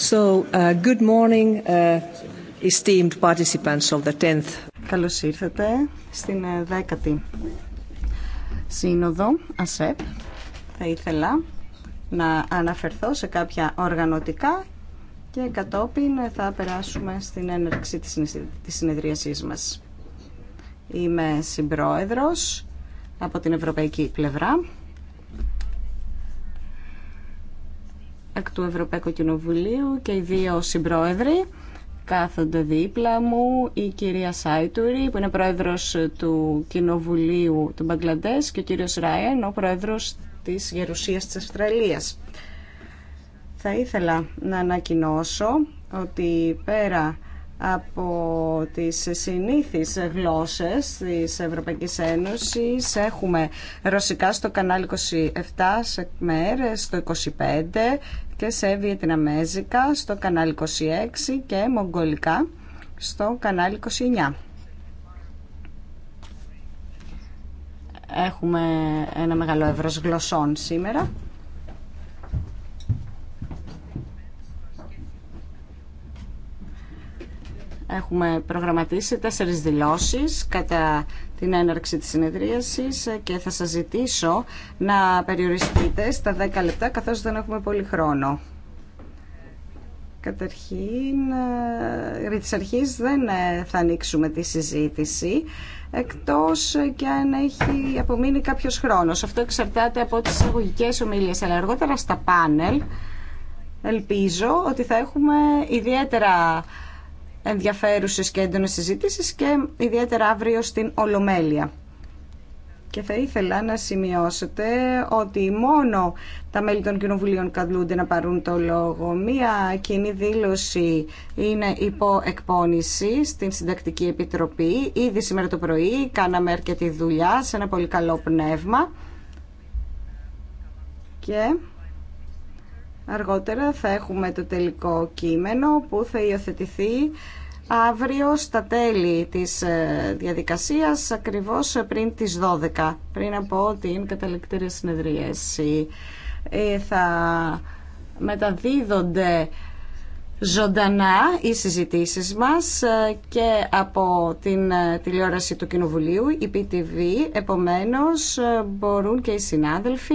So, uh, uh, ήρθατε στην ε, δέκατη Σύνοδο ΑΣΕΠ. Θα ήθελα να αναφερθώ σε κάποια οργανωτικά και κατόπιν θα περάσουμε στην έναρξη της συνεδρίασής μας. Είμαι συμπρόεδρος από την ευρωπαϊκή πλευρά εκ του Ευρωπαϊκού Κοινοβουλίου και οι δύο συμπρόεδροι κάθονται δίπλα μου η κυρία Σάιτουρη που είναι πρόεδρος του Κοινοβουλίου του Μπαγκλαντές και ο κύριος Ράιεν ο πρόεδρος της Γερουσίας της Αυστραλίας. Θα ήθελα να ανακοινώσω ότι πέρα από τις συνήθεις γλώσσες της Ευρωπαϊκής Ένωσης έχουμε ρωσικά στο κανάλι 27 σε μέρες, στο 25 και σε βιετναμέζικα στο κανάλι 26 και μογγολικά στο κανάλι 29. Έχουμε ένα μεγάλο εύρος γλωσσών σήμερα. Έχουμε προγραμματίσει τέσσερις δηλώσεις κατά την έναρξη της συνεδρίασης και θα σας ζητήσω να περιοριστείτε στα 10 λεπτά καθώς δεν έχουμε πολύ χρόνο. Καταρχήν, ε, της αρχής δεν ε, θα ανοίξουμε τη συζήτηση εκτός και αν έχει απομείνει κάποιος χρόνος. Αυτό εξαρτάται από τις εισαγωγικέ ομιλίες, αλλά αργότερα στα πάνελ ελπίζω ότι θα έχουμε ιδιαίτερα Ενδιαφέρουσε και έντονες συζητήσει και ιδιαίτερα αύριο στην Ολομέλεια. Και θα ήθελα να σημειώσετε ότι μόνο τα μέλη των κοινοβουλίων καλούνται να πάρουν το λόγο. Μία κοινή δήλωση είναι υπό εκπόνηση στην Συντακτική Επιτροπή. Ήδη σήμερα το πρωί κάναμε αρκετή δουλειά σε ένα πολύ καλό πνεύμα. Και... Αργότερα θα έχουμε το τελικό κείμενο που θα υιοθετηθεί αύριο στα τέλη της ε, διαδικασίας ακριβώς πριν τις 12 πριν από την καταληκτήρια συνεδρίαση ε, θα μεταδίδονται ζωντανά οι συζητήσεις μας ε, και από την τηλεόραση του Κοινοβουλίου, η PTV, επομένως μπορούν και οι συνάδελφοι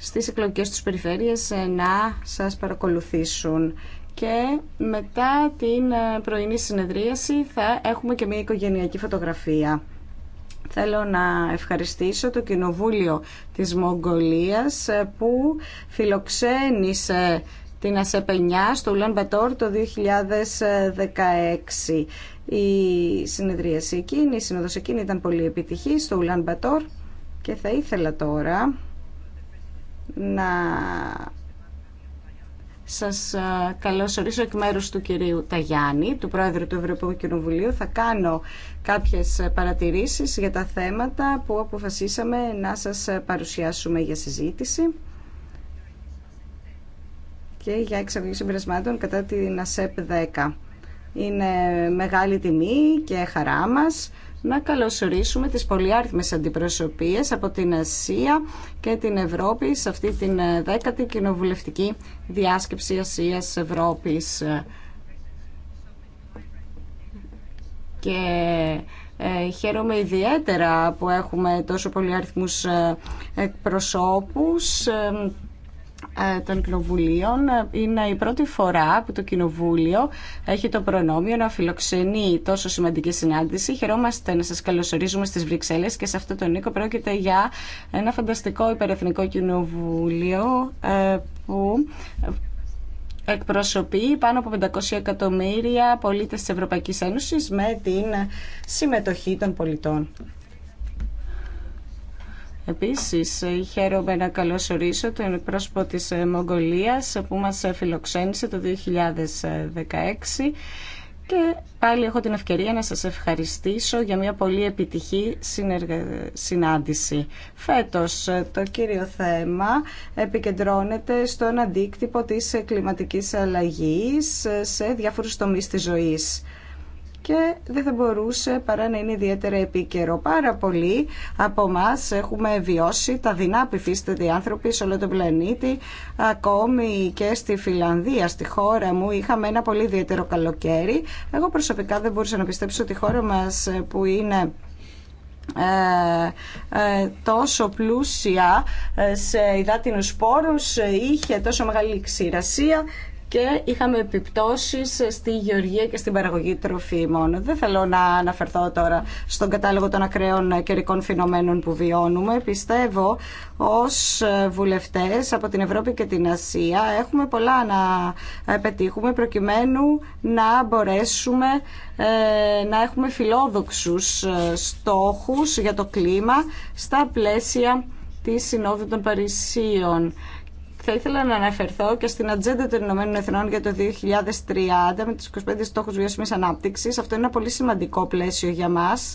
στις εκλογικές τους περιφέρειες ε, να σας παρακολουθήσουν. Και μετά την ε, πρωινή συνεδρίαση θα έχουμε και μια οικογενειακή φωτογραφία. Θέλω να ευχαριστήσω το Κοινοβούλιο της Μογγολίας ε, που φιλοξένησε την ΑΣΕΠΕΝΙΑ στο Ουλάν Μπατόρ το 2016. Η συνεδρίαση εκείνη, η συνοδος εκείνη ήταν πολύ επιτυχή στο Ουλάν Μπατόρ και θα ήθελα τώρα να σας ε, καλωσορίσω εκ μέρους του κυρίου Ταγιάννη, του Πρόεδρου του Ευρωπαϊκού Κοινοβουλίου. Θα κάνω κάποιες παρατηρήσεις για τα θέματα που αποφασίσαμε να σας παρουσιάσουμε για συζήτηση και για εξαγωγή συμπερασμάτων κατά την ΑΣΕΠ 10. Είναι μεγάλη τιμή και χαρά μας να καλωσορίσουμε τις πολυάριθμες αντιπροσωπείες από την Ασία και την Ευρώπη σε αυτή την ε, δέκατη κοινοβουλευτική διάσκεψη Ασίας-Ευρώπης. Και ε, χαίρομαι ιδιαίτερα που έχουμε τόσο πολλοί αριθμούς ε, εκπροσώπους ε, ε, των κοινοβουλίων είναι η πρώτη φορά που το κοινοβούλιο έχει το προνόμιο να φιλοξενεί τόσο σημαντική συνάντηση. Χαιρόμαστε να σας καλωσορίζουμε στις Βρυξέλλες και σε αυτό τον Νίκο πρόκειται για ένα φανταστικό υπερεθνικό κοινοβούλιο ε, που εκπροσωπεί πάνω από 500 εκατομμύρια πολίτες της Ευρωπαϊκής Ένωσης με την συμμετοχή των πολιτών. Επίσης, χαίρομαι να καλωσορίσω τον πρόσωπο της ε, Μογγολίας που μας ε, φιλοξένησε το 2016 και πάλι έχω την ευκαιρία να σας ευχαριστήσω για μια πολύ επιτυχή συνάντηση. Φέτος ε, το κύριο θέμα επικεντρώνεται στον αντίκτυπο της κλιματικής αλλαγής σε διάφορους τομείς της ζωής και δεν θα μπορούσε παρά να είναι ιδιαίτερα επίκαιρο. Πάρα πολλοί από εμά έχουμε βιώσει τα δεινά που υφίστανται οι άνθρωποι σε όλο τον πλανήτη, ακόμη και στη Φιλανδία, στη χώρα μου. Είχαμε ένα πολύ ιδιαίτερο καλοκαίρι. Εγώ προσωπικά δεν μπορούσα να πιστέψω ότι η χώρα μας ε, που είναι ε, ε, τόσο πλούσια ε, σε υδάτινους σπόρους ε, είχε τόσο μεγάλη ξηρασία και είχαμε επιπτώσεις στη γεωργία και στην παραγωγή τροφίμων. Δεν θέλω να αναφερθώ τώρα στον κατάλογο των ακραίων καιρικών φαινομένων που βιώνουμε. Πιστεύω ω βουλευτές από την Ευρώπη και την Ασία έχουμε πολλά να πετύχουμε προκειμένου να μπορέσουμε ε, να έχουμε φιλόδοξους ε, στόχους για το κλίμα στα πλαίσια τη Συνόδου των Παρισίων. Θα ήθελα να αναφερθώ και στην ατζέντα των Ηνωμένων Εθνών για το 2030 με τους 25 στόχους βιώσιμης ανάπτυξης. Αυτό είναι ένα πολύ σημαντικό πλαίσιο για μας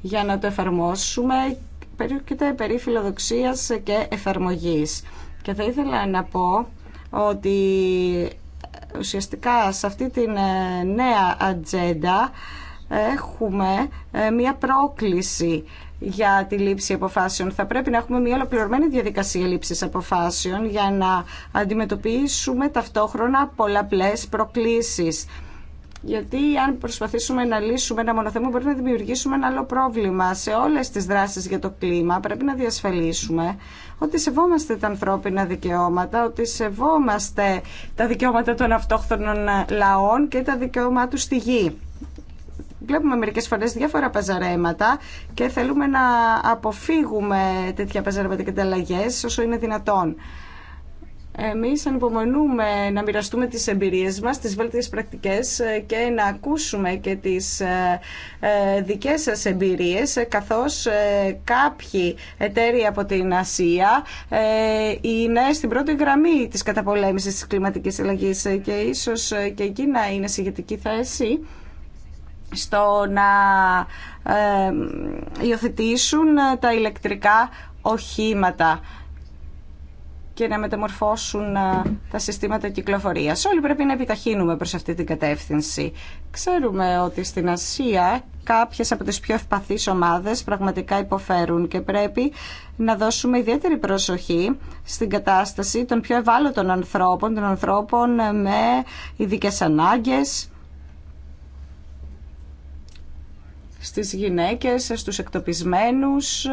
για να το εφαρμόσουμε. και περί φιλοδοξίας και εφαρμογής. Και θα ήθελα να πω ότι ουσιαστικά σε αυτή την ε, νέα ατζέντα έχουμε ε, μία πρόκληση για τη λήψη αποφάσεων. Θα πρέπει να έχουμε μια ολοκληρωμένη διαδικασία λήψης αποφάσεων για να αντιμετωπίσουμε ταυτόχρονα πολλαπλές προκλήσεις. Γιατί αν προσπαθήσουμε να λύσουμε ένα μονοθέμα μπορεί να δημιουργήσουμε ένα άλλο πρόβλημα. Σε όλες τις δράσεις για το κλίμα πρέπει να διασφαλίσουμε ότι σεβόμαστε τα ανθρώπινα δικαιώματα, ότι σεβόμαστε τα δικαιώματα των αυτόχθονων λαών και τα δικαιώματά του στη γη βλέπουμε μερικές φορές διάφορα παζαρέματα και θέλουμε να αποφύγουμε τέτοια παζαρέματα και όσο είναι δυνατόν. Εμείς ανυπομονούμε να μοιραστούμε τις εμπειρίες μας, τις βέλτιες πρακτικές ε, και να ακούσουμε και τις ε, ε, δικές σας εμπειρίες καθώς κάποιοι εταίροι από την Ασία είναι στην πρώτη γραμμή τη καταπολέμησης της κλιματικής αλλαγής και ίσως και εκεί να είναι σε ηγετική θέση στο να ε, υιοθετήσουν ε, τα ηλεκτρικά οχήματα και να μεταμορφώσουν ε, τα συστήματα κυκλοφορίας. Όλοι πρέπει να επιταχύνουμε προς αυτή την κατεύθυνση. Ξέρουμε ότι στην Ασία κάποιες από τις πιο ευπαθείς ομάδες πραγματικά υποφέρουν και πρέπει να δώσουμε ιδιαίτερη προσοχή στην κατάσταση των πιο ευάλωτων ανθρώπων, των ανθρώπων με ειδικέ ανάγκες, στις γυναίκες, στους εκτοπισμένους.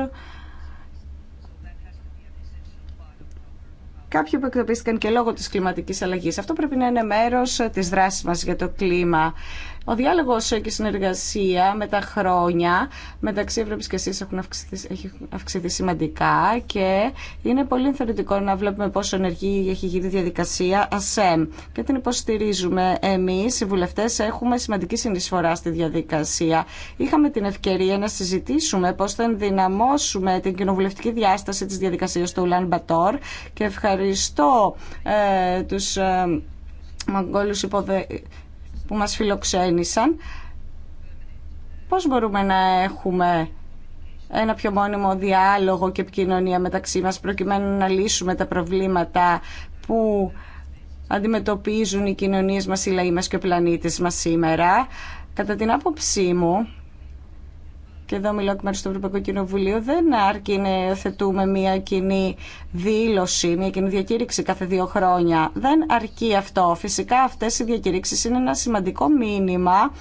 Κάποιοι που εκτοπίστηκαν και λόγω της κλιματικής αλλαγής. Αυτό πρέπει να είναι μέρος της δράσης μας για το κλίμα. Ο διάλογο και η συνεργασία με τα χρόνια μεταξύ Ευρώπη και εσείς έχουν αυξηθεί, έχει αυξηθεί σημαντικά και είναι πολύ ενθαρρυντικό να βλέπουμε πόσο ενεργή έχει γίνει η διαδικασία ΑΣΕΜ και την υποστηρίζουμε Εμεί, οι βουλευτέ, έχουμε σημαντική συνεισφορά στη διαδικασία. Είχαμε την ευκαιρία να συζητήσουμε πώ θα ενδυναμώσουμε την κοινοβουλευτική διάσταση τη διαδικασία του Ουλάν Μπατόρ και ευχαριστώ ε, τους ε, υποδε που μας φιλοξένησαν. Πώς μπορούμε να έχουμε ένα πιο μόνιμο διάλογο και επικοινωνία μεταξύ μας προκειμένου να λύσουμε τα προβλήματα που αντιμετωπίζουν οι κοινωνίες μας, οι λαοί μας και ο πλανήτης μας σήμερα. Κατά την άποψή μου, και εδώ μιλώ εκ μέρου του Ευρωπαϊκού Κοινοβουλίου, δεν αρκεί να θετούμε μια κοινή δήλωση, μια κοινή διακήρυξη κάθε δύο χρόνια. Δεν αρκεί αυτό. Φυσικά αυτές οι διακήρυξεις είναι ένα σημαντικό μήνυμα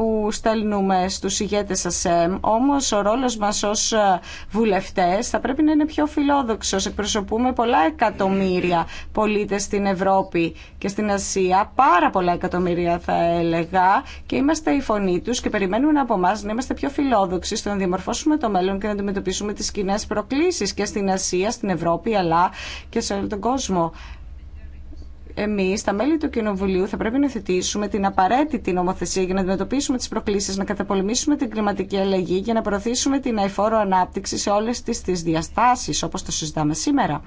που στέλνουμε στους ηγέτες ΑΣΕΜ, όμως ο ρόλος μας ως ε, βουλευτές θα πρέπει να είναι πιο φιλόδοξος. Εκπροσωπούμε πολλά εκατομμύρια πολίτες στην Ευρώπη και στην Ασία, πάρα πολλά εκατομμύρια θα έλεγα, και είμαστε η φωνή τους και περιμένουν από εμά να είμαστε πιο φιλόδοξοι στο να διαμορφώσουμε το μέλλον και να αντιμετωπίσουμε τις κοινέ προκλήσεις και στην Ασία, στην Ευρώπη, αλλά και σε όλο τον κόσμο εμεί, τα μέλη του Κοινοβουλίου, θα πρέπει να θετήσουμε την απαραίτητη νομοθεσία για να αντιμετωπίσουμε τι προκλήσει, να καταπολεμήσουμε την κλιματική αλλαγή και να προωθήσουμε την αηφόρο ανάπτυξη σε όλε τι διαστάσει, όπω το συζητάμε σήμερα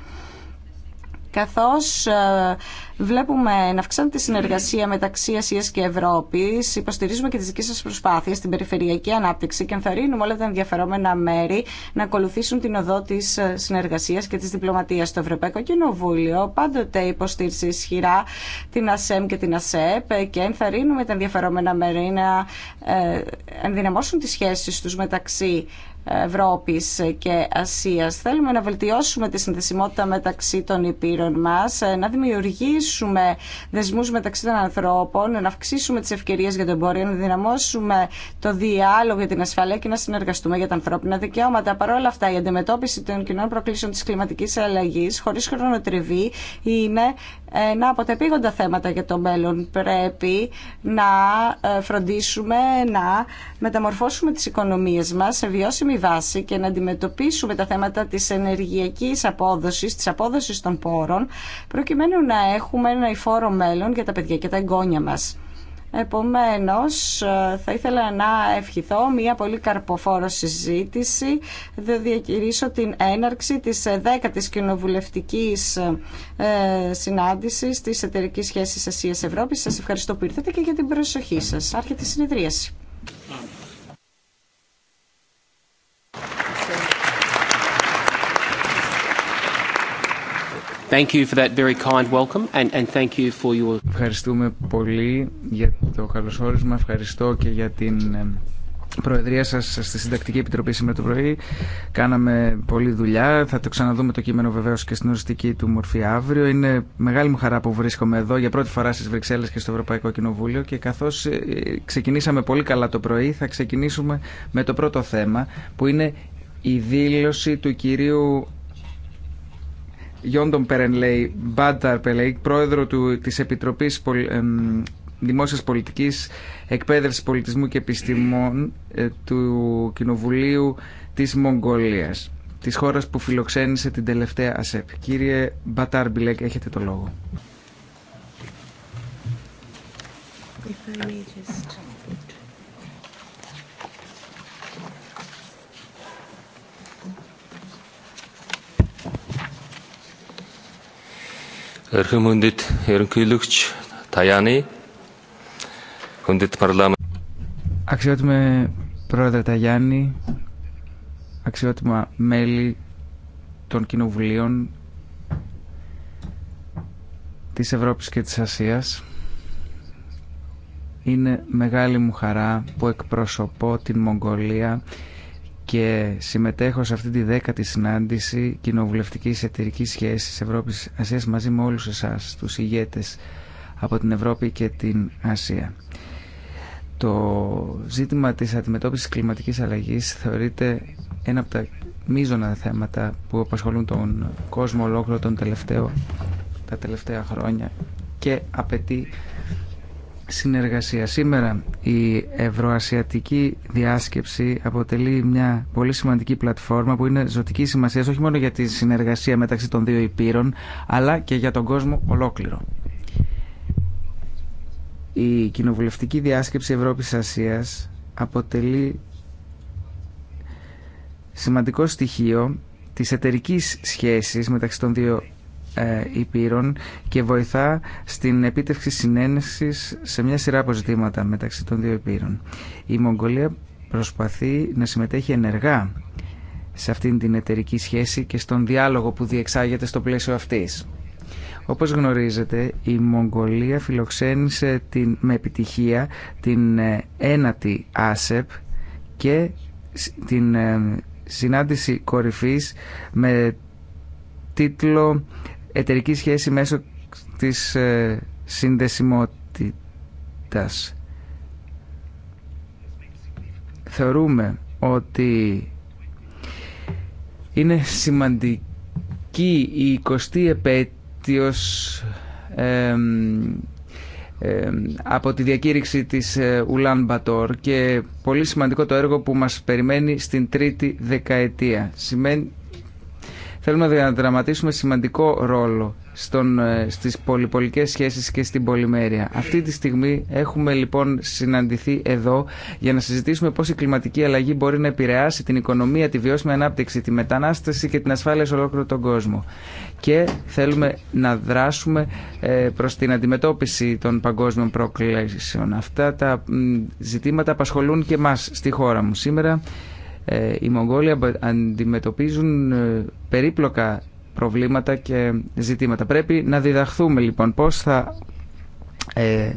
καθώς ε, βλέπουμε να αυξάνεται η συνεργασία μεταξύ Ασίας και Ευρώπης, υποστηρίζουμε και τις δικές σας προσπάθειες στην περιφερειακή ανάπτυξη και ενθαρρύνουμε όλα τα ενδιαφερόμενα μέρη να ακολουθήσουν την οδό της ε, συνεργασίας και της διπλωματίας στο Ευρωπαϊκό Κοινοβούλιο. Πάντοτε υποστήριξε ισχυρά την ΑΣΕΜ και την ΑΣΕΠ και ενθαρρύνουμε τα ενδιαφερόμενα μέρη να ε, ενδυναμώσουν τις σχέσεις τους μεταξύ Ευρώπη και Ασία. Θέλουμε να βελτιώσουμε τη συνδεσιμότητα μεταξύ των υπήρων μα, ε, να δημιουργήσουμε δεσμού μεταξύ των ανθρώπων, να αυξήσουμε τι ευκαιρίε για το εμπόριο, να δυναμώσουμε το διάλογο για την ασφαλεία και να συνεργαστούμε για τα ανθρώπινα δικαιώματα. Παρ' όλα αυτά, η αντιμετώπιση των κοινών προκλήσεων τη κλιματική αλλαγή, χωρί χρονοτριβή, είναι ένα από τα επίγοντα θέματα για το μέλλον. Πρέπει να ε, φροντίσουμε να μεταμορφώσουμε τι οικονομίε μα, σε βιώσιμη βάση και να αντιμετωπίσουμε τα θέματα της ενεργειακής απόδοσης, της απόδοσης των πόρων, προκειμένου να έχουμε ένα υφόρο μέλλον για τα παιδιά και τα εγγόνια μας. Επομένως, θα ήθελα να ευχηθώ μια πολύ καρποφόρο συζήτηση. Θα διακηρύσω την έναρξη της 10ης κοινοβουλευτικής ε, συνάντησης της Εταιρικής Σχέσης Ασίας Ευρώπης. Σας ευχαριστώ που ήρθατε και για την προσοχή σας. Άρχεται η συνεδρίαση. Thank you for that very kind welcome and, and thank you for your... Ευχαριστούμε πολύ για το καλωσόρισμα. Ευχαριστώ και για την ε, Προεδρία σας στη Συντακτική Επιτροπή σήμερα το πρωί. Κάναμε πολλή δουλειά. Θα το ξαναδούμε το κείμενο βεβαίω και στην οριστική του μορφή αύριο. Είναι μεγάλη μου χαρά που βρίσκομαι εδώ για πρώτη φορά στι Βρυξέλλες και στο Ευρωπαϊκό Κοινοβούλιο. Και καθώ ε, ξεκινήσαμε πολύ καλά το πρωί, θα ξεκινήσουμε με το πρώτο θέμα που είναι η δήλωση του κυρίου Γιόντον Περενλέη Μπάνταρ Πελέικ, πρόεδρο του, της Επιτροπής Πολ, Δημόσιας Πολιτικής Εκπαίδευσης Πολιτισμού και Επιστημών ε, του Κοινοβουλίου της Μογγολίας, της χώρας που φιλοξένησε την τελευταία ΑΣΕΠ. Κύριε Μπατάρ Μπιλέκ, έχετε το λόγο. Αξιότιμε πρόεδρε Ταγιάννη, αξιότιμα μέλη των κοινοβουλίων της Ευρώπης και της Ασίας. Είναι μεγάλη μου χαρά που εκπροσωπώ την Μογγολία και συμμετέχω σε αυτή τη δέκατη συνάντηση κοινοβουλευτικής εταιρικής σχέσης Ευρώπης Ασία μαζί με όλου εσά τους ηγέτε από την Ευρώπη και την Ασία. Το ζήτημα της αντιμετώπισης κλιματικής αλλαγής θεωρείται ένα από τα μείζωνα θέματα που απασχολούν τον κόσμο ολόκληρο τον τελευταίο, τα τελευταία χρόνια και απαιτεί συνεργασία. Σήμερα η Ευρωασιατική Διάσκεψη αποτελεί μια πολύ σημαντική πλατφόρμα που είναι ζωτική σημασία όχι μόνο για τη συνεργασία μεταξύ των δύο υπήρων αλλά και για τον κόσμο ολόκληρο. Η Κοινοβουλευτική Διάσκεψη Ευρώπης-Ασίας αποτελεί σημαντικό στοιχείο της εταιρικής σχέσης μεταξύ των δύο ε, υπήρων και βοηθά στην επίτευξη συνένεσης σε μια σειρά αποζητήματα μεταξύ των δύο Υπήρων. Η Μογγολία προσπαθεί να συμμετέχει ενεργά σε αυτήν την εταιρική σχέση και στον διάλογο που διεξάγεται στο πλαίσιο αυτής. Όπως γνωρίζετε, η Μογγολία φιλοξένησε την, με επιτυχία την ε, ένατη ΑΣΕΠ και την ε, συνάντηση κορυφής με τίτλο εταιρική σχέση μέσω της ε, συνδεσιμότητας. Θεωρούμε ότι είναι σημαντική η 20η επέτειος από τη διακήρυξη της ε, Ουλάν Μπατόρ και πολύ σημαντικό το έργο που μας περιμένει στην τρίτη δεκαετία. Σημαίνει Θέλουμε να διαδραματίσουμε σημαντικό ρόλο στον, ε, στις πολυπολικές σχέσεις και στην πολυμέρεια. Αυτή τη στιγμή έχουμε λοιπόν συναντηθεί εδώ για να συζητήσουμε πώς η κλιματική αλλαγή μπορεί να επηρεάσει την οικονομία, τη βιώσιμη ανάπτυξη, τη μετανάστευση και την ασφάλεια σε ολόκληρο τον κόσμο. Και θέλουμε να δράσουμε ε, προς την αντιμετώπιση των παγκόσμιων προκλήσεων. Αυτά τα ζητήματα απασχολούν και εμάς στη χώρα μου σήμερα. Ε, οι Μογγόλοι αντιμετωπίζουν ε, περίπλοκα προβλήματα και ζητήματα. Πρέπει να διδαχθούμε λοιπόν πώς θα ε,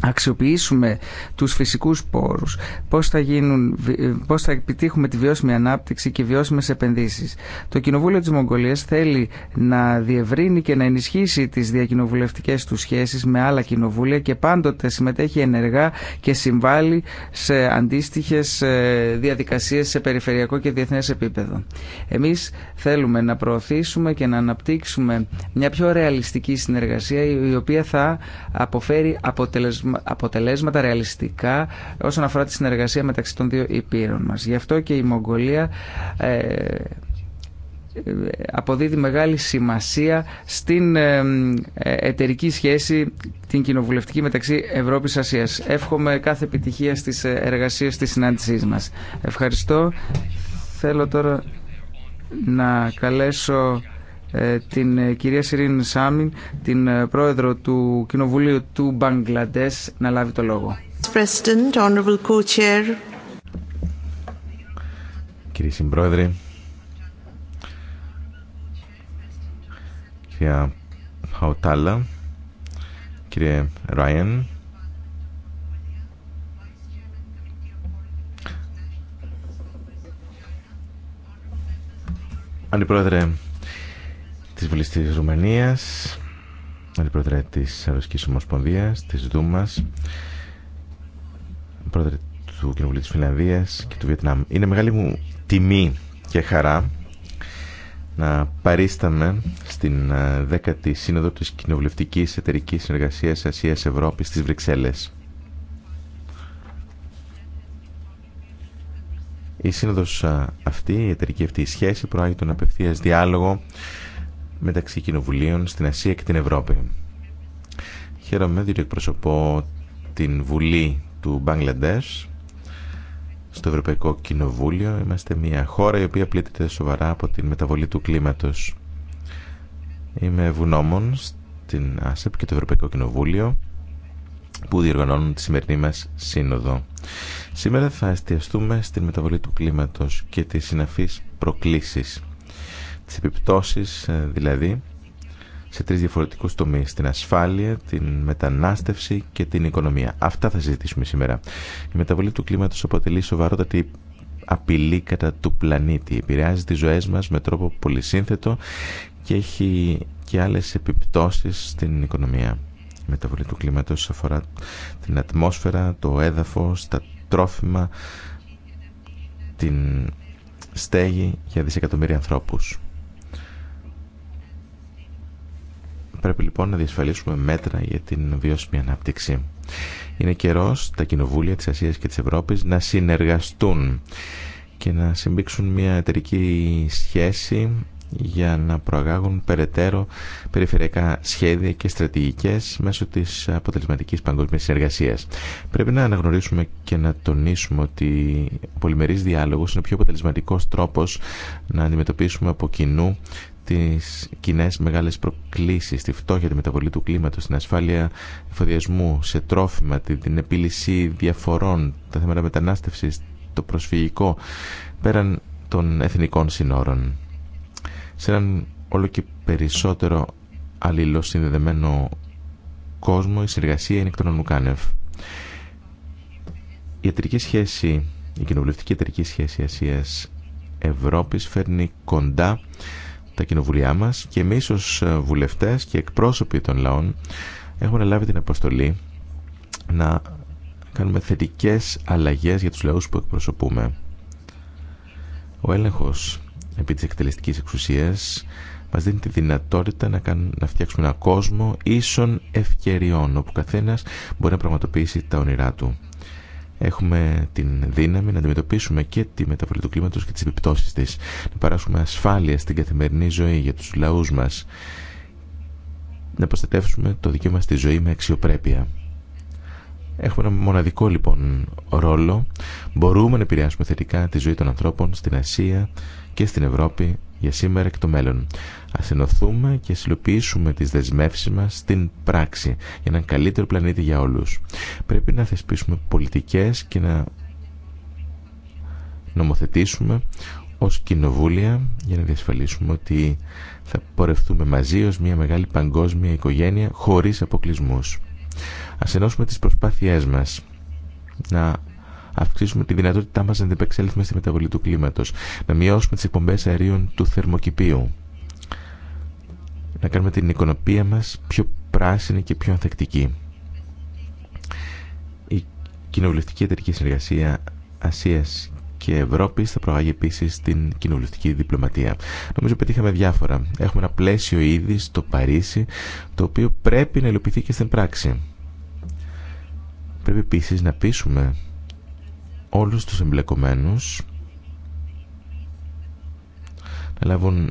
αξιοποιήσουμε τους φυσικούς πόρους, πώς θα, γίνουν, πώς θα επιτύχουμε τη βιώσιμη ανάπτυξη και βιώσιμες επενδύσεις. Το Κοινοβούλιο της Μογγολίας θέλει να διευρύνει και να ενισχύσει τις διακοινοβουλευτικές του σχέσεις με άλλα κοινοβούλια και πάντοτε συμμετέχει ενεργά και συμβάλλει σε αντίστοιχες ε, διαδικασίες σε περιφερειακό και διεθνές επίπεδο. Εμείς θέλουμε να προωθήσουμε και να αναπτύξουμε μια πιο ρεαλιστική συνεργασία η οποία θα αποφέρει αποτελεσματικότητα αποτελέσματα ρεαλιστικά όσον αφορά τη συνεργασία μεταξύ των δύο υπήρων μας. Γι' αυτό και η Μογγολία ε, ε, αποδίδει μεγάλη σημασία στην ε, εταιρική σχέση την κοινοβουλευτική μεταξύ Ευρώπης Ασίας. Εύχομαι κάθε επιτυχία στις εργασίες της συνάντησής μας. Ευχαριστώ. Θέλω τώρα να καλέσω ε, την ε, κυρία Σιρίν Σάμιν, την ε, πρόεδρο του Κοινοβουλίου του Μπαγκλαντές, να λάβει το λόγο. Κύριε Συμπρόεδρε, κυρία Χαουτάλα, κύριε Ράιεν, Αντιπρόεδρε της Βουλής της Ρουμανίας, αντιπρόεδρε της Ρωσικής Ομοσπονδίας, της Δούμας, πρόεδρε του Κοινοβουλίου της Φιλανδίας και του Βιετνάμ. Είναι μεγάλη μου τιμή και χαρά να παρίσταμε στην 10η ε, Σύνοδο της Κοινοβουλευτικής Εταιρικής Συνεργασίας Ασίας Ευρώπης στις Βρυξέλλες. Η σύνοδος ε, αυτή, η εταιρική αυτή η σχέση προάγει τον απευθείας διάλογο μεταξύ κοινοβουλίων στην Ασία και την Ευρώπη. Χαίρομαι διότι εκπροσωπώ την Βουλή του Μπαγκλαντές στο Ευρωπαϊκό Κοινοβούλιο. Είμαστε μια χώρα η οποία πλήττεται σοβαρά από την μεταβολή του κλίματος. Είμαι βουνόμων στην ΑΣΕΠ και το Ευρωπαϊκό Κοινοβούλιο που διοργανώνουν τη σημερινή μας σύνοδο. Σήμερα θα εστιαστούμε στην μεταβολή του κλίματος και τις συναφείς προκλήσεις τις επιπτώσεις ε, δηλαδή σε τρεις διαφορετικούς τομείς, την ασφάλεια, την μετανάστευση και την οικονομία. Αυτά θα συζητήσουμε σήμερα. Η μεταβολή του κλίματος αποτελεί σοβαρότατη απειλή κατά του πλανήτη. Επηρεάζει τις ζωές μας με τρόπο πολυσύνθετο και έχει και άλλες επιπτώσεις στην οικονομία. Η μεταβολή του κλίματος αφορά την ατμόσφαιρα, το έδαφος, τα τρόφιμα, την στέγη για δισεκατομμύρια ανθρώπους. Πρέπει λοιπόν να διασφαλίσουμε μέτρα για την βιώσιμη ανάπτυξη. Είναι καιρός τα κοινοβούλια της Ασίας και της Ευρώπης να συνεργαστούν και να συμπήξουν μια εταιρική σχέση για να προαγάγουν περαιτέρω περιφερειακά σχέδια και στρατηγικές μέσω της αποτελεσματικής παγκόσμιας συνεργασίας. Πρέπει να αναγνωρίσουμε και να τονίσουμε ότι ο πολυμερής διάλογος είναι ο πιο αποτελεσματικός τρόπος να αντιμετωπίσουμε από κοινού τι κοινέ μεγάλε προκλήσει, τη φτώχεια, τη μεταβολή του κλίματο, την ασφάλεια εφοδιασμού σε τρόφιμα, την επίλυση διαφορών, τα θέματα μετανάστευση, το προσφυγικό, πέραν των εθνικών συνόρων. Σε έναν όλο και περισσότερο αλληλοσυνδεδεμένο κόσμο, η συνεργασία είναι εκ των Ανουκάνευ Η ιατρική σχέση, η κοινοβουλευτική ιατρική σχέση Ασία Ευρώπη φέρνει κοντά τα κοινοβουλιά μας και εμείς ως ε, βουλευτές και εκπρόσωποι των λαών έχουμε λάβει την αποστολή να κάνουμε θετικές αλλαγές για τους λαούς που εκπροσωπούμε. Ο έλεγχος επί της εκτελεστικής εξουσίας μας δίνει τη δυνατότητα να, να φτιάξουμε ένα κόσμο ίσων ευκαιριών όπου καθένας μπορεί να πραγματοποιήσει τα όνειρά του έχουμε την δύναμη να αντιμετωπίσουμε και τη μεταβολή του κλίματο και τις επιπτώσεις της, να παράσουμε ασφάλεια στην καθημερινή ζωή για τους λαούς μας, να προστατεύσουμε το δικαίωμα στη ζωή με αξιοπρέπεια. Έχουμε ένα μοναδικό λοιπόν ρόλο. Μπορούμε να επηρεάσουμε θετικά τη ζωή των ανθρώπων στην Ασία και στην Ευρώπη για σήμερα και το μέλλον. Ας ενωθούμε και συλλοποιήσουμε τις δεσμεύσεις μας στην πράξη για έναν καλύτερο πλανήτη για όλους. Πρέπει να θεσπίσουμε πολιτικές και να νομοθετήσουμε ως κοινοβούλια για να διασφαλίσουμε ότι θα πορευτούμε μαζί ως μια μεγάλη παγκόσμια οικογένεια χωρίς αποκλεισμούς. Ας ενώσουμε τις προσπάθειές μας να αυξήσουμε τη δυνατότητά μα να αντιπεξέλθουμε στη μεταβολή του κλίματο, να μειώσουμε τι εκπομπέ αερίων του θερμοκηπίου, να κάνουμε την οικονομία μα πιο πράσινη και πιο ανθεκτική. Η κοινοβουλευτική εταιρική συνεργασία Ασία και Ευρώπη θα προάγει επίση την κοινοβουλευτική διπλωματία. Νομίζω πετύχαμε διάφορα. Έχουμε ένα πλαίσιο ήδη στο Παρίσι, το οποίο πρέπει να υλοποιηθεί και στην πράξη. Πρέπει επίση να πείσουμε όλους τους εμπλεκομένους να λάβουν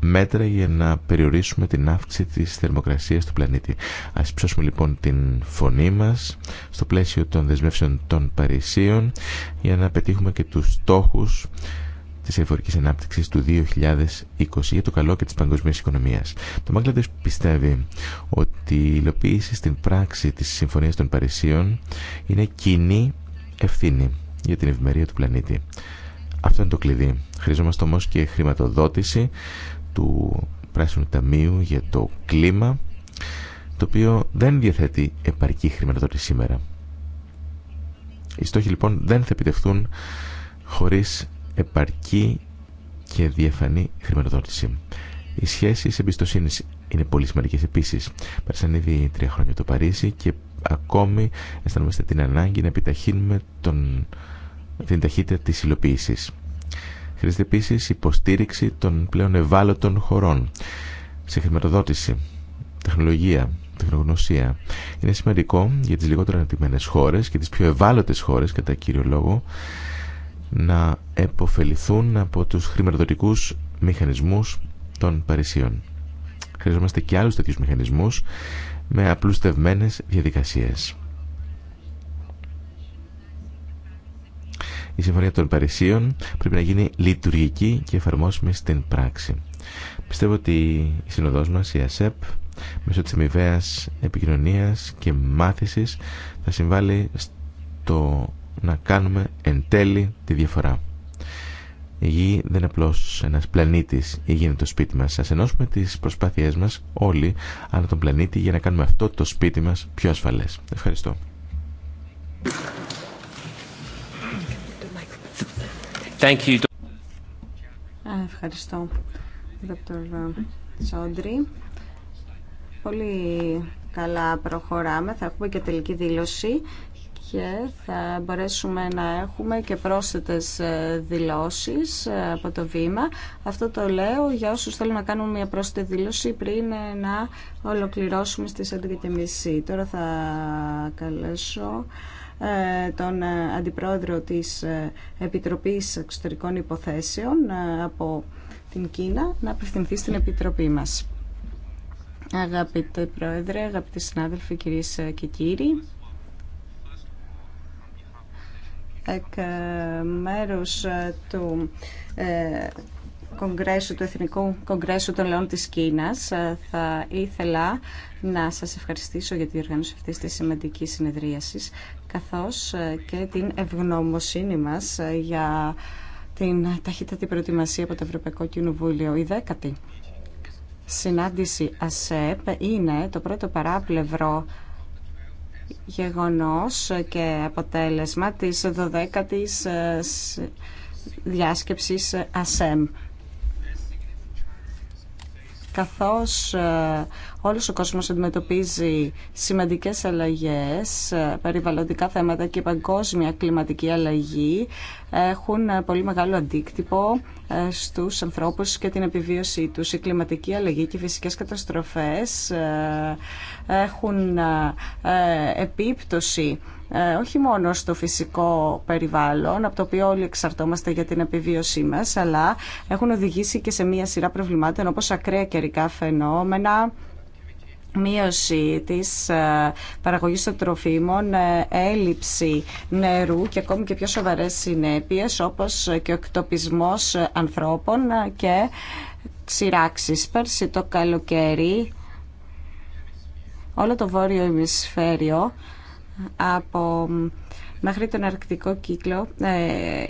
μέτρα για να περιορίσουμε την αύξηση της θερμοκρασίας του πλανήτη. Ας ψώσουμε λοιπόν την φωνή μας στο πλαίσιο των δεσμεύσεων των Παρισίων για να πετύχουμε και τους στόχους της εφορικής ανάπτυξης του 2020 για το καλό και της παγκοσμίας οικονομίας. Το Μάγκλαντες πιστεύει ότι η υλοποίηση στην πράξη της Συμφωνίας των Παρισίων είναι κοινή ευθύνη για την ευημερία του πλανήτη. Αυτό είναι το κλειδί. Χρειαζόμαστε όμω και χρηματοδότηση του Πράσινου Ταμείου για το κλίμα, το οποίο δεν διαθέτει επαρκή χρηματοδότηση σήμερα. Οι στόχοι λοιπόν δεν θα επιτευχθούν χωρίς επαρκή και διαφανή χρηματοδότηση. Οι σχέσεις εμπιστοσύνη είναι πολύ σημαντικέ επίση. Πέρασαν ήδη τρία χρόνια το Παρίσι και ακόμη αισθανόμαστε την ανάγκη να επιταχύνουμε τον την ταχύτητα της υλοποίηση. Χρειάζεται επίση υποστήριξη των πλέον ευάλωτων χωρών σε χρηματοδότηση, τεχνολογία, τεχνογνωσία. Είναι σημαντικό για τις λιγότερο αναπτυγμένες χώρες και τις πιο ευάλωτες χώρες, κατά κύριο λόγο, να επωφεληθούν από τους χρηματοδοτικούς μηχανισμούς των Παρισίων. Χρειαζόμαστε και άλλους τέτοιους μηχανισμούς με απλούστευμένες διαδικασίες. η Συμφωνία των Παρισίων πρέπει να γίνει λειτουργική και εφαρμόσιμη στην πράξη. Πιστεύω ότι η Συνοδός μας, η ΑΣΕΠ, μέσω της αμοιβαίας επικοινωνίας και μάθησης θα συμβάλλει στο να κάνουμε εν τέλει τη διαφορά. Η γη δεν είναι απλώς ένας πλανήτης, η γίνεται το σπίτι μας. Ας ενώσουμε τις προσπάθειές μας όλοι ανά τον πλανήτη για να κάνουμε αυτό το σπίτι μας πιο ασφαλές. Ευχαριστώ. Thank you. Ευχαριστώ, Dr. Σόντρι. Πολύ καλά προχωράμε. Θα έχουμε και τελική δήλωση και θα μπορέσουμε να έχουμε και πρόσθετες ε, δηλώσεις ε, από το βήμα. Αυτό το λέω για όσους θέλουν να κάνουν μια πρόσθετη δήλωση πριν ε, να ολοκληρώσουμε στις 11.30. Τώρα θα καλέσω... Ε, τον ε, αντιπρόεδρο της ε, Επιτροπής Εξωτερικών Υποθέσεων από την Κίνα να απευθυνθεί στην Επιτροπή μας. Αγαπητοί Πρόεδρε, αγαπητοί συνάδελφοι, κυρίες και κύριοι, εκ μέρους του Κογκρέσου, του Εθνικού Κογκρέσου των Λεών της Κίνας θα ήθελα να σας ευχαριστήσω για τη οργάνωση αυτής της σημαντικής συνεδρίασης καθώς ε, και την ευγνωμοσύνη μας ε, για την ταχύτατη προετοιμασία από το Ευρωπαϊκό Κοινοβούλιο. Η δέκατη συνάντηση ΑΣΕΠ είναι το πρώτο παράπλευρο γεγονός και αποτέλεσμα της 12ης ε, διάσκεψης ΑΣΕΜ καθώς ε, όλος ο κόσμος αντιμετωπίζει σημαντικές αλλαγές, ε, περιβαλλοντικά θέματα και παγκόσμια κλιματική αλλαγή έχουν ε, πολύ μεγάλο αντίκτυπο στους ανθρώπους και την επιβίωσή τους. Η κλιματική αλλαγή και οι φυσικές καταστροφές έχουν επίπτωση ε, όχι μόνο στο φυσικό περιβάλλον, από το οποίο όλοι εξαρτώμαστε για την επιβίωσή μας, αλλά έχουν οδηγήσει και σε μία σειρά προβλημάτων, όπως ακραία καιρικά φαινόμενα, μείωση της ε, παραγωγής των τροφίμων, ε, έλλειψη νερού και ακόμη και πιο σοβαρές συνέπειες όπως και ο εκτοπισμός ανθρώπων και ξηράξεις. Πέρσι το καλοκαίρι όλο το βόρειο ημισφαίριο από μέχρι τον αρκτικό κύκλο ε,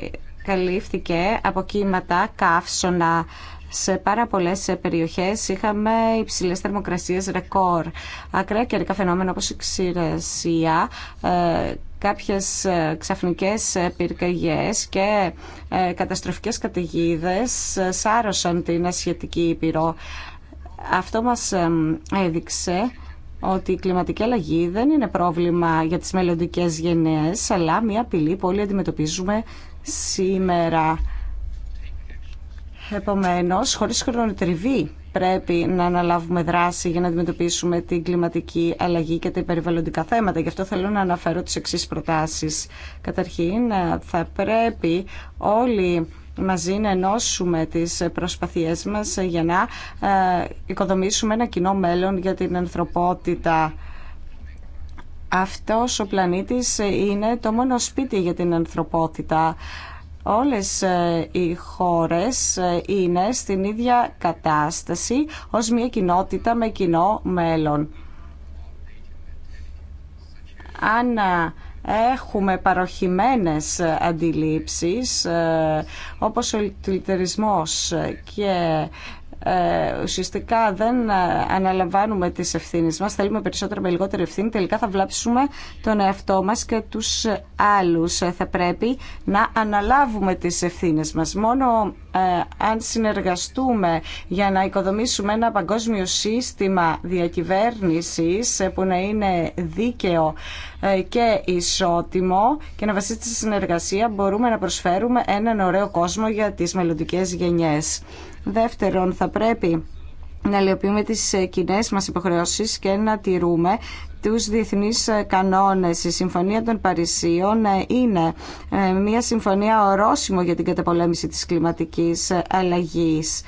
καλύφθηκε από κύματα καύσωνα σε πάρα πολλέ περιοχέ είχαμε υψηλέ θερμοκρασίε ρεκόρ. Ακραία καιρικά φαινόμενα όπω η ξηρασία, ε, κάποιες ε, ξαφνικές πυρκαγιές και ε, καταστροφικές καταιγίδε σάρωσαν την ασιατική ήπειρο. Αυτό μας έδειξε ότι η κλιματική αλλαγή δεν είναι πρόβλημα για τις μελλοντικές γενναίες, αλλά μια απειλή που όλοι αντιμετωπίζουμε σήμερα. Επομένως, χωρίς χρονοτριβή πρέπει να αναλάβουμε δράση για να αντιμετωπίσουμε την κλιματική αλλαγή και τα περιβαλλοντικά θέματα. Γι' αυτό θέλω να αναφέρω τις εξής προτάσεις. Καταρχήν, θα πρέπει όλοι μαζί να ενώσουμε τις προσπαθίες μας για να ε, οικοδομήσουμε ένα κοινό μέλλον για την ανθρωπότητα. Αυτός ο πλανήτης είναι το μόνο σπίτι για την ανθρωπότητα. Όλες ε, οι χώρες ε, είναι στην ίδια κατάσταση ως μια κοινότητα με κοινό μέλλον. Αν έχουμε παροχημένες αντιλήψεις ε, όπως ο λιτερισμός και ε, ουσιαστικά δεν ε, αναλαμβάνουμε τις ευθύνες μας, θέλουμε περισσότερο με λιγότερη ευθύνη, τελικά θα βλάψουμε τον εαυτό μας και τους άλλους. Ε, θα πρέπει να αναλάβουμε τις ευθύνες μας. Μόνο ε, αν συνεργαστούμε για να οικοδομήσουμε ένα παγκόσμιο σύστημα διακυβέρνησης που να είναι δίκαιο και ισότιμο και να βασίζεται σε συνεργασία μπορούμε να προσφέρουμε έναν ωραίο κόσμο για τις μελλοντικέ γενιές. Δεύτερον, θα πρέπει να λειοποιούμε τις ε, κοινέ μας υποχρεώσεις και να τηρούμε τους διεθνείς ε, κανόνες. Η Συμφωνία των Παρισίων ε, είναι μια συμφωνία ορόσημο για την καταπολέμηση της κλιματικής αλλαγής.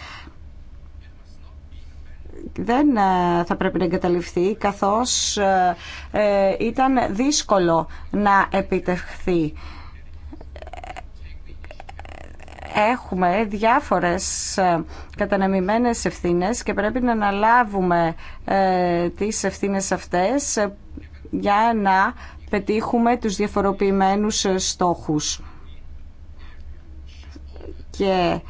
Δεν θα πρέπει να εγκαταλειφθεί καθώς ήταν δύσκολο να επιτευχθεί έχουμε διάφορες ε, κατανεμημένες ευθύνες και πρέπει να αναλάβουμε ε, τις ευθύνες αυτές ε, για να πετύχουμε τους διαφοροποιημένους στόχους. Και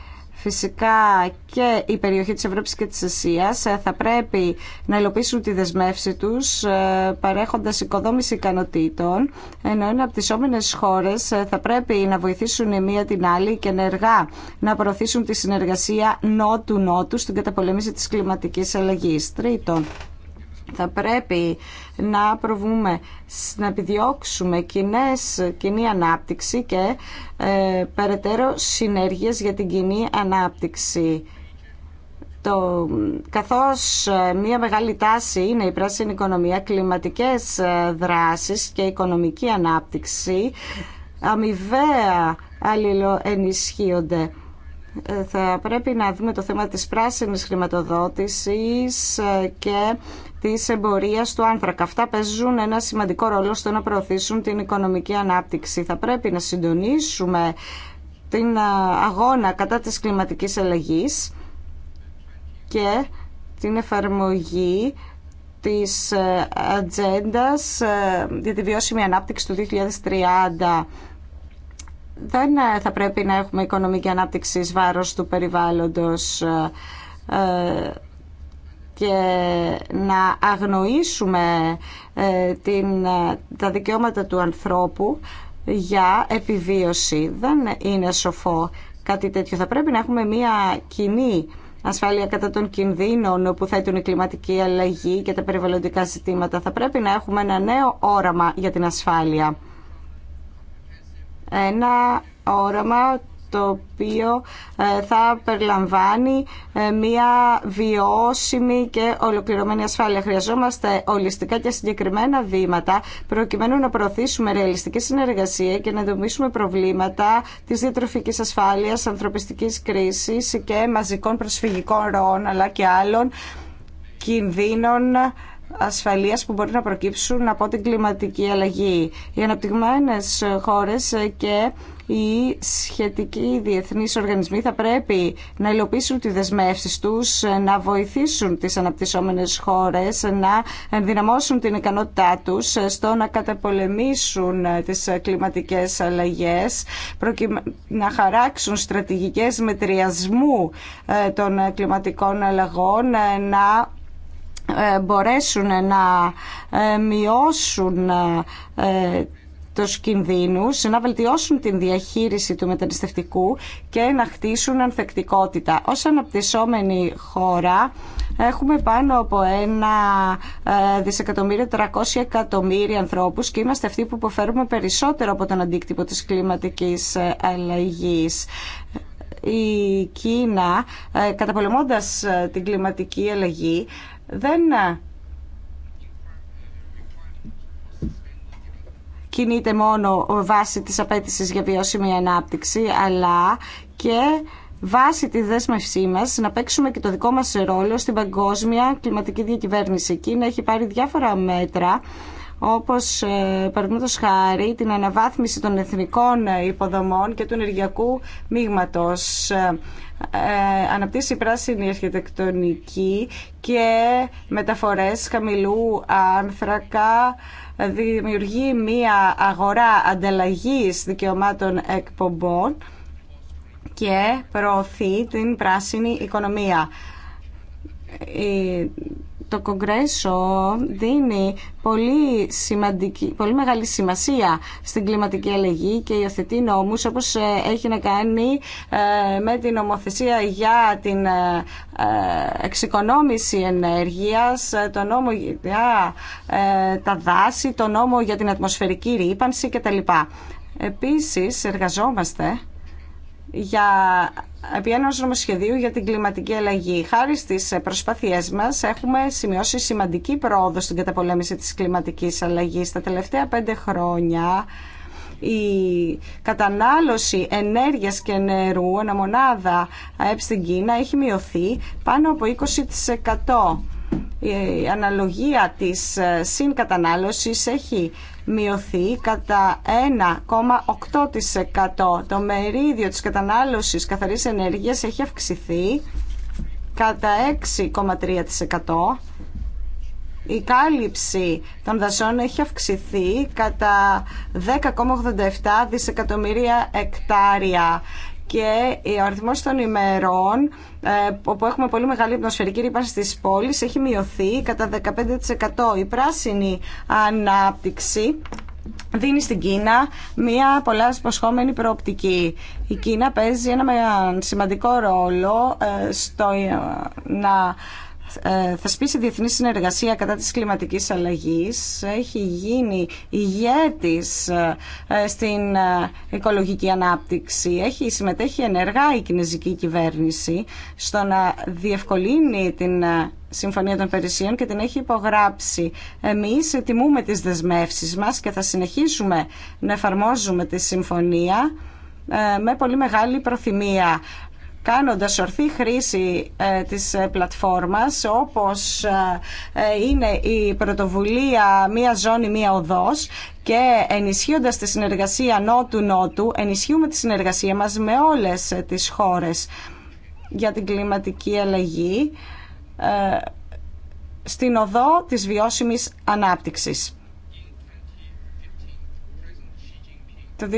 Φυσικά και η περιοχή της Ευρώπης και της Ασίας ε, θα πρέπει να υλοποιήσουν τη δεσμεύση τους ε, παρέχοντας οικοδόμηση ικανοτήτων ενώ από τις όμενες χώρες ε, θα πρέπει να βοηθήσουν η μία την άλλη και ενεργά να προωθήσουν τη συνεργασία νότου-νότου στην καταπολέμηση της κλιματικής αλλαγής. Τρίτον, θα πρέπει να προβούμε, να επιδιώξουμε κοινές, κοινή ανάπτυξη και ε, περαιτέρω συνέργειες για την κοινή ανάπτυξη. Το, καθώς ε, μια μεγάλη τάση είναι η πράσινη οικονομία, κλιματικές ε, δράσεις και οικονομική ανάπτυξη αμοιβαία αλληλοενισχύονται θα πρέπει να δούμε το θέμα της πράσινης χρηματοδότησης και Τη εμπορία του άνθρακα. Αυτά παίζουν ένα σημαντικό ρόλο στο να προωθήσουν την οικονομική ανάπτυξη. Θα πρέπει να συντονίσουμε την αγώνα κατά της κλιματικής αλλαγής και την εφαρμογή της ε, ατζέντα ε, για τη βιώσιμη ανάπτυξη του 2030. Δεν ε, θα πρέπει να έχουμε οικονομική ανάπτυξη βάρος του περιβάλλοντος και να αγνοήσουμε ε, την, ε, τα δικαιώματα του ανθρώπου για επιβίωση. Δεν είναι σοφό κάτι τέτοιο. Θα πρέπει να έχουμε μια κοινή ασφάλεια κατά των κινδύνων που θέτουν η κλιματική αλλαγή και τα περιβαλλοντικά ζητήματα. Θα πρέπει να έχουμε ένα νέο όραμα για την ασφάλεια. Ένα όραμα το οποίο ε, θα περιλαμβάνει ε, μια βιώσιμη και ολοκληρωμένη ασφάλεια. Χρειαζόμαστε ολιστικά και συγκεκριμένα βήματα προκειμένου να προωθήσουμε ρεαλιστική συνεργασία και να δομήσουμε προβλήματα της διατροφικής ασφάλειας, ανθρωπιστικής κρίσης και μαζικών προσφυγικών ροών αλλά και άλλων κινδύνων ασφαλείας που μπορεί να προκύψουν από την κλιματική αλλαγή. Οι αναπτυγμένες χώρες και οι σχετικοί διεθνεί οργανισμοί θα πρέπει να υλοποιήσουν τις δεσμεύσεις τους, να βοηθήσουν τις αναπτυσσόμενες χώρες, να ενδυναμώσουν την ικανότητά τους στο να καταπολεμήσουν τις κλιματικές αλλαγέ, να χαράξουν στρατηγικές μετριασμού ε, των κλιματικών αλλαγών, ε, να ε, μπορέσουν να μειώσουν τους κινδύνους, να βελτιώσουν την διαχείριση του μεταναστευτικού και να χτίσουν ανθεκτικότητα. Ως αναπτυσσόμενη χώρα έχουμε πάνω από ένα ε, δισεκατομμύριο, 300 εκατομμύρια ανθρώπους και είμαστε αυτοί που υποφέρουμε περισσότερο από τον αντίκτυπο της κλιματικής ε, αλλαγής η Κίνα, ε, καταπολεμώντας την κλιματική αλλαγή, δεν κινείται μόνο βάσει της απέτησης για βιώσιμη ανάπτυξη, αλλά και βάσει τη δέσμευσή μα να παίξουμε και το δικό μας ρόλο στην παγκόσμια κλιματική διακυβέρνηση. Η Κίνα έχει πάρει διάφορα μέτρα όπως ε, παραδείγματος χάρη την αναβάθμιση των εθνικών ε, υποδομών και του ενεργειακού μείγματος. Ε, αναπτύσσει πράσινη αρχιτεκτονική και μεταφορές χαμηλού άνθρακα δημιουργεί μία αγορά ανταλλαγής δικαιωμάτων εκπομπών και προωθεί την πράσινη οικονομία το Κογκρέσο δίνει πολύ, σημαντική, πολύ μεγάλη σημασία στην κλιματική αλλαγή και υιοθετεί νόμους όπως ε, έχει να κάνει ε, με την νομοθεσία για την ε, εξοικονόμηση ενέργειας, το νόμο για τα δάση, το νόμο για την ατμοσφαιρική ρήπανση κτλ. Επίσης εργαζόμαστε για επί ενός νομοσχεδίου για την κλιματική αλλαγή. Χάρη στις προσπάθειές μας έχουμε σημειώσει σημαντική πρόοδο στην καταπολέμηση της κλιματικής αλλαγής. Τα τελευταία πέντε χρόνια η κατανάλωση ενέργειας και νερού μονάδα ΑΕΠ στην Κίνα έχει μειωθεί πάνω από 20% η αναλογία της ε, συνκατανάλωσης έχει μειωθεί κατά 1,8%. Το μερίδιο της κατανάλωσης καθαρής ενέργειας έχει αυξηθεί κατά 6,3%. Η κάλυψη των δασών έχει αυξηθεί κατά 10,87 δισεκατομμύρια εκτάρια και ο αριθμό των ημερών ε, όπου έχουμε πολύ μεγάλη ατμοσφαιρική ρήπανση στις πόλεις έχει μειωθεί κατά 15%. Η πράσινη ανάπτυξη δίνει στην Κίνα μια πολλά υποσχόμενη προοπτική. Η Κίνα παίζει ένα σημαντικό ρόλο ε, στο ε, να ε, θα σπίσει διεθνή συνεργασία κατά της κλιματικής αλλαγής. Έχει γίνει ηγέτης ε, στην ε, οικολογική ανάπτυξη. Έχει συμμετέχει ενεργά η κινέζικη κυβέρνηση στο να διευκολύνει την Συμφωνία των Περισσίων και την έχει υπογράψει. Εμείς τιμούμε τις δεσμεύσεις μας και θα συνεχίσουμε να εφαρμόζουμε τη συμφωνία με πολύ μεγάλη προθυμία κάνοντας ορθή χρήση ε, της ε, πλατφόρμας όπως ε, είναι η πρωτοβουλία «Μία ζώνη, μία οδός» και ενισχύοντας τη συνεργασία νότου-νότου ενισχύουμε τη συνεργασία μας με όλες τις χώρες για την κλιματική αλλαγή στην οδό της βιώσιμης ανάπτυξης. Το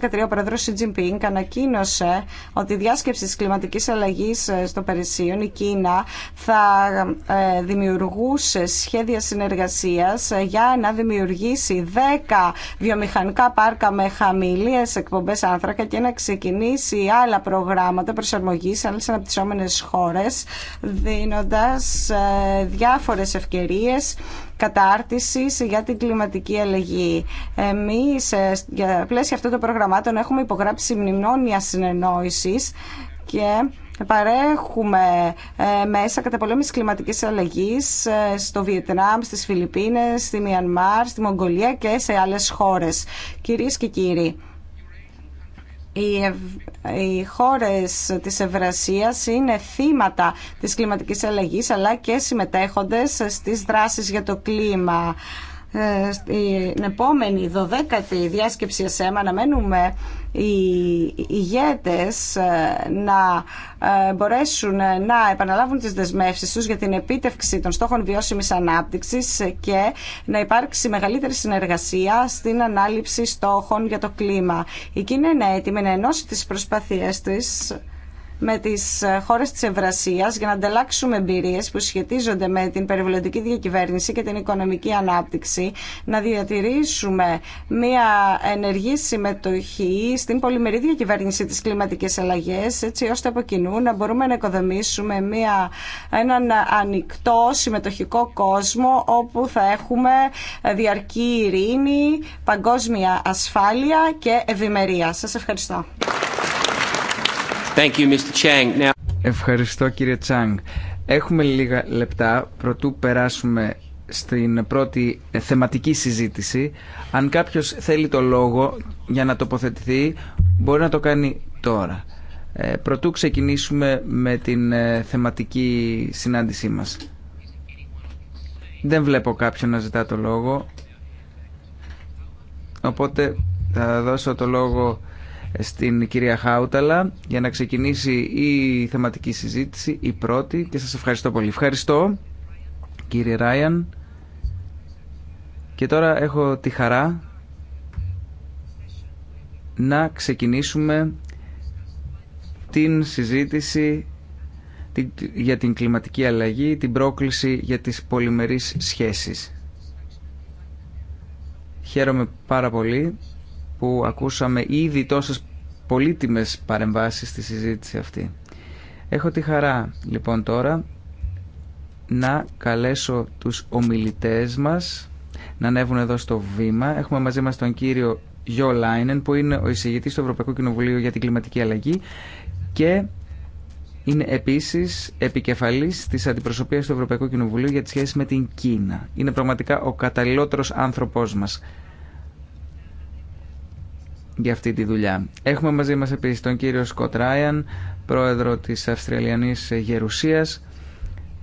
2013 ο πρόεδρος Σι ανακοίνωσε ότι η διάσκεψη της κλιματικής αλλαγής ε, στο Περισσίον, η Κίνα, θα ε, δημιουργούσε σχέδια συνεργασίας ε, για να δημιουργήσει 10 βιομηχανικά πάρκα με χαμηλές εκπομπές άνθρακα και να ξεκινήσει άλλα προγράμματα προσαρμογής σε άλλες αναπτυσσόμενες χώρες, δίνοντας διάφορες ευκαιρίες κατάρτισης για την κλιματική αλλαγή. Εμείς ε, για πλαίσια αυτών των προγραμμάτων έχουμε υπογράψει μνημόνια συνεννόησης και παρέχουμε ε, μέσα καταπολέμηση κλιματικής αλλαγής ε, στο Βιετνάμ, στις Φιλιππίνες, στη Μιανμάρ, στη Μογγολία και σε άλλες χώρες. Κυρίες και κύριοι, οι χώρες της Ευρασίας είναι θύματα της κλιματικής αλλαγής αλλά και συμμετέχοντες στις δράσεις για το κλίμα. Ε, στην επόμενη 12η διάσκεψη ΕΣΕΜ αναμένουμε οι ηγέτες ε, να ε, μπορέσουν να επαναλάβουν τις δεσμεύσεις τους για την επίτευξη των στόχων βιώσιμης ανάπτυξης και να υπάρξει μεγαλύτερη συνεργασία στην ανάληψη στόχων για το κλίμα. Η Κίνα είναι έτοιμη να ενώσει τις προσπάθειές της με τις ε, χώρες της Ευρασίας για να ανταλλάξουμε εμπειρίες που σχετίζονται με την περιβαλλοντική διακυβέρνηση και την οικονομική ανάπτυξη, να διατηρήσουμε μια ενεργή συμμετοχή στην πολυμερή διακυβέρνηση της κλιματικής αλλαγής, έτσι ώστε από κοινού να μπορούμε να οικοδομήσουμε μια, έναν ανοιχτό συμμετοχικό κόσμο όπου θα έχουμε διαρκή ειρήνη, παγκόσμια ασφάλεια και ευημερία. Σας ευχαριστώ. Ευχαριστώ κύριε Τσάνγκ. Έχουμε λίγα λεπτά προτού περάσουμε στην πρώτη θεματική συζήτηση. Αν κάποιος θέλει το λόγο για να τοποθετηθεί, μπορεί να το κάνει τώρα. Ε, προτού ξεκινήσουμε με την ε, θεματική συνάντησή μας. Δεν βλέπω κάποιον να ζητά το λόγο. Οπότε θα δώσω το λόγο στην κυρία Χάουταλα για να ξεκινήσει η θεματική συζήτηση, η πρώτη και σας ευχαριστώ πολύ. Ευχαριστώ κύριε Ράιαν και τώρα έχω τη χαρά να ξεκινήσουμε την συζήτηση για την κλιματική αλλαγή, την πρόκληση για τις πολυμερείς σχέσεις. Χαίρομαι πάρα πολύ που ακούσαμε ήδη τόσες πολύτιμες παρεμβάσεις στη συζήτηση αυτή. Έχω τη χαρά λοιπόν τώρα να καλέσω τους ομιλητές μας να ανέβουν εδώ στο βήμα. Έχουμε μαζί μας τον κύριο Γιώ Λάινεν που είναι ο εισηγητής του Ευρωπαϊκού Κοινοβουλίου για την κλιματική αλλαγή και είναι επίσης επικεφαλής της αντιπροσωπείας του Ευρωπαϊκού Κοινοβουλίου για τις σχέσεις με την Κίνα. Είναι πραγματικά ο καταλληλότερος άνθρωπός μας για αυτή τη δουλειά. Έχουμε μαζί μας επίσης τον κύριο Σκοτ Ράιαν, πρόεδρο της Αυστραλιανής Γερουσίας.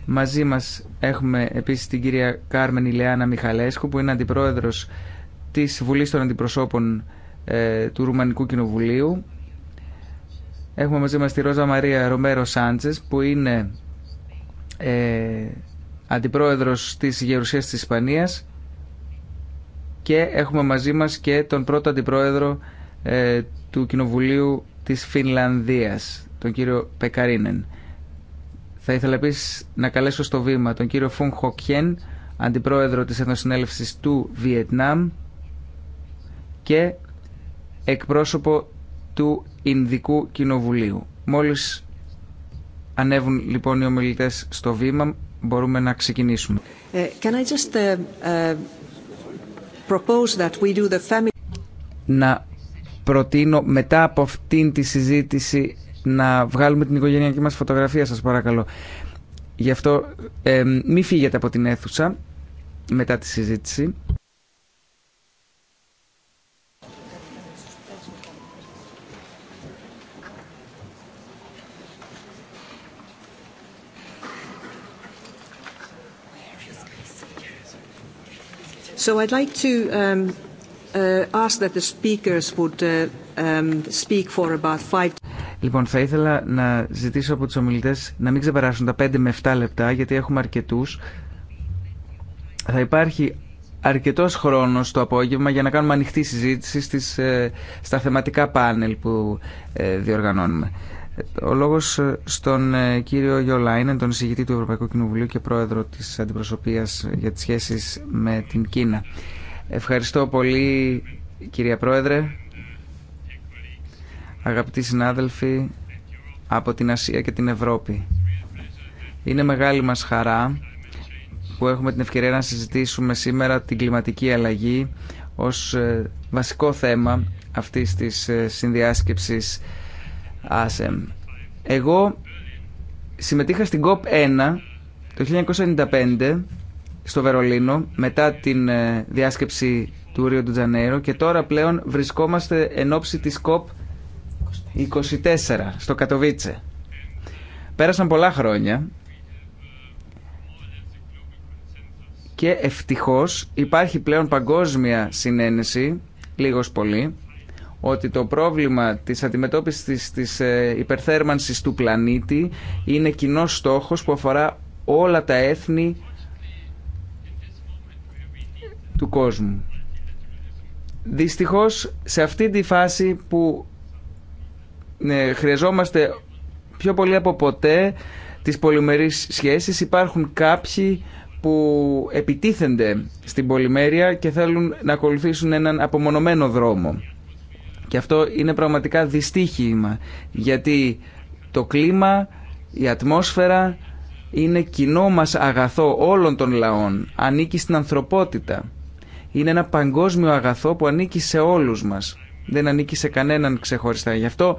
Μαζί μας έχουμε επίσης την κυρία Κάρμεν Ιλεάνα Μιχαλέσκου που είναι αντιπρόεδρος της Βουλής των Αντιπροσώπων ε, του Ρουμανικού Κοινοβουλίου. Έχουμε μαζί μας τη Ρόζα Μαρία Ρομέρο Σάντζες... που είναι ε, αντιπρόεδρος της Γερουσίας της Ισπανίας και έχουμε μαζί μας και τον πρώτο αντιπρόεδρο ε, του Κοινοβουλίου της Φινλανδίας, τον κύριο Πεκαρίνεν. Θα ήθελα επίση να καλέσω στο βήμα τον κύριο Φουν Χοκιέν, αντιπρόεδρο της Εθνοσυνέλευσης του Βιετνάμ και εκπρόσωπο του Ινδικού Κοινοβουλίου. Μόλις ανέβουν λοιπόν οι ομιλητές στο βήμα, μπορούμε να ξεκινήσουμε. Να προτείνω μετά από αυτήν τη συζήτηση να βγάλουμε την οικογενειακή μας φωτογραφία σας παρακαλώ. Γι' αυτό ε, μη φύγετε από την αίθουσα μετά τη συζήτηση. So I'd like to um, Uh, ask that the speakers would uh, um, speak for about five... Λοιπόν, θα ήθελα να ζητήσω από τους ομιλητές να μην ξεπεράσουν τα 5 με 7 λεπτά, γιατί έχουμε αρκετούς. Θα υπάρχει αρκετός χρόνος το απόγευμα για να κάνουμε ανοιχτή συζήτηση στις, ε, στα θεματικά πάνελ που ε, διοργανώνουμε. Ο λόγος ε, στον κύριο Λάινεν, τον εισηγητή του Ευρωπαϊκού Κοινοβουλίου και πρόεδρο της Αντιπροσωπείας για τις σχέσεις με την Κίνα. Ευχαριστώ πολύ κυρία Πρόεδρε, αγαπητοί συνάδελφοι από την Ασία και την Ευρώπη. Είναι μεγάλη μας χαρά που έχουμε την ευκαιρία να συζητήσουμε σήμερα την κλιματική αλλαγή ως ε, βασικό θέμα αυτής της ε, συνδιάσκεψης ΑΣΕΜ. Εγώ συμμετείχα στην COP1 το 1995 στο Βερολίνο μετά την ε, διάσκεψη του Ρίου του Τζανέιρο και τώρα πλέον βρισκόμαστε εν ώψη της COP 24 στο Κατοβίτσε. Πέρασαν πολλά χρόνια και ευτυχώς υπάρχει πλέον παγκόσμια συνένεση, λίγος πολύ, ότι το πρόβλημα της αντιμετώπισης της, ε, υπερθέρμανσης του πλανήτη είναι κοινός στόχος που αφορά όλα τα έθνη του κόσμου. Δυστυχώς σε αυτή τη φάση που ε, χρειαζόμαστε πιο πολύ από ποτέ τις πολυμερείς σχέσεις υπάρχουν κάποιοι που επιτίθενται στην πολυμέρεια και θέλουν να ακολουθήσουν έναν απομονωμένο δρόμο. Και αυτό είναι πραγματικά δυστύχημα γιατί το κλίμα, η ατμόσφαιρα είναι κοινό μας αγαθό όλων των λαών, ανήκει στην ανθρωπότητα είναι ένα παγκόσμιο αγαθό που ανήκει σε όλους μας. Δεν ανήκει σε κανέναν ξεχωριστά. Γι' αυτό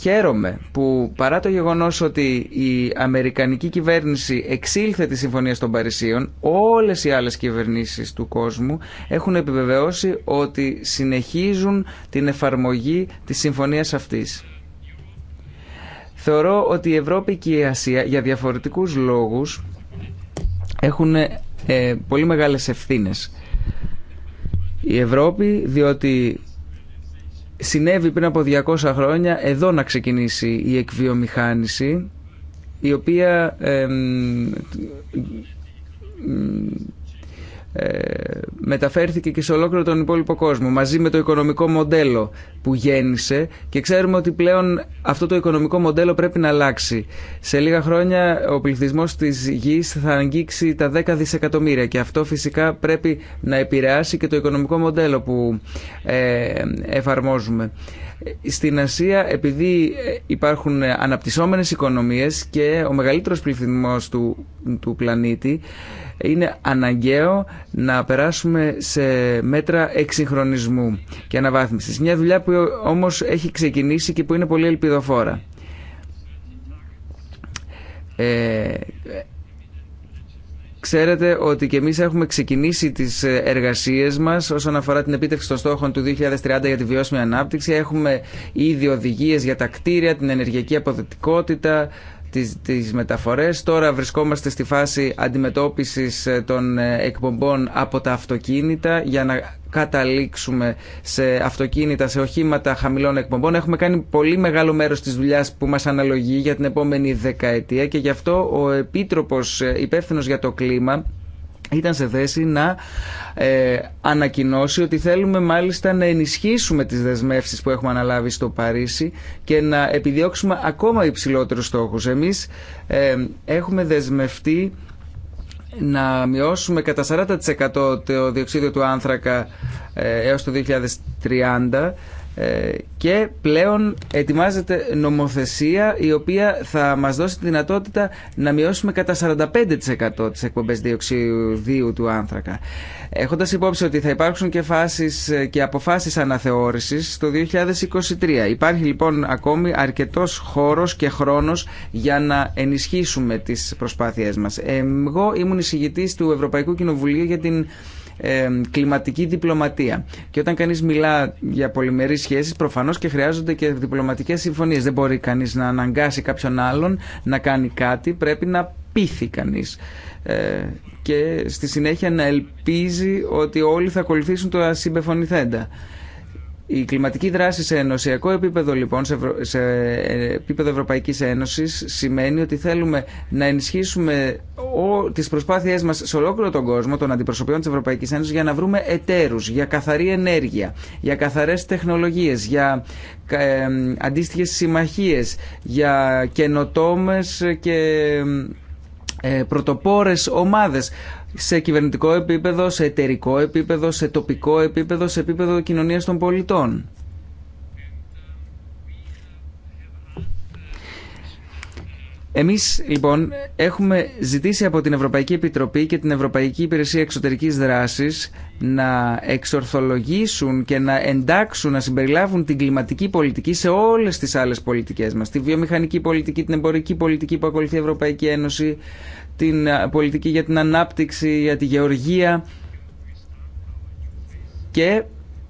χαίρομαι που παρά το γεγονός ότι η Αμερικανική κυβέρνηση εξήλθε τη Συμφωνία των Παρισίων, όλες οι άλλες κυβερνήσεις του κόσμου έχουν επιβεβαιώσει ότι συνεχίζουν την εφαρμογή της συμφωνίας αυτής. Θεωρώ ότι η Ευρώπη και η Ασία για διαφορετικούς λόγους έχουν ε, πολύ μεγάλες ευθύνες. Η Ευρώπη, διότι συνέβη πριν από 200 χρόνια εδώ να ξεκινήσει η εκβιομηχάνηση, η οποία... Ε, μεταφέρθηκε και σε ολόκληρο τον υπόλοιπο κόσμο μαζί με το οικονομικό μοντέλο που γέννησε και ξέρουμε ότι πλέον αυτό το οικονομικό μοντέλο πρέπει να αλλάξει. Σε λίγα χρόνια ο πληθυσμός της γης θα αγγίξει τα 10 δισεκατομμύρια και αυτό φυσικά πρέπει να επηρεάσει και το οικονομικό μοντέλο που ε, εφαρμόζουμε. Στην Ασία επειδή ε, υπάρχουν αναπτυσσόμενες οικονομίες και ο μεγαλύτερος πληθυσμός του πλανήτη είναι αναγκαίο να περάσουμε σε μέτρα εξυγχρονισμού και αναβάθμισης. Μια δουλειά που όμως έχει ξεκινήσει και που είναι πολύ ελπιδοφόρα. Ε, Ξέρετε ότι και εμείς έχουμε ξεκινήσει τις εργασίες μας όσον αφορά την επίτευξη των στόχων του 2030 για τη βιώσιμη ανάπτυξη. Έχουμε ήδη οδηγίες για τα κτίρια, την ενεργειακή αποδοτικότητα, τις, τις μεταφορές. Τώρα βρισκόμαστε στη φάση αντιμετώπισης ε, των ε, εκπομπών από τα αυτοκίνητα για να καταλήξουμε σε αυτοκίνητα, σε οχήματα χαμηλών εκπομπών. Έχουμε κάνει πολύ μεγάλο μέρος της δουλειάς που μας αναλογεί για την επόμενη δεκαετία και γι' αυτό ο Επίτροπος ε, υπεύθυνο για το κλίμα ήταν σε θέση να ε, ανακοινώσει ότι θέλουμε μάλιστα να ενισχύσουμε τις δεσμεύσεις που έχουμε αναλάβει στο Παρίσι και να επιδιώξουμε ακόμα υψηλότερους στόχους. Εμείς ε, έχουμε δεσμευτεί να μειώσουμε κατά 40% το διοξίδιο του άνθρακα ε, έως το 2030 ε, και πλέον ετοιμάζεται νομοθεσία η οποία θα μας δώσει τη δυνατότητα να μειώσουμε κατά 45% τις εκπομπές διοξιδίου του άνθρακα. Έχοντας υπόψη ότι θα υπάρξουν και φάσεις ε, και αποφάσεις αναθεώρησης το 2023. Υπάρχει λοιπόν ακόμη αρκετός χώρος και χρόνος για να ενισχύσουμε τις προσπάθειές μας. Ε, εγώ ήμουν εισηγητής του Ευρωπαϊκού Κοινοβουλίου για την ε, κλιματική διπλωματία. Και όταν κανείς μιλά για πολυμερείς σχέσεις, προφανώς και χρειάζονται και διπλωματικές συμφωνίες. Δεν μπορεί κανείς να αναγκάσει κάποιον άλλον να κάνει κάτι, πρέπει να πείθει κανείς. Ε, και στη συνέχεια να ελπίζει ότι όλοι θα ακολουθήσουν το ασυμπεφωνηθέντα. Η κλιματική δράση σε ενωσιακό επίπεδο λοιπόν, σε ε, επίπεδο Ευρωπαϊκής Ένωσης σημαίνει ότι θέλουμε να ενισχύσουμε τις προσπάθειές μας σε ολόκληρο τον κόσμο των αντιπροσωπιών της ευρωπαϊκή ένωση για να βρούμε εταίρους για καθαρή ενέργεια, για καθαρές τεχνολογίες, για ε, αντίστοιχες συμμαχίες, για καινοτόμες και ε, πρωτοπόρες ομάδες σε κυβερνητικό επίπεδο, σε εταιρικό επίπεδο, σε τοπικό επίπεδο, σε επίπεδο κοινωνίας των πολιτών. Εμείς λοιπόν έχουμε ζητήσει από την Ευρωπαϊκή Επιτροπή και την Ευρωπαϊκή Υπηρεσία Εξωτερικής Δράσης να εξορθολογήσουν και να εντάξουν, να συμπεριλάβουν την κλιματική πολιτική σε όλες τις άλλες πολιτικές μας. Τη βιομηχανική πολιτική, την εμπορική πολιτική που ακολουθεί η Ευρωπαϊκή Ένωση, την ε, πολιτική για την ανάπτυξη, για τη γεωργία και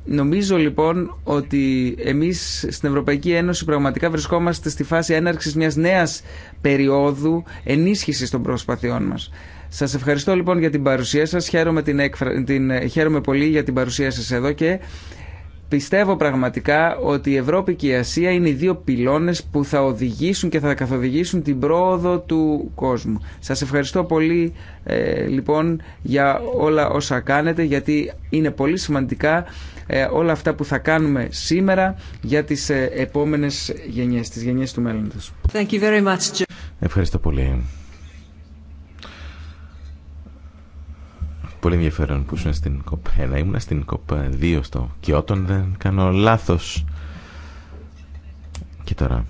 Νομίζω λοιπόν ότι εμείς στην Ευρωπαϊκή Ένωση πραγματικά βρισκόμαστε στη φάση έναρξης μιας νέας περίοδου ενίσχυσης των προσπαθειών μας. Σας ευχαριστώ λοιπόν για την παρουσία σας, χαίρομαι, την την... χαίρομαι πολύ για την παρουσία σας εδώ και πιστεύω πραγματικά ότι η Ευρώπη και η Ασία είναι οι δύο πυλώνες που θα οδηγήσουν και θα καθοδηγήσουν την πρόοδο του κόσμου. Σας ευχαριστώ πολύ ε, λοιπόν για όλα όσα κάνετε γιατί είναι πολύ σημαντικά ε, όλα αυτά που θα κάνουμε σήμερα για τις ε, επόμενες γενιές, τις γενιές του μέλλοντος. Thank you very much. Ευχαριστώ πολύ. πολύ ενδιαφέρον που ήσουν στην COP1. Ήμουν στην COP2 στο Κιώτον, δεν κάνω λάθος. Και τώρα,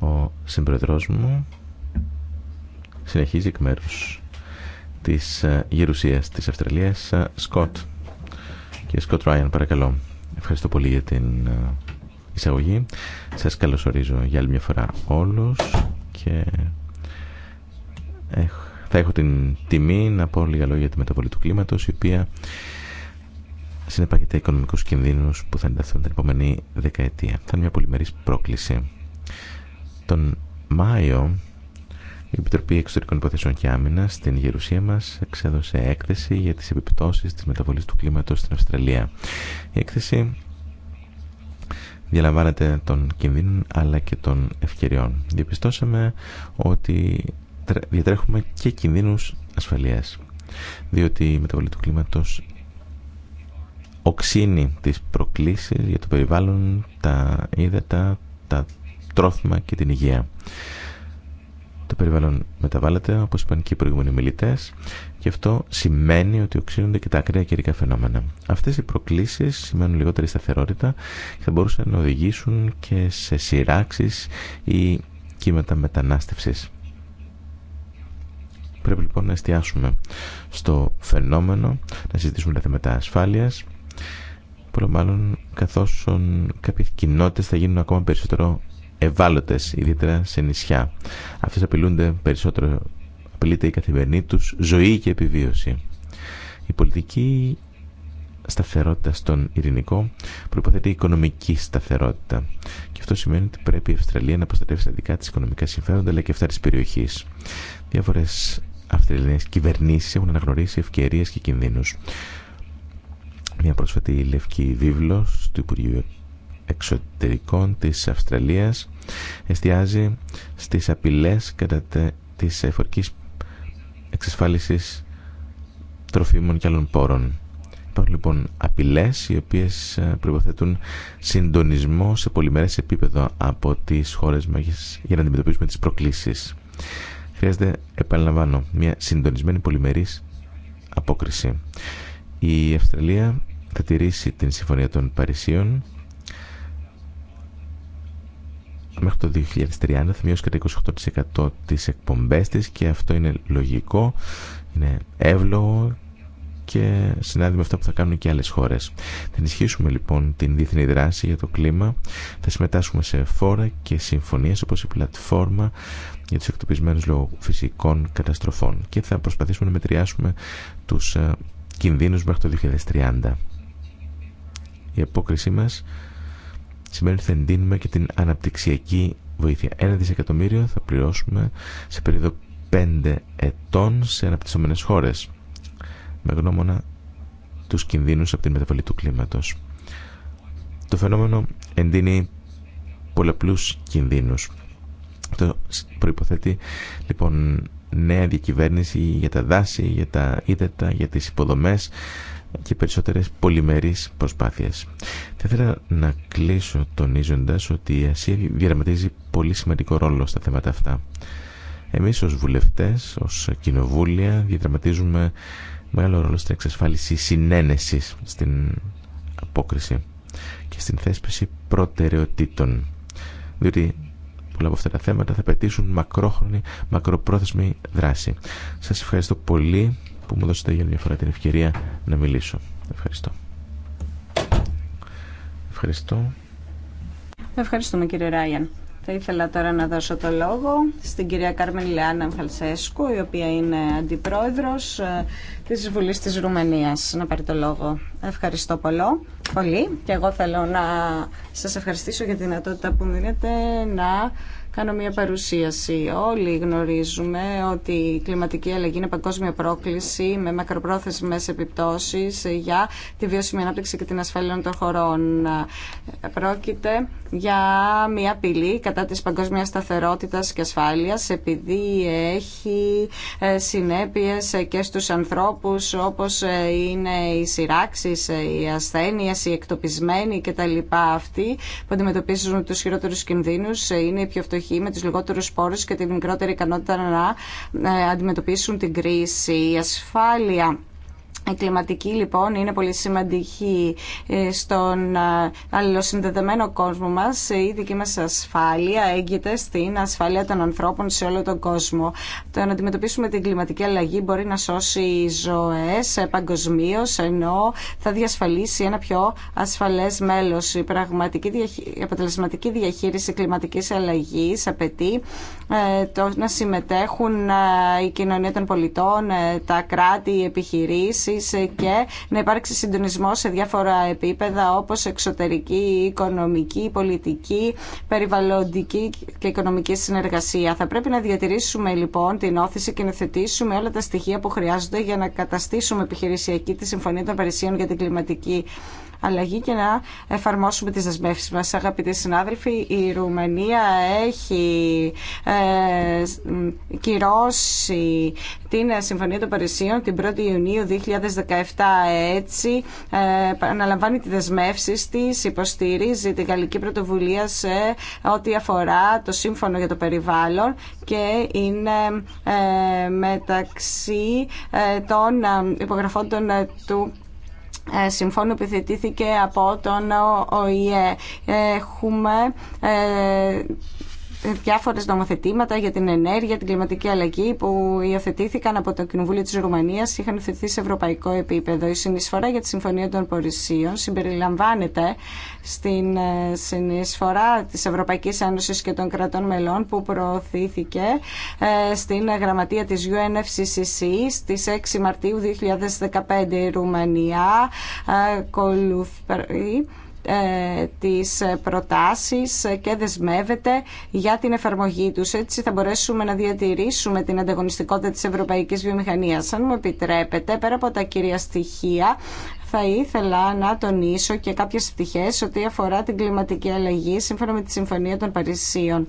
ο συμπροεδρός μου συνεχίζει εκ μέρους της ε, γερουσίας της Αυστραλίας, ε, Σκοτ. Και Σκοτ Ράιαν, παρακαλώ. Ευχαριστώ πολύ για την ε, εισαγωγή. Σας καλωσορίζω για άλλη μια φορά όλους και έχω θα έχω την τιμή να πω λίγα λόγια για τη μεταβολή του κλίματος η οποία συνεπάγεται οικονομικούς κινδύνους που θα ενταθούν την επόμενη δεκαετία. Θα είναι μια πολυμερής πρόκληση. Τον Μάιο η Επιτροπή Εξωτερικών Υποθέσεων και Άμυνα στην Γερουσία μα εξέδωσε έκθεση για τι επιπτώσει τη μεταβολή του κλίματο στην Αυστραλία. Η έκθεση διαλαμβάνεται των κινδύνων αλλά και των ευκαιριών. Διαπιστώσαμε ότι διατρέχουμε και κινδύνους ασφαλείας. Διότι η μεταβολή του κλίματος οξύνει τις προκλήσεις για το περιβάλλον, τα ύδατα, τα τρόφιμα και την υγεία. Το περιβάλλον μεταβάλλεται, όπως είπαν και οι προηγούμενοι μιλητές, και αυτό σημαίνει ότι οξύνονται και τα ακραία καιρικά φαινόμενα. Αυτές οι προκλήσεις σημαίνουν λιγότερη σταθερότητα και θα μπορούσαν να οδηγήσουν και σε σειράξεις ή κύματα μετανάστευσης. Πρέπει λοιπόν να εστιάσουμε στο φαινόμενο, να συζητήσουμε τα θέματα ασφάλεια, Πολύ μάλλον καθώς κάποιες κοινότητε θα γίνουν ακόμα περισσότερο ευάλωτε, ιδιαίτερα σε νησιά. Αυτέ απειλούνται περισσότερο, απειλείται η καθημερινή του ζωή και επιβίωση. Η πολιτική σταθερότητα στον ειρηνικό προποθέτει οικονομική σταθερότητα. Και αυτό σημαίνει ότι πρέπει η Αυστραλία να προστατεύσει τα δικά τη οικονομικά συμφέροντα αλλά και αυτά τη περιοχή. Διάφορε αυτές οι κυβερνήσεις έχουν αναγνωρίσει ευκαιρίες και κινδύνους. Μια πρόσφατη λευκή βίβλος του Υπουργείου Εξωτερικών της Αυστραλίας εστιάζει στις απειλές κατά της εφορικής εξασφάλισης τροφίμων και άλλων πόρων. Υπάρχουν λοιπόν απειλές οι οποίες ε, προποθετούν συντονισμό σε πολυμερές επίπεδο από τις χώρες μάχης για να αντιμετωπίσουμε τις προκλήσεις. Χρειάζεται, επαναλαμβάνω, μια συντονισμένη πολυμερή απόκριση. Η Αυστραλία θα τηρήσει την Συμφωνία των Παρισίων μέχρι το 2030 θα μειώσει κατά 28% τις εκπομπές της και αυτό είναι λογικό, είναι εύλογο και συνάδει με αυτά που θα κάνουν και άλλες χώρες. Θα ενισχύσουμε λοιπόν την διεθνή δράση για το κλίμα, θα συμμετάσχουμε σε φόρα και συμφωνίες όπως η πλατφόρμα για τους εκτοπισμένους λόγω φυσικών καταστροφών και θα προσπαθήσουμε να μετριάσουμε τους ε, κινδύνους μέχρι το 2030. Η απόκρισή μας σημαίνει ότι θα εντείνουμε και την αναπτυξιακή βοήθεια. Ένα δισεκατομμύριο θα πληρώσουμε σε περίοδο 5 ετών σε αναπτυσσόμενες χώρες με γνώμονα τους κινδύνους από την μεταβολή του κλίματος. Το φαινόμενο εντείνει πολλαπλούς κινδύνους. Το προϋποθέτει λοιπόν νέα διακυβέρνηση για τα δάση, για τα ύδατα, για τις υποδομές και περισσότερες πολυμερείς προσπάθειες. Θα ήθελα να κλείσω τονίζοντας ότι η Ασία διαδραματίζει πολύ σημαντικό ρόλο στα θέματα αυτά. Εμείς ως βουλευτές, ως κοινοβούλια διαδραματίζουμε μεγάλο ρόλο στην εξασφάλιση συνένεση στην απόκριση και στην θέσπιση προτεραιοτήτων. Διότι πολλά από αυτά τα θέματα θα πετήσουν μακρόχρονη, μακροπρόθεσμη δράση. Σας ευχαριστώ πολύ που μου δώσατε για μια φορά την ευκαιρία να μιλήσω. Ευχαριστώ. Ευχαριστώ. Ευχαριστούμε κύριε Ράιαν. Θα ήθελα τώρα να δώσω το λόγο στην κυρία Κάρμεν Λεάννα Φαλσέσκου, η οποία είναι αντιπρόεδρος ε, της Βουλής της Ρουμανίας. Να πάρει το λόγο. Ευχαριστώ πολύ και εγώ θέλω να σας ευχαριστήσω για τη δυνατότητα που μου δίνετε να κάνω μια παρουσίαση. Όλοι γνωρίζουμε ότι η κλιματική αλλαγή είναι παγκόσμια πρόκληση με μακροπρόθεσμες επιπτώσεις για τη βιώσιμη ανάπτυξη και την ασφάλεια των χωρών. Πρόκειται για μια απειλή κατά της παγκόσμιας σταθερότητας και ασφάλειας επειδή έχει ε, συνέπειες και στους ανθρώπους όπως ε, είναι οι σειράξεις, ε, οι ασθένειες, οι εκτοπισμένοι κτλ. Αυτοί που αντιμετωπίζουν τους χειρότερους κινδύνους είναι οι πιο φτωχοί περιοχή με τους λιγότερους πόρους και την μικρότερη ικανότητα να ε, αντιμετωπίσουν την κρίση. Η ασφάλεια η κλιματική λοιπόν είναι πολύ σημαντική ε, στον ε, αλληλοσυνδεδεμένο κόσμο μας. Η δική μας ασφάλεια έγκυται στην ασφάλεια των ανθρώπων σε όλο τον κόσμο. Το να αντιμετωπίσουμε την κλιματική αλλαγή μπορεί να σώσει ζωές ε, παγκοσμίω, ενώ θα διασφαλίσει ένα πιο ασφαλές μέλος. Η πραγματική η αποτελεσματική διαχείριση κλιματικής αλλαγής απαιτεί το να συμμετέχουν η κοινωνία των πολιτών, τα κράτη, οι επιχειρήσει και να υπάρξει συντονισμό σε διάφορα επίπεδα όπως εξωτερική, οικονομική, πολιτική, περιβαλλοντική και οικονομική συνεργασία. Θα πρέπει να διατηρήσουμε λοιπόν την όθηση και να θετήσουμε όλα τα στοιχεία που χρειάζονται για να καταστήσουμε επιχειρησιακή τη Συμφωνία των Παρισίων για την κλιματική αλλαγή και να εφαρμόσουμε τις δεσμεύσεις μας. Αγαπητοί συνάδελφοι, η Ρουμανία έχει ε, κυρώσει την Συμφωνία των Παρισίων την 1η Ιουνίου 2017 έτσι ε, αναλαμβάνει τις δεσμεύσεις της, υποστηρίζει την Γαλλική Πρωτοβουλία σε ό,τι αφορά το Σύμφωνο για το Περιβάλλον και είναι ε, μεταξύ ε, των υπογραφών του ε, συμφώνου επιθετήθηκε από τον ΟΗΕ. Έχουμε ε, Διάφορε νομοθετήματα για την ενέργεια, την κλιματική αλλαγή που υιοθετήθηκαν από το Κοινοβούλιο της Ρουμανίας είχαν υιοθετηθεί σε ευρωπαϊκό επίπεδο. Η συνεισφορά για τη Συμφωνία των Πορυσίων συμπεριλαμβάνεται στην ε, συνεισφορά της Ευρωπαϊκής Ένωση και των κρατών μελών που προωθήθηκε ε, στην γραμματεία της UNFCCC στις 6 Μαρτίου 2015 η Ρουμανία ακολουθεί ε, ε, τις προτάσεις και δεσμεύεται για την εφαρμογή τους. Έτσι θα μπορέσουμε να διατηρήσουμε την ανταγωνιστικότητα της ευρωπαϊκής βιομηχανίας. Αν μου επιτρέπετε, πέρα από τα κυρία στοιχεία, θα ήθελα να τονίσω και κάποιες πτυχές ό,τι αφορά την κλιματική αλλαγή σύμφωνα με τη Συμφωνία των Παρισίων.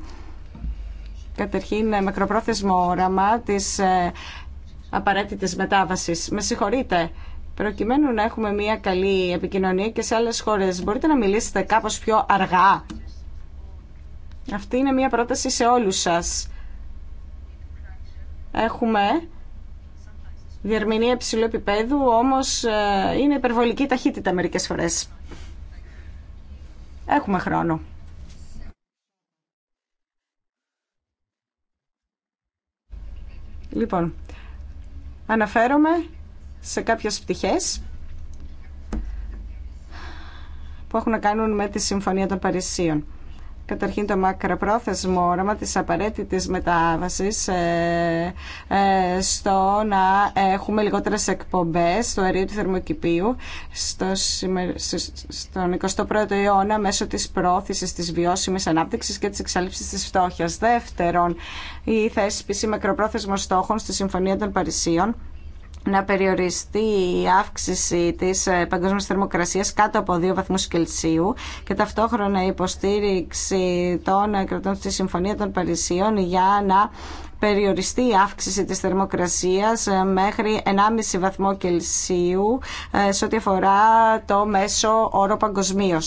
Καταρχήν, ε, μακροπρόθεσμο όραμα της ε, απαραίτητης μετάβασης. Με συγχωρείτε προκειμένου να έχουμε μια καλή επικοινωνία και σε άλλες χώρες. Μπορείτε να μιλήσετε κάπως πιο αργά. Αυτή είναι μια πρόταση σε όλους σας. Έχουμε διερμηνία υψηλού επίπεδου, όμως ε, είναι υπερβολική ταχύτητα μερικές φορές. Έχουμε χρόνο. Λοιπόν, αναφέρομαι σε κάποιες πτυχές που έχουν να κάνουν με τη Συμφωνία των Παρισίων. Καταρχήν το μακροπρόθεσμο όραμα της απαραίτητης μετάβασης ε, ε, στο να έχουμε λιγότερες εκπομπές στο αερίο του θερμοκηπίου στο, στον 21ο αιώνα μέσω της πρόθεσης της βιώσιμης ανάπτυξης και της εξάλληψης της φτώχειας. Δεύτερον, η θέσπιση μακροπρόθεσμων στόχων στη Συμφωνία των Παρισίων να περιοριστεί η αύξηση της ε, παγκόσμιας θερμοκρασίας κάτω από 2 βαθμούς Κελσίου και ταυτόχρονα η υποστήριξη των κρατών στη Συμφωνία των Παρισίων για να περιοριστεί η αύξηση της θερμοκρασίας ε, μέχρι 1,5 βαθμό Κελσίου ε, σε ό,τι αφορά το μέσο όρο παγκοσμίω.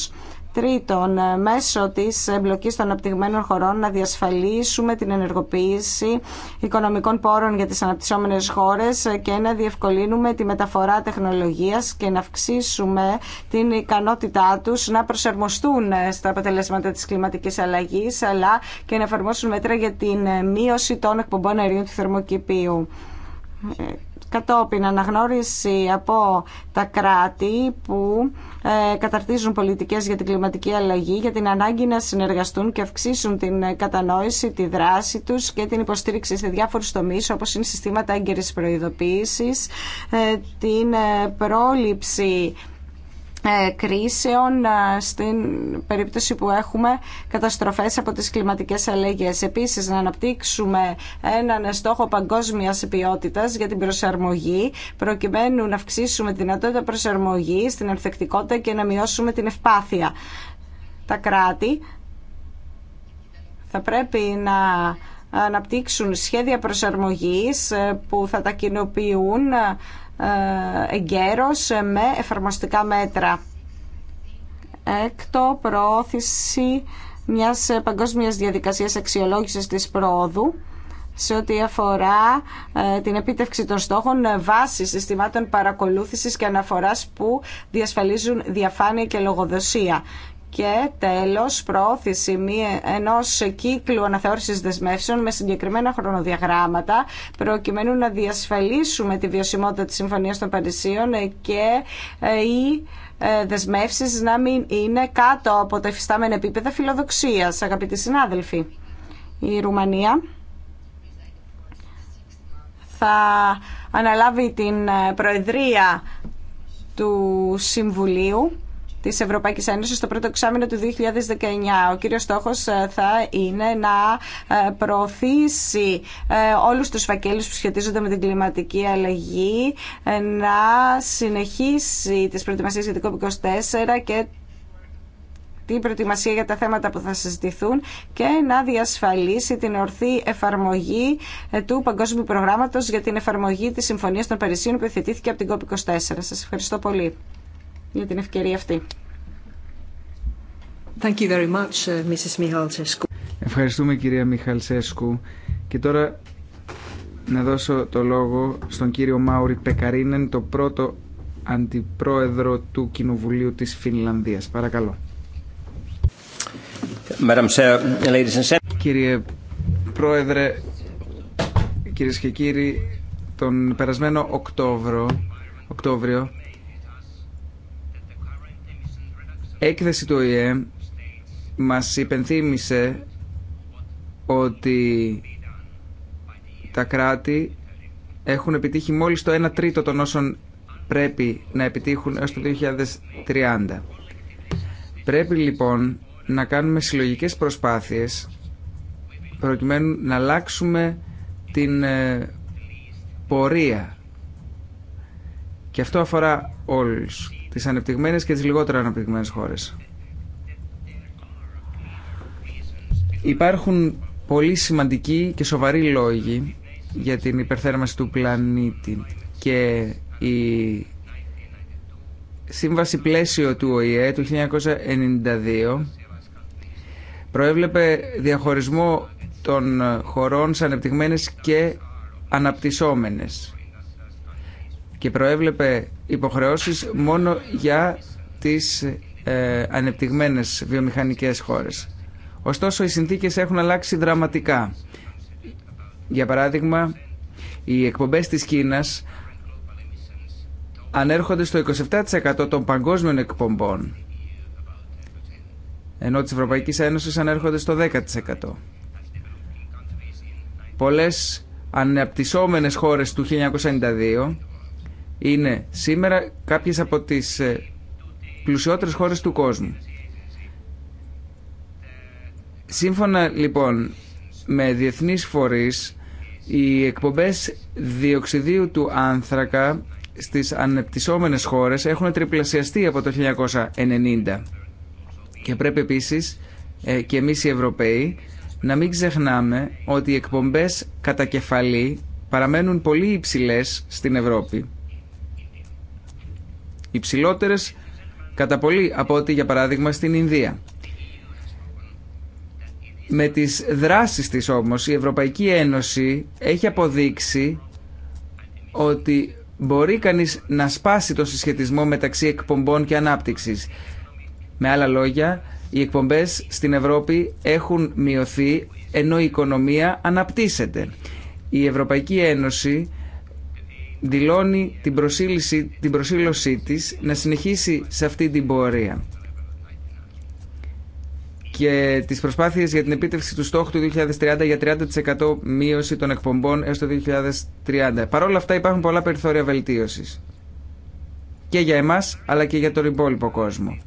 Τρίτον, ε, μέσω της εμπλοκής των αναπτυγμένων χωρών να διασφαλίσουμε την ενεργοποίηση οικονομικών πόρων για τις αναπτυσσόμενες χώρες ε, και να διευκολύνουμε τη μεταφορά τεχνολογίας και να αυξήσουμε την ικανότητά τους να προσαρμοστούν ε, στα αποτελέσματα της κλιματικής αλλαγής αλλά και να εφαρμόσουν μέτρα για την μείωση των εκπομπών αερίων του θερμοκηπίου κατόπιν αναγνώριση από τα κράτη που ε, καταρτίζουν πολιτικές για την κλιματική αλλαγή για την ανάγκη να συνεργαστούν και αυξήσουν την κατανόηση, τη δράση τους και την υποστήριξη σε διάφορους τομείς όπως είναι συστήματα έγκαιρης προειδοποίησης, ε, την ε, πρόληψη ε, κρίσεων ε, στην περίπτωση που έχουμε καταστροφές από τις κλιματικές αλλαγές. Επίσης, να αναπτύξουμε έναν στόχο παγκόσμιας ποιότητας για την προσαρμογή, προκειμένου να αυξήσουμε τη δυνατότητα προσαρμογής, την ανθεκτικότητα και να μειώσουμε την ευπάθεια. Τα κράτη θα πρέπει να αναπτύξουν σχέδια προσαρμογής ε, που θα τα κοινοποιούν ε, εγκαίρως με εφαρμοστικά μέτρα. Έκτο, προώθηση μιας παγκόσμιας διαδικασίας αξιολόγησης της πρόοδου σε ό,τι αφορά ε, την επίτευξη των στόχων βάσει συστημάτων παρακολούθησης και αναφοράς που διασφαλίζουν διαφάνεια και λογοδοσία και τέλος προώθηση ενό ενός κύκλου αναθεώρησης δεσμεύσεων με συγκεκριμένα χρονοδιαγράμματα προκειμένου να διασφαλίσουμε τη βιωσιμότητα της Συμφωνίας των Παρισίων και ε, οι ε, δεσμεύσεις να μην είναι κάτω από τα εφιστάμενα επίπεδα φιλοδοξίας, αγαπητοί συνάδελφοι. Η Ρουμανία θα αναλάβει την ε, Προεδρία του Συμβουλίου της Ευρωπαϊκής Ένωσης στο πρώτο εξάμεινο του 2019. Ο κύριος στόχος ε, θα είναι να ε, προωθήσει ε, όλους τους φακέλους που σχετίζονται με την κλιματική αλλαγή, να συνεχίσει τις προετοιμασίες για την COP24 και την προετοιμασία για τα θέματα που θα συζητηθούν και να διασφαλίσει την ορθή εφαρμογή του Παγκόσμιου Προγράμματος για την εφαρμογή της Συμφωνίας των Περισσίων που υιοθετήθηκε από την COP24. Σας ευχαριστώ πολύ για την ευκαιρία αυτή. Thank you very much, uh, Ευχαριστούμε κυρία Μιχαλσέσκου. Και τώρα να δώσω το λόγο στον κύριο Μάουρι Πεκαρίνεν, το πρώτο αντιπρόεδρο του Κοινοβουλίου της Φινλανδίας. Παρακαλώ. Κύριε Πρόεδρε, κυρίες και κύριοι, τον περασμένο Οκτώβριο Οκτώβριο έκθεση του ΟΗΕ μας υπενθύμησε ότι τα κράτη έχουν επιτύχει μόλις το 1 τρίτο των όσων πρέπει να επιτύχουν έως το 2030. Πρέπει λοιπόν να κάνουμε συλλογικές προσπάθειες προκειμένου να αλλάξουμε την ε, πορεία. Και αυτό αφορά όλους τις ανεπτυγμένες και τις λιγότερα ανεπτυγμένες χώρες. Υπάρχουν πολύ σημαντικοί και σοβαροί λόγοι για την υπερθέρμανση του πλανήτη και η σύμβαση πλαίσιο του ΟΗΕ του 1992 προέβλεπε διαχωρισμό των χωρών σε ανεπτυγμένες και αναπτυσσόμενες και προέβλεπε υποχρεώσεις μόνο για τις ε, ανεπτυγμένες βιομηχανικές χώρες. Ωστόσο, οι συνθήκες έχουν αλλάξει δραματικά. Για παράδειγμα, οι εκπομπές της Κίνας ανέρχονται στο 27% των παγκόσμιων εκπομπών, ενώ της Ευρωπαϊκής Ένωσης ανέρχονται στο 10%. Πολλές αναπτυσσόμενες χώρες του 1992 είναι σήμερα κάποιες από τις ε, πλουσιότερες χώρες του κόσμου. Σύμφωνα λοιπόν με διεθνείς φορείς, οι εκπομπές διοξιδίου του άνθρακα στις ανεπτυσσόμενες χώρες έχουν τριπλασιαστεί από το 1990. Και πρέπει επίσης ε, και εμείς οι Ευρωπαίοι να μην ξεχνάμε ότι οι εκπομπές κατά κεφαλή παραμένουν πολύ υψηλές στην Ευρώπη. Υψηλότερε κατά πολύ από ό,τι για παράδειγμα στην Ινδία. Με τις δράσεις της όμως η Ευρωπαϊκή Ένωση έχει αποδείξει ότι μπορεί κανείς να σπάσει το συσχετισμό μεταξύ εκπομπών και ανάπτυξης. Με άλλα λόγια, οι εκπομπές στην Ευρώπη έχουν μειωθεί ενώ η οικονομία αναπτύσσεται. Η Ευρωπαϊκή Ένωση δηλώνει την, προσήλωση, την προσήλωσή της να συνεχίσει σε αυτή την πορεία και τις προσπάθειες για την επίτευξη του στόχου του 2030 για 30% μείωση των εκπομπών έως το 2030. Παρ' όλα αυτά υπάρχουν πολλά περιθώρια βελτίωσης και για εμάς αλλά και για τον υπόλοιπο κόσμο.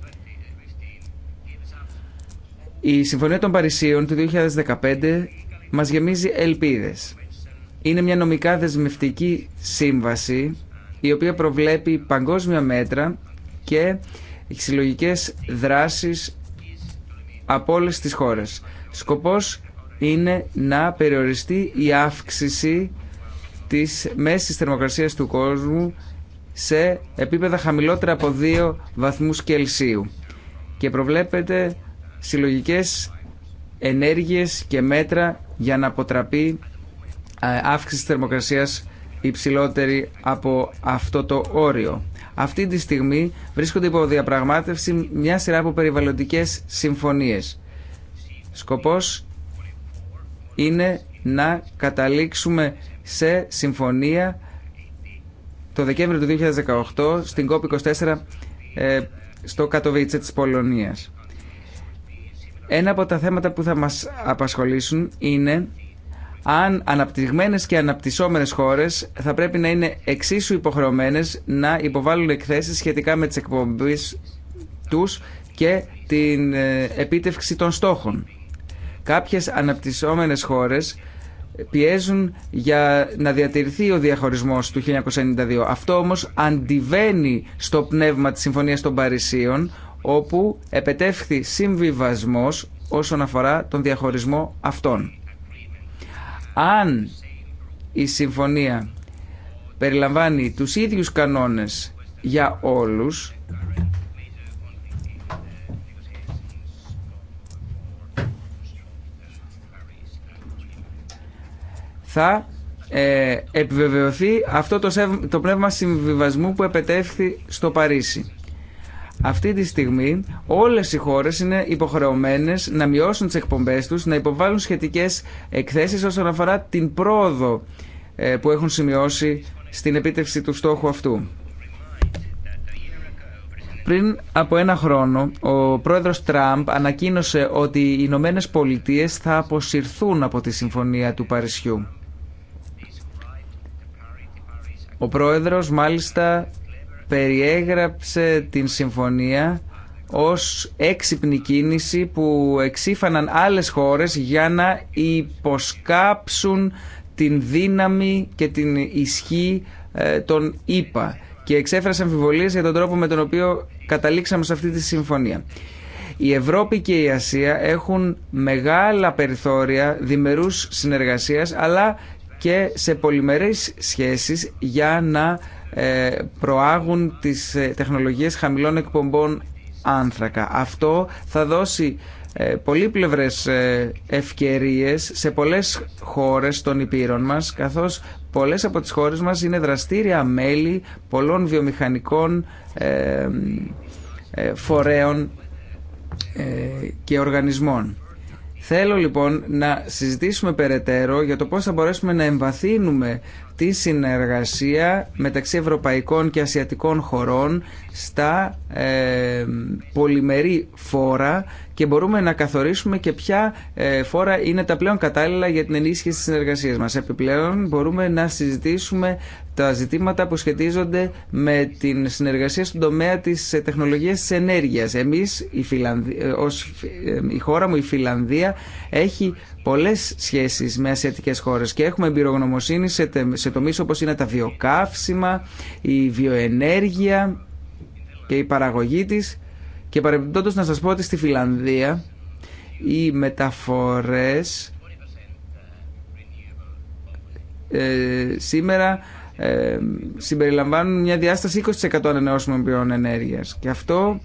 Η Συμφωνία των Παρισίων του 2015 μας γεμίζει ελπίδες είναι μια νομικά δεσμευτική σύμβαση η οποία προβλέπει παγκόσμια μέτρα και συλλογικέ δράσεις από όλε τις χώρες. Σκοπός είναι να περιοριστεί η αύξηση της μέσης θερμοκρασίας του κόσμου σε επίπεδα χαμηλότερα από 2 βαθμούς Κελσίου και προβλέπεται συλλογικές ενέργειες και μέτρα για να αποτραπεί ε, αύξηση θερμοκρασίας υψηλότερη από αυτό το όριο. Αυτή τη στιγμή βρίσκονται υπό διαπραγμάτευση μια σειρά από περιβαλλοντικές συμφωνίες. Σκοπός είναι να καταλήξουμε σε συμφωνία το Δεκέμβριο του 2018 στην COP24 ε, στο Κατοβίτσε της Πολωνίας. Ένα από τα θέματα που θα μας απασχολήσουν είναι αν αναπτυγμένες και αναπτυσσόμενες χώρες θα πρέπει να είναι εξίσου υποχρεωμένες να υποβάλουν εκθέσεις σχετικά με τις εκπομπές τους και την ε, επίτευξη των στόχων. Κάποιες αναπτυσσόμενες χώρες πιέζουν για να διατηρηθεί ο διαχωρισμός του 1992. Αυτό όμως αντιβαίνει στο πνεύμα της Συμφωνίας των Παρισίων όπου επετεύχθη συμβιβασμός όσον αφορά τον διαχωρισμό αυτών. Αν η συμφωνία περιλαμβάνει τους ίδιους κανόνες για όλους, θα ε, επιβεβαιωθεί αυτό το, το πνεύμα συμβιβασμού που επετέφθη στο Παρίσι. Αυτή τη στιγμή όλες οι χώρες είναι υποχρεωμένες να μειώσουν τις εκπομπές τους, να υποβάλουν σχετικές εκθέσεις όσον αφορά την πρόοδο ε, που έχουν σημειώσει στην επίτευξη του στόχου αυτού. Πριν από ένα χρόνο, ο πρόεδρος Τραμπ ανακοίνωσε ότι οι Ηνωμένε Πολιτείε θα αποσυρθούν από τη Συμφωνία του Παρισιού. Ο πρόεδρος μάλιστα περιέγραψε την συμφωνία ως έξυπνη κίνηση που εξήφαναν άλλες χώρες για να υποσκάψουν την δύναμη και την ισχύ ε, των ΗΠΑ και εξέφρασε αμφιβολίες για τον τρόπο με τον οποίο καταλήξαμε σε αυτή τη συμφωνία. Η Ευρώπη και η Ασία έχουν μεγάλα περιθώρια διμερούς συνεργασίας αλλά και σε πολυμερείς σχέσεις για να ε, προάγουν τις ε, τεχνολογίες χαμηλών εκπομπών άνθρακα. Αυτό θα δώσει ε, πολύπλευρες ευκαιρίες σε πολλές χώρες των υπήρων μας, καθώς πολλές από τις χώρες μας είναι δραστήρια μέλη πολλών βιομηχανικών φορέων και οργανισμών. Θέλω λοιπόν να συζητήσουμε περαιτέρω για το πώς θα μπορέσουμε να εμβαθύνουμε τη συνεργασία μεταξύ ευρωπαϊκών και ασιατικών χωρών στα ε, πολυμερή φόρα και μπορούμε να καθορίσουμε και ποια ε, φόρα είναι τα πλέον κατάλληλα για την ενίσχυση της συνεργασίας μας. Επιπλέον μπορούμε να συζητήσουμε τα ζητήματα που σχετίζονται με την συνεργασία στον τομέα της ε, τεχνολογίας της ενέργειας. Εμείς, ε, η, χώρα μου, η Φιλανδία, έχει πολλές σχέσεις με ασιατικές χώρες και έχουμε εμπειρογνωμοσύνη σε, σε τομείς όπως είναι τα βιοκαύσιμα, η βιοενέργεια και η παραγωγή της και παρεμπιπτόντως να σας πω ότι στη Φιλανδία οι μεταφορές ε, σήμερα ε, συμπεριλαμβάνουν μια διάσταση 20% ανανεώσιμων ποιών ενέργειας. Και αυτό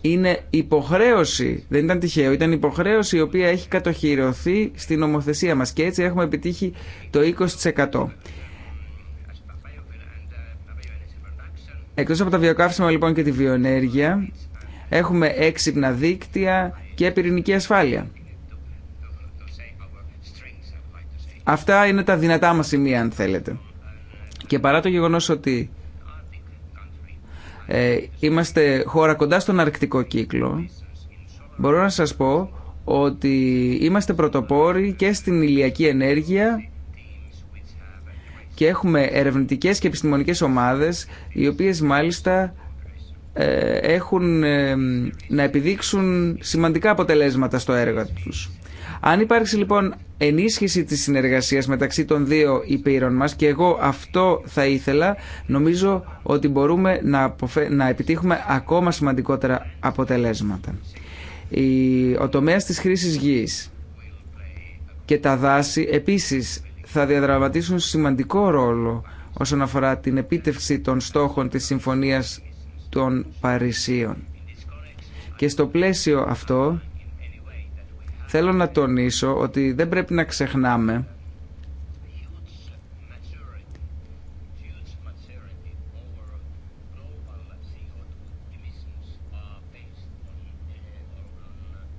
είναι υποχρέωση, δεν ήταν τυχαίο, ήταν υποχρέωση η οποία έχει κατοχυρωθεί στην νομοθεσία μας και έτσι έχουμε επιτύχει το 20%. Εκτός από τα βιοκαύσιμα λοιπόν και τη βιοενέργεια, έχουμε έξυπνα δίκτυα και πυρηνική ασφάλεια. Αυτά είναι τα δυνατά μας σημεία, αν θέλετε. Και παρά το γεγονός ότι ε, είμαστε χώρα κοντά στον αρκτικό κύκλο, μπορώ να σας πω ότι είμαστε πρωτοπόροι και στην ηλιακή ενέργεια και έχουμε ερευνητικές και επιστημονικές ομάδες οι οποίες μάλιστα ε, έχουν ε, να επιδείξουν σημαντικά αποτελέσματα στο έργο τους. Αν υπάρξει λοιπόν ενίσχυση της συνεργασίας μεταξύ των δύο υπήρων μας και εγώ αυτό θα ήθελα, νομίζω ότι μπορούμε να, να επιτύχουμε ακόμα σημαντικότερα αποτελέσματα. Ο τομέας της χρήσης γης και τα δάση επίσης θα διαδραματίσουν σημαντικό ρόλο όσον αφορά την επίτευξη των στόχων της Συμφωνίας των Παρισίων. Και στο πλαίσιο αυτό θέλω να τονίσω ότι δεν πρέπει να ξεχνάμε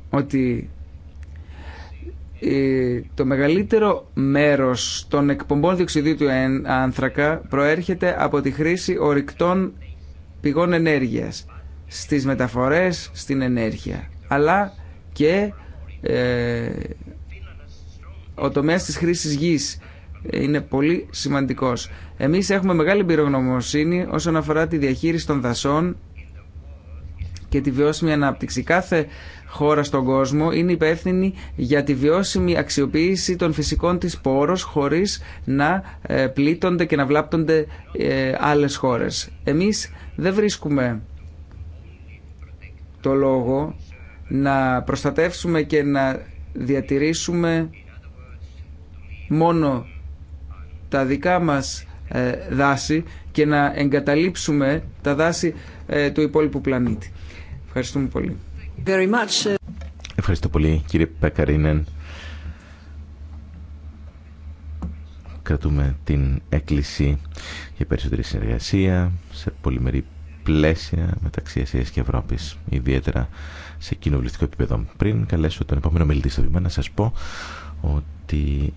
ότι το μεγαλύτερο μέρος των εκπομπών διοξιδίου του άνθρακα προέρχεται από τη χρήση ορυκτών πηγών ενέργειας στις μεταφορές, στην ενέργεια αλλά και ε, ο τομέας της χρήσης γης είναι πολύ σημαντικός. Εμείς έχουμε μεγάλη πυρογνωμοσύνη όσον αφορά τη διαχείριση των δασών και τη βιώσιμη ανάπτυξη. Κάθε χώρα στον κόσμο είναι υπεύθυνη για τη βιώσιμη αξιοποίηση των φυσικών της πόρος χωρίς να ε, πλήττονται και να βλάπτονται ε, άλλες χώρες. Εμείς δεν βρίσκουμε το λόγο να προστατεύσουμε και να διατηρήσουμε μόνο τα δικά μας ε, δάση και να εγκαταλείψουμε τα δάση του υπόλοιπου πλανήτη. Ευχαριστούμε πολύ. Uh, Ευχαριστώ πολύ κύριε Πεκαρίνεν. Κρατούμε την έκκληση για περισσότερη συνεργασία σε πολυμερή πλαίσια μεταξύ Ασίας και Ευρώπης, ιδιαίτερα σε κοινοβουλευτικό επίπεδο. Πριν καλέσω τον επόμενο μελητή στο βήμα να σας πω ότι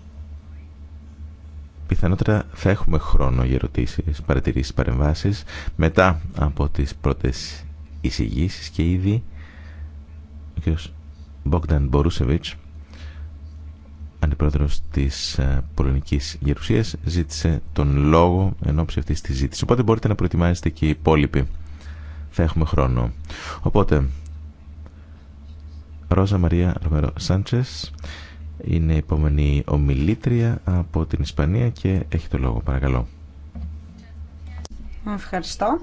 πιθανότερα θα έχουμε χρόνο για ερωτήσεις, παρατηρήσεις, παρεμβάσεις μετά από τις πρώτες εισηγήσεις και ήδη κ. Μπόγκταν Μπορούσεβιτς, αντιπρόεδρος της ε, Πολωνικής Γερουσίας, ζήτησε τον λόγο εν ώψη αυτής της ζήτησης. Οπότε μπορείτε να προετοιμάσετε και οι υπόλοιποι. Θα έχουμε χρόνο. Οπότε, Ρόζα Μαρία Ρομερό Σάντσες είναι η επόμενη ομιλήτρια από την Ισπανία και έχει το λόγο. Παρακαλώ. Ευχαριστώ.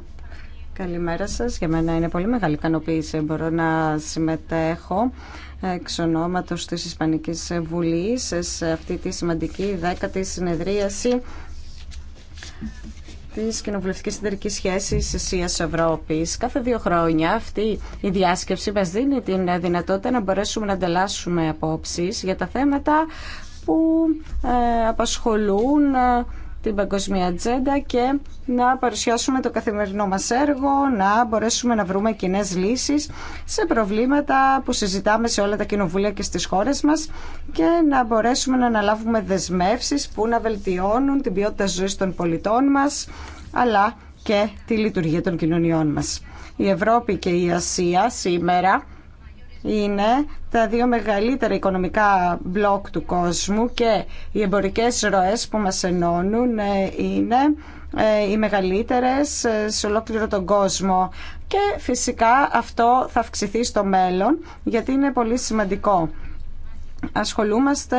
Καλημέρα σας. Για μένα είναι πολύ μεγάλη ικανοποίηση. Μπορώ να συμμετέχω εξ ονόματος της Ισπανικής Βουλής σε αυτή τη σημαντική δέκατη συνεδρίαση τη κοινοβουλευτική Συντερικής σχέση Ασία Ευρώπη. Κάθε δύο χρόνια αυτή η διάσκεψη μα δίνει την δυνατότητα να μπορέσουμε να ανταλλάσσουμε απόψει για τα θέματα που ε, απασχολούν ε, την παγκόσμια ατζέντα και να παρουσιάσουμε το καθημερινό μας έργο, να μπορέσουμε να βρούμε κοινέ λύσεις σε προβλήματα που συζητάμε σε όλα τα κοινοβούλια και στις χώρες μας και να μπορέσουμε να αναλάβουμε δεσμεύσεις που να βελτιώνουν την ποιότητα ζωής των πολιτών μας αλλά και τη λειτουργία των κοινωνιών μας. Η Ευρώπη και η Ασία σήμερα είναι τα δύο μεγαλύτερα οικονομικά μπλοκ του κόσμου και οι εμπορικές ροές που μας ενώνουν ε, είναι ε, οι μεγαλύτερες ε, σε ολόκληρο τον κόσμο. Και φυσικά αυτό θα αυξηθεί στο μέλλον γιατί είναι πολύ σημαντικό. Ασχολούμαστε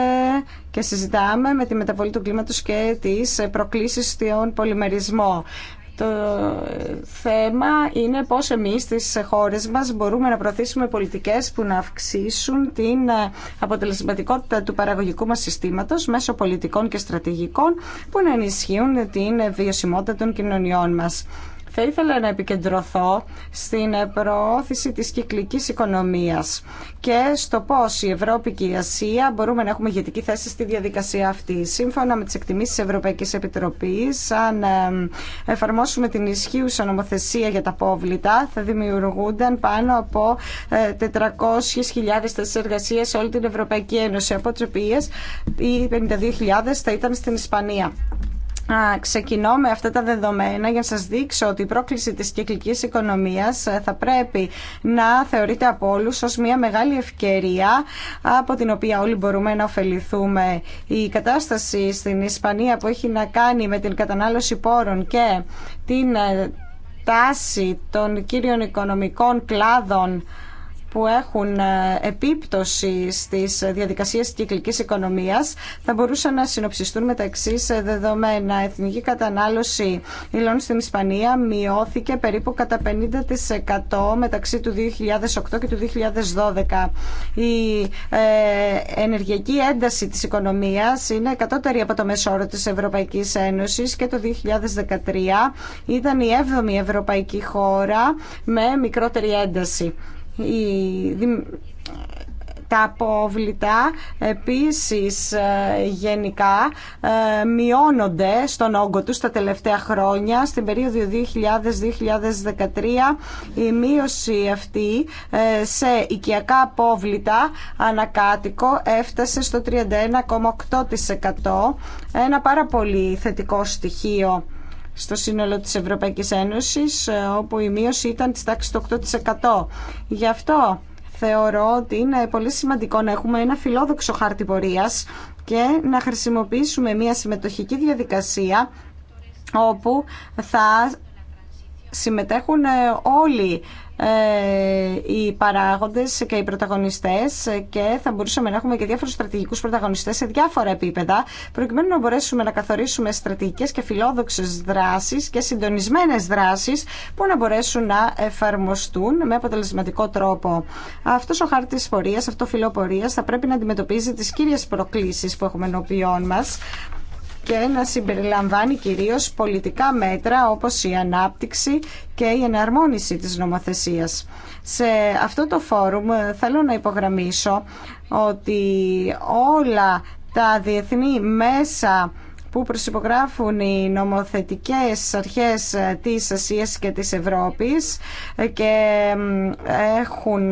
και συζητάμε με τη μεταβολή του κλίματος και τις προκλήσεις στον πολυμερισμό. Το θέμα είναι πώς εμείς στις χώρες μας μπορούμε να προωθήσουμε πολιτικές που να αυξήσουν την αποτελεσματικότητα του παραγωγικού μας συστήματος μέσω πολιτικών και στρατηγικών που να ενισχύουν την βιωσιμότητα των κοινωνιών μας. Θα ήθελα να επικεντρωθώ στην προώθηση της κυκλικής οικονομίας και στο πώς η Ευρώπη και η Ασία μπορούμε να έχουμε ηγετική θέση στη διαδικασία αυτή. Σύμφωνα με τις εκτιμήσεις της Ευρωπαϊκής Επιτροπής, αν εφαρμόσουμε την ισχύουσα νομοθεσία για τα πόβλητα, θα δημιουργούνταν πάνω από 400.000 ε, θέσεις εργασίας σε όλη την Ευρωπαϊκή Ένωση, από τις οποίες οι 52.000 θα ήταν στην Ισπανία. Α, ξεκινώ με αυτά τα δεδομένα για να σας δείξω ότι η πρόκληση της κυκλικής οικονομίας ε, θα πρέπει να θεωρείται από όλους ως μια μεγάλη ευκαιρία από την οποία όλοι μπορούμε να ωφεληθούμε. Η κατάσταση στην Ισπανία που έχει να κάνει με την κατανάλωση πόρων και την ε, τάση των κύριων οικονομικών κλάδων που έχουν ε, επίπτωση στις διαδικασίες κυκλικής οικονομίας θα μπορούσαν να συνοψιστούν μεταξύ τα ε, δεδομένα. Εθνική κατανάλωση υλών στην Ισπανία μειώθηκε περίπου κατά 50% μεταξύ του 2008 και του 2012. Η ε, ενεργειακή ένταση της οικονομίας είναι κατώτερη από το μέσο όρο της Ευρωπαϊκής Ένωσης και το 2013 ήταν η 7η ευρωπαϊκή χώρα με μικρότερη ένταση τα απόβλητα επίσης ε, γενικά ε, μειώνονται στον όγκο τους τα τελευταία χρόνια. Στην περίοδο 2000-2013 η μείωση αυτή ε, σε οικιακά απόβλητα ανακάτοικο έφτασε στο 31,8%. Ένα πάρα πολύ θετικό στοιχείο στο σύνολο της Ευρωπαϊκής Ένωσης, ε, όπου η μείωση ήταν της τάξης του 8%. Γι' αυτό θεωρώ ότι είναι πολύ σημαντικό να έχουμε ένα φιλόδοξο χάρτη πορείας και να χρησιμοποιήσουμε μια συμμετοχική διαδικασία όπου θα συμμετέχουν ε, όλοι ε, οι παράγοντες και οι πρωταγωνιστές και θα μπορούσαμε να έχουμε και διάφορους στρατηγικούς πρωταγωνιστές σε διάφορα επίπεδα προκειμένου να μπορέσουμε να καθορίσουμε στρατηγικές και φιλόδοξες δράσεις και συντονισμένες δράσεις που να μπορέσουν να εφαρμοστούν με αποτελεσματικό τρόπο. Αυτός ο χάρτης πορείας, αυτό ο φιλοπορίας θα πρέπει να αντιμετωπίζει τις κύριες προκλήσεις που έχουμε ενώπιόν μας και να συμπεριλαμβάνει κυρίως πολιτικά μέτρα όπως η ανάπτυξη και η εναρμόνιση της νομοθεσίας. Σε αυτό το φόρουμ ε, θέλω να υπογραμμίσω ότι όλα τα διεθνή μέσα που προσυπογράφουν οι νομοθετικές αρχές ε, της Ασίας και της Ευρώπης ε, και έχουν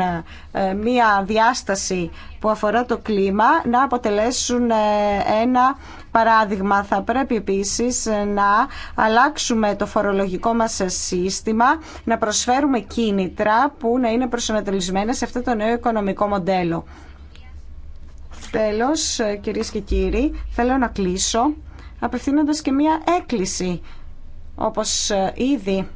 μία διάσταση που αφορά το κλίμα να αποτελέσουν ένα Παράδειγμα, θα πρέπει επίσης να αλλάξουμε το φορολογικό μας σύστημα, να προσφέρουμε κίνητρα που να είναι προσανατολισμένα σε αυτό το νέο οικονομικό μοντέλο. Τέλος, κυρίες και κύριοι, θέλω να κλείσω απευθύνοντας και μία έκκληση, όπως ήδη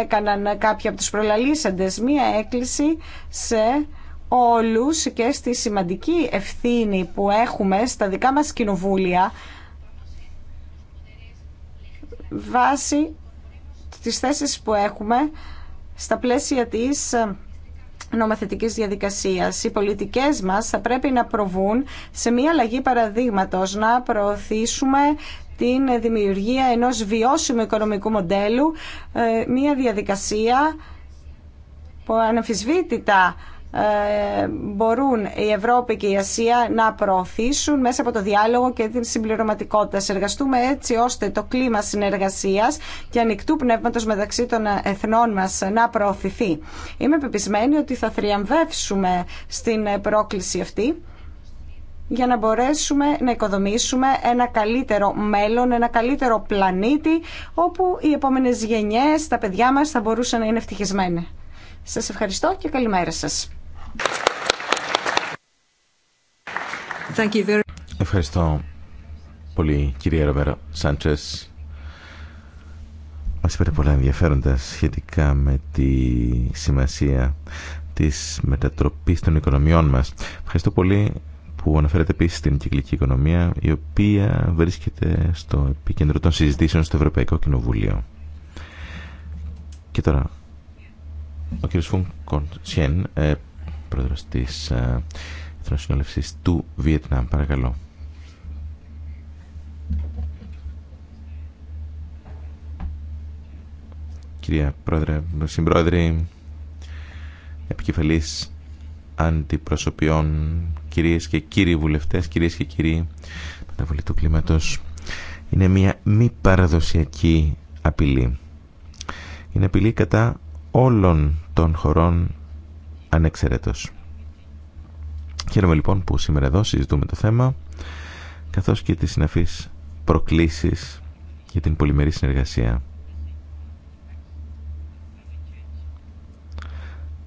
έκαναν κάποιοι από τους προλαλήσαντες, μία έκκληση σε όλους και στη σημαντική ευθύνη που έχουμε στα δικά μας κοινοβούλια βάσει τις θέσεις που έχουμε στα πλαίσια της νομοθετικής διαδικασίας. Οι πολιτικές μας θα πρέπει να προβούν σε μια αλλαγή παραδείγματος, να προωθήσουμε την δημιουργία ενός βιώσιμου οικονομικού μοντέλου, ε, μια διαδικασία που αναμφισβήτητα ε, μπορούν η Ευρώπη και η Ασία να προωθήσουν μέσα από το διάλογο και την συμπληρωματικότητα. εργαστούμε έτσι ώστε το κλίμα συνεργασίας και ανοιχτού πνεύματος μεταξύ των εθνών μας να προωθηθεί. Είμαι πεπισμένη ότι θα θριαμβεύσουμε στην πρόκληση αυτή για να μπορέσουμε να οικοδομήσουμε ένα καλύτερο μέλλον, ένα καλύτερο πλανήτη όπου οι επόμενες γενιές, τα παιδιά μας θα μπορούσαν να είναι ευτυχισμένοι. Σας ευχαριστώ και καλημέρα σας. Ευχαριστώ πολύ κυρία Ροβέρα Σάντσες. Μας είπατε πολλά ενδιαφέροντα σχετικά με τη σημασία της μετατροπής των οικονομιών μας. Ευχαριστώ πολύ που αναφέρεται επίση την κυκλική οικονομία, η οποία βρίσκεται στο επίκεντρο των συζητήσεων στο Ευρωπαϊκό Κοινοβούλιο. Και τώρα, ο κ. Φουν Κοντσιέν ε, πρόεδρο τη ε, Εθνοσυνόλευση του Βιετνάμ. Παρακαλώ. Κυρία Πρόεδρε, Συμπρόεδρη, επικεφαλής αντιπροσωπιών, κυρίες και κύριοι βουλευτές, κυρίες και κύριοι, μεταβολή του κλίματος, είναι μια μη παραδοσιακή απειλή. Είναι απειλή κατά όλων των χωρών ανεξαιρέτως. Χαίρομαι λοιπόν που σήμερα εδώ συζητούμε το θέμα καθώς και τις συναφείς προκλήσεις για την πολυμερή συνεργασία.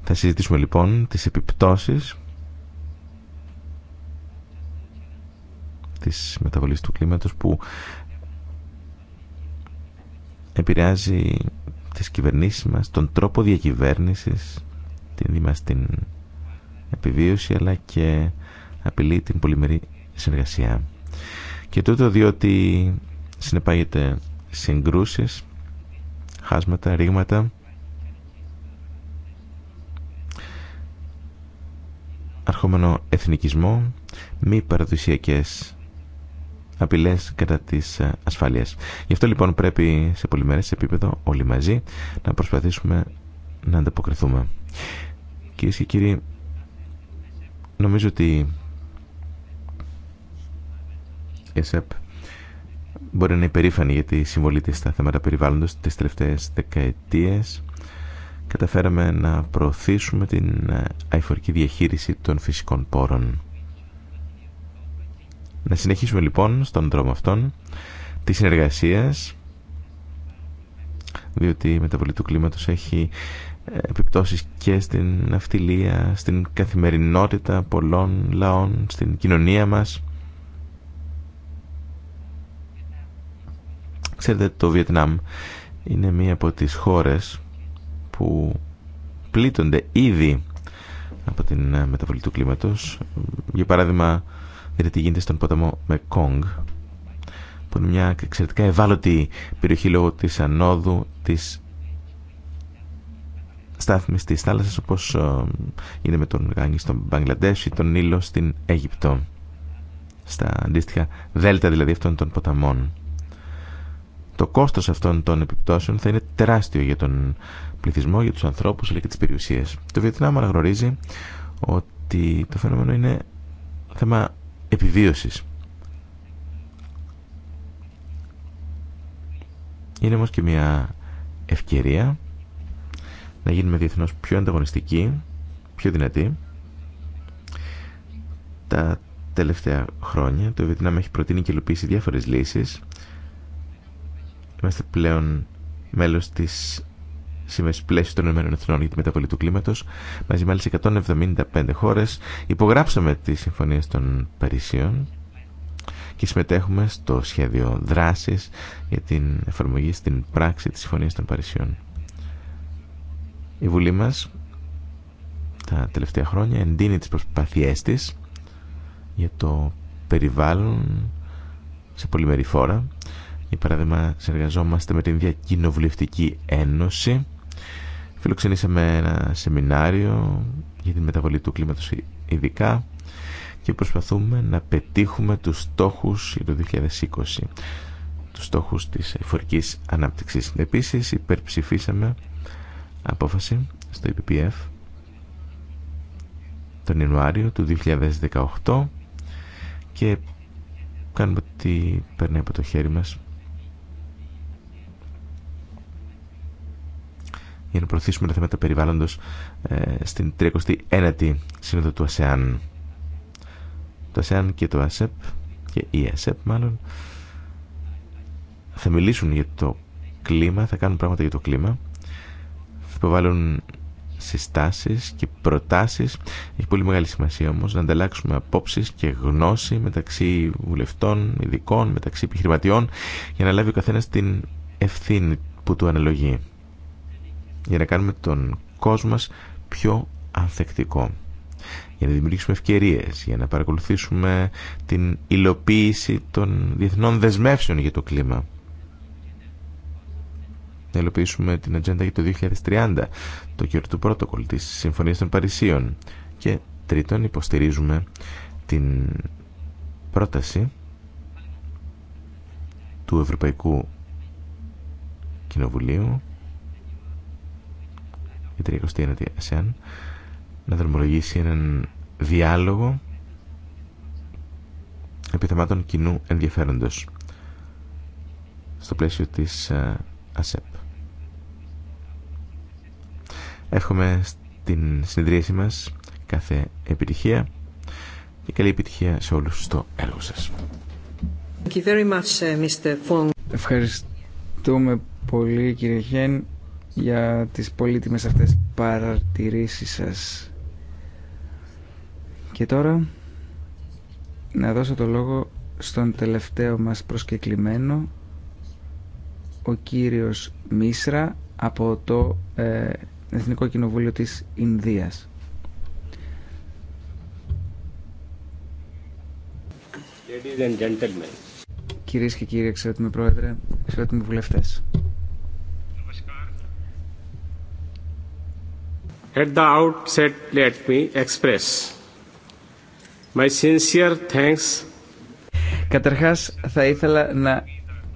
Θα συζητήσουμε λοιπόν τις επιπτώσεις της μεταβολής του κλίματος που επηρεάζει τις κυβερνήσεις μας, τον τρόπο διακυβέρνησης την δίμα στην επιβίωση αλλά και απειλεί την πολυμερή συνεργασία. Και τούτο διότι συνεπάγεται συγκρούσεις, χάσματα, ρήγματα, αρχόμενο εθνικισμό, μη παραδοσιακές απειλές κατά της ε, ασφάλειας. Γι' αυτό λοιπόν πρέπει σε πολυμερές επίπεδο όλοι μαζί να προσπαθήσουμε να ανταποκριθούμε. Κυρίε και κύριοι, νομίζω ότι η ΕΣΕΠ μπορεί να είναι υπερήφανη για τη στα θέματα περιβάλλοντος τις τελευταίες δεκαετίες. Καταφέραμε να προωθήσουμε την αϊφορική διαχείριση των φυσικών πόρων. Να συνεχίσουμε λοιπόν στον δρόμο αυτόν τη συνεργασία διότι η μεταβολή του κλίματος έχει επιπτώσεις και στην αυτιλία, στην καθημερινότητα πολλών λαών, στην κοινωνία μας. Ξέρετε το Βιετνάμ είναι μία από τις χώρες που πλήττονται ήδη από την μεταβολή του κλίματος. Για παράδειγμα, δείτε τι γίνεται στον ποταμό Μεκόγκ, που είναι μια εξαιρετικά ευάλωτη περιοχή λόγω της ανόδου της της θάλασσας όπως ε, είναι με τον Γάνγκη στον Μπαγκλαντές ή τον Νίλο στην Αίγυπτο στα αντίστοιχα δέλτα δηλαδή αυτών των ποταμών το κόστος αυτών των επιπτώσεων θα είναι τεράστιο για τον πληθυσμό, για τους ανθρώπους αλλά και τις περιουσίες το Βιετνάμ αναγνωρίζει ότι το φαινόμενο είναι θέμα επιβίωσης είναι όμως και μια ευκαιρία να γίνουμε διεθνώς πιο ανταγωνιστικοί, πιο δυνατοί. Τα τελευταία χρόνια το Βιετνάμ έχει προτείνει και υλοποιήσει διάφορες λύσεις. Είμαστε πλέον μέλος της Σύμβαση Πλαίσιο των Ηνωμένων Εθνών για τη Μεταβολή του Κλίματο. Μαζί με άλλε 175 χώρε υπογράψαμε τη Συμφωνία των Παρισίων και συμμετέχουμε στο σχέδιο δράση για την εφαρμογή στην πράξη τη Συμφωνία των Παρισιών. Η Βουλή μας τα τελευταία χρόνια εντείνει τις προσπαθειές της για το περιβάλλον σε πολυμερή φόρα. Για παράδειγμα, συνεργαζόμαστε με την Διακοινοβουλευτική Ένωση. Φιλοξενήσαμε ένα σεμινάριο για τη μεταβολή του κλίματος ειδικά και προσπαθούμε να πετύχουμε τους στόχους για το 2020 τους στόχους της εφορικής ανάπτυξης. Επίσης υπερψηφίσαμε απόφαση στο EPPF τον Ιανουάριο του 2018 και κάνουμε ό,τι παίρνει από το χέρι μας για να προωθήσουμε τα θέματα περιβάλλοντος ε, στην 39η Σύνοδο του ΑΣΕΑΝ. Το ΑΣΕΑΝ και το ΑΣΕΠ και η ΑΣΕΠ μάλλον θα μιλήσουν για το κλίμα, θα κάνουν πράγματα για το κλίμα υποβάλλουν συστάσεις και προτάσεις. Έχει πολύ μεγάλη σημασία όμως να ανταλλάξουμε απόψεις και γνώση μεταξύ βουλευτών, ειδικών, μεταξύ επιχειρηματιών για να λάβει ο καθένας την ευθύνη που του αναλογεί. Για να κάνουμε τον κόσμο μας πιο ανθεκτικό. Για να δημιουργήσουμε ευκαιρίες, για να παρακολουθήσουμε την υλοποίηση των διεθνών δεσμεύσεων για το κλίμα να υλοποιήσουμε την ατζέντα για το 2030, το κύριο του πρότοκολ της Συμφωνίας των Παρισίων. Και τρίτον, υποστηρίζουμε την πρόταση του Ευρωπαϊκού Κοινοβουλίου η την η ΑΣΕΑΝ να δρομολογήσει έναν διάλογο επιθεμάτων κοινού ενδιαφέροντος στο πλαίσιο της ε, ΑΣΕΠ. Εύχομαι στην συνεδρίαση μας κάθε επιτυχία και καλή επιτυχία σε όλους στο έργο σας. Uh, Ευχαριστούμε πολύ κύριε Χέν για τις πολύτιμες αυτές παρατηρήσεις σας. Και τώρα να δώσω το λόγο στον τελευταίο μας προσκεκλημένο ο κύριος Μίσρα από το ε, Εθνικό Κοινοβούλιο της Ινδίας. Κυρίε και κύριοι, εξαιρετούμε πρόεδρε, εξαιρετούμε βουλευτέ. At the outset, let me express my sincere thanks. Καταρχάς, θα ήθελα να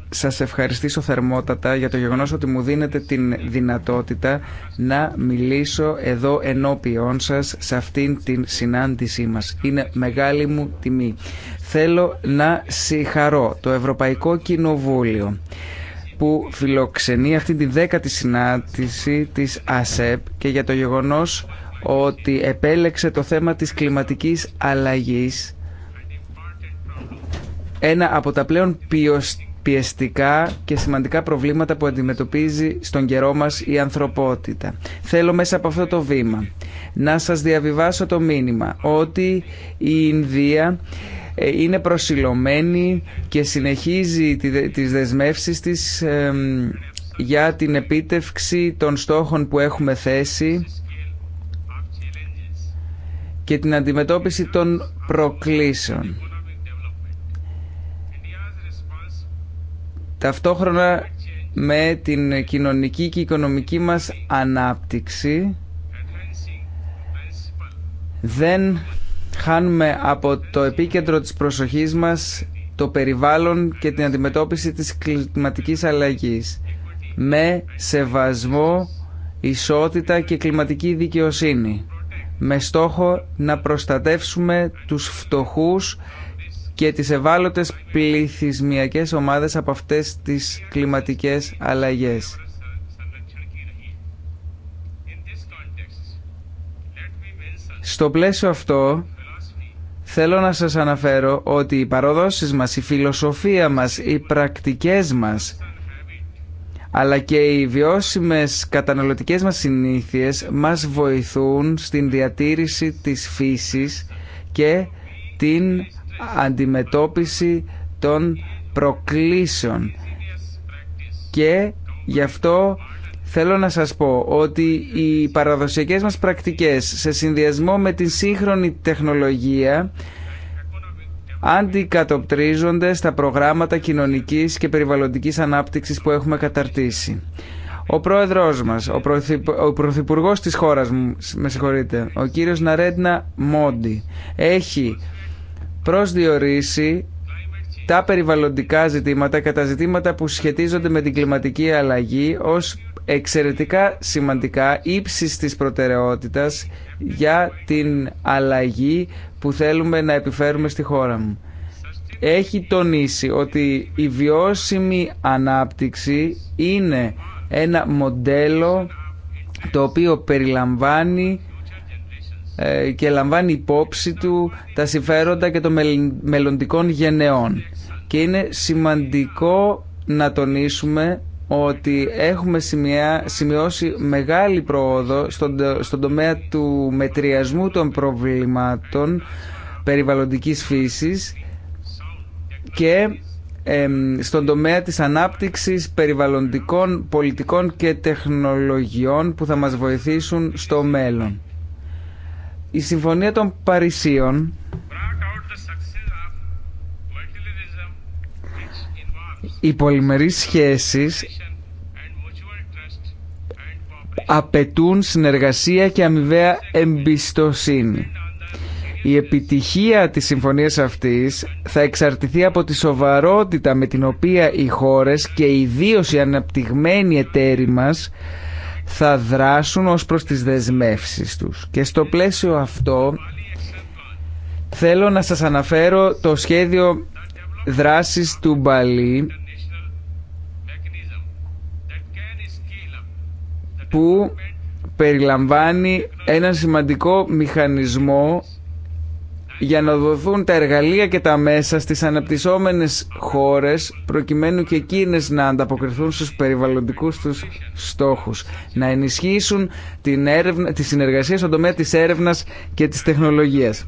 σας ευχαριστήσω θερμότατα για το γεγονός ότι μου δίνετε την δυνατότητα να μιλήσω εδώ ενώπιον σας σε αυτήν την συνάντησή μας. Είναι μεγάλη μου τιμή. Θέλω να συγχαρώ το Ευρωπαϊκό Κοινοβούλιο που φιλοξενεί αυτή τη δέκατη συνάντηση της ΑΣΕΠ και για το γεγονός ότι επέλεξε το θέμα της κλιματικής αλλαγής ένα από τα πλέον πιεστικά και σημαντικά προβλήματα που αντιμετωπίζει στον καιρό μας η ανθρωπότητα. Θέλω μέσα από αυτό το βήμα να σας διαβιβάσω το μήνυμα ότι η Ινδία ε, είναι προσιλωμένη και συνεχίζει τις δεσμεύσεις της για την επίτευξη των στόχων που έχουμε θέσει και την αντιμετώπιση των προκλήσεων. ταυτόχρονα με την κοινωνική και οικονομική μας ανάπτυξη δεν χάνουμε από το επίκεντρο της προσοχής μας το περιβάλλον και την αντιμετώπιση της κλιματικής αλλαγής με σεβασμό, ισότητα και κλιματική δικαιοσύνη με στόχο να προστατεύσουμε τους φτωχούς και τις ευάλωτες πληθυσμιακές ομάδες από αυτές τις κλιματικές αλλαγές. Στο πλαίσιο αυτό θέλω να σας αναφέρω ότι οι παροδόσεις μας, η φιλοσοφία μας, οι πρακτικές μας αλλά και οι βιώσιμες καταναλωτικές μας συνήθειες μας βοηθούν στην διατήρηση της φύσης και την αντιμετώπιση των προκλήσεων και γι' αυτό θέλω να σας πω ότι οι παραδοσιακές μας πρακτικές σε συνδυασμό με την σύγχρονη τεχνολογία αντικατοπτρίζονται στα προγράμματα κοινωνικής και περιβαλλοντικής ανάπτυξης που έχουμε καταρτήσει. Ο πρόεδρος μας, ο, πρωθυπου, ο πρωθυπουργός της χώρας μου, με συγχωρείτε, ο κύριος Ναρέντνα Μόντι, έχει προσδιορίσει τα περιβαλλοντικά ζητήματα και τα ζητήματα που σχετίζονται με την κλιματική αλλαγή ως εξαιρετικά σημαντικά ύψης της προτεραιότητας για την αλλαγή που θέλουμε να επιφέρουμε στη χώρα μου. Έχει τονίσει ότι η βιώσιμη ανάπτυξη είναι ένα μοντέλο το οποίο περιλαμβάνει ε, και λαμβάνει υπόψη του τα συμφέροντα και των μελλοντικών γενεών. Και είναι σημαντικό να τονίσουμε ότι έχουμε σημειά, σημειώσει μεγάλη πρόοδο στον, στον τομέα του μετριασμού των προβλημάτων περιβαλλοντικής φύσης και στον τομέα της ανάπτυξης περιβαλλοντικών, πολιτικών και τεχνολογιών που θα μας βοηθήσουν στο μέλλον η Συμφωνία των Παρισίων οι πολυμερείς σχέσεις απαιτούν συνεργασία και αμοιβαία εμπιστοσύνη. Η επιτυχία της συμφωνίας αυτής θα εξαρτηθεί από τη σοβαρότητα με την οποία οι χώρες και ιδίως οι αναπτυγμένοι εταίροι μας θα δράσουν ως προς τις δεσμεύσεις τους. Και στο πλαίσιο αυτό θέλω να σας αναφέρω το σχέδιο δράσης του Μπαλί που περιλαμβάνει ένα σημαντικό μηχανισμό για να δοθούν τα εργαλεία και τα μέσα στις αναπτυσσόμενες χώρες προκειμένου και εκείνες να ανταποκριθούν στους περιβαλλοντικούς τους στόχους. Να ενισχύσουν την έρευνα, τη συνεργασία στον τομέα της έρευνας και της τεχνολογίας.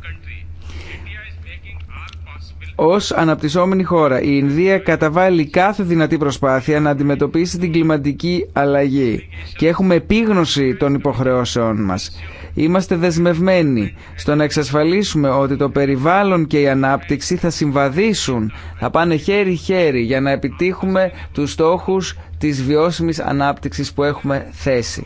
Ως αναπτυσσόμενη χώρα, η Ινδία καταβάλει κάθε δυνατή προσπάθεια να αντιμετωπίσει την κλιματική αλλαγή και έχουμε επίγνωση των υποχρεώσεών μας. Είμαστε δεσμευμένοι στο να εξασφαλίσουμε ότι το περιβάλλον και η ανάπτυξη θα συμβαδίσουν, θα πάνε χέρι-χέρι για να επιτύχουμε τους στόχους της βιώσιμης ανάπτυξης που έχουμε θέσει.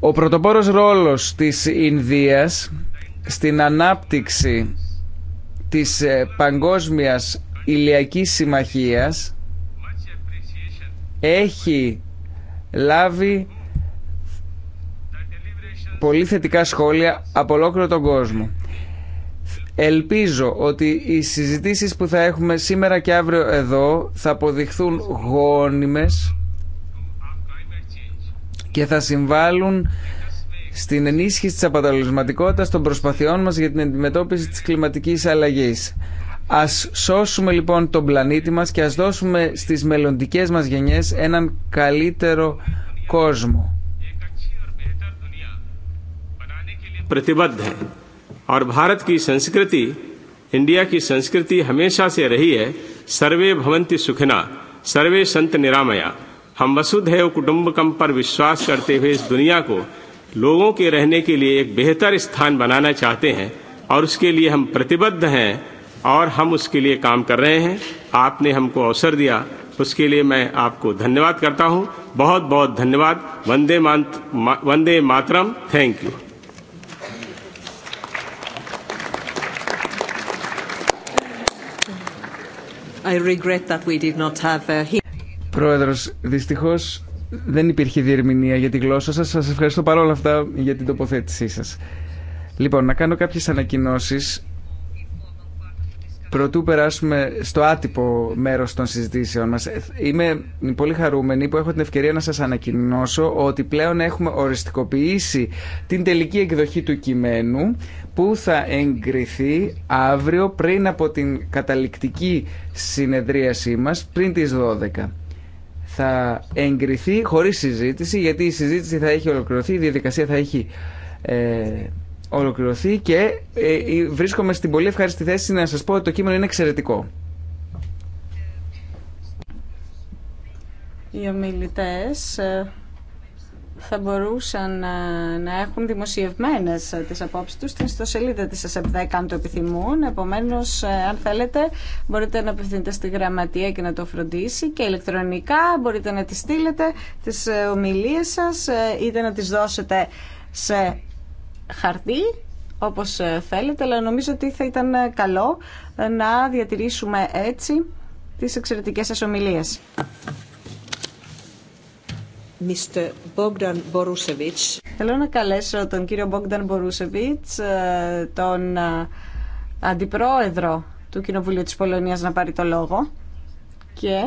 Ο πρωτοπόρος ρόλος της Ινδίας στην ανάπτυξη της ε, παγκόσμιας ηλιακής συμμαχίας έχει λάβει πολύ θετικά σχόλια από ολόκληρο τον κόσμο. Ελπίζω ότι οι συζητήσεις που θα έχουμε σήμερα και αύριο εδώ θα αποδειχθούν γόνιμες και θα συμβάλλουν στην ενίσχυση της αποτελεσματικότητας των προσπαθειών μας για την αντιμετώπιση της κλιματικής αλλαγής. Ας σώσουμε λοιπόν τον πλανήτη μας και ας δώσουμε στις μελλοντικές μας γενιές έναν καλύτερο κόσμο. प्रतिबद्ध है और भारत की संस्कृति इंडिया की संस्कृति हमेशा से रही है सर्वे भवंति सुखिना सर्वे संत निरामया हम वसुधैव कुटुंबकम पर विश्वास करते हुए इस दुनिया को लोगों के रहने के लिए एक बेहतर स्थान बनाना चाहते हैं और उसके लिए हम प्रतिबद्ध हैं और हम उसके लिए काम कर रहे हैं आपने हमको अवसर दिया उसके लिए मैं आपको धन्यवाद करता हूँ बहुत बहुत धन्यवाद वंदे मात, वंदे मातरम thank you Uh, Πρόεδρος, δυστυχώς δεν υπήρχε διερμηνία για τη γλώσσα σας. Σας ευχαριστώ παρόλα αυτά για την τοποθέτησή σας. Λοιπόν, να κάνω κάποιες ανακοινώσεις Προτού περάσουμε στο άτυπο μέρος των συζητήσεων μα. είμαι πολύ χαρούμενη που έχω την ευκαιρία να σας ανακοινώσω ότι πλέον έχουμε οριστικοποιήσει την τελική εκδοχή του κειμένου που θα εγκριθεί αύριο πριν από την καταληκτική συνεδρίασή μας, πριν τις 12 θα εγκριθεί χωρίς συζήτηση γιατί η συζήτηση θα έχει ολοκληρωθεί, η διαδικασία θα έχει ε, ολοκληρωθεί και ε, ε, βρίσκομαι στην πολύ ευχάριστη θέση να σας πω ότι το κείμενο είναι εξαιρετικό. Οι ομιλητές ε, θα μπορούσαν να έχουν δημοσιευμένες τις απόψεις τους στην ιστοσελίδα της ΕΣΕΠ10 αν το επιθυμούν. Επομένως, αν θέλετε, μπορείτε να απευθυνθείτε στη γραμματεία και να το φροντίσει και ηλεκτρονικά μπορείτε να τις στείλετε τις ομιλίες σας είτε να τις δώσετε σε χαρτί όπως ε, θέλετε, αλλά νομίζω ότι θα ήταν ε, καλό ε, να διατηρήσουμε έτσι τις εξαιρετικές σας ομιλίες. Mr. Bogdan Borusevich. Θέλω να καλέσω τον κύριο Bogdan Μπορούσεβιτς, τον αντιπρόεδρο του Κοινοβουλίου της Πολωνίας, να πάρει το λόγο. Και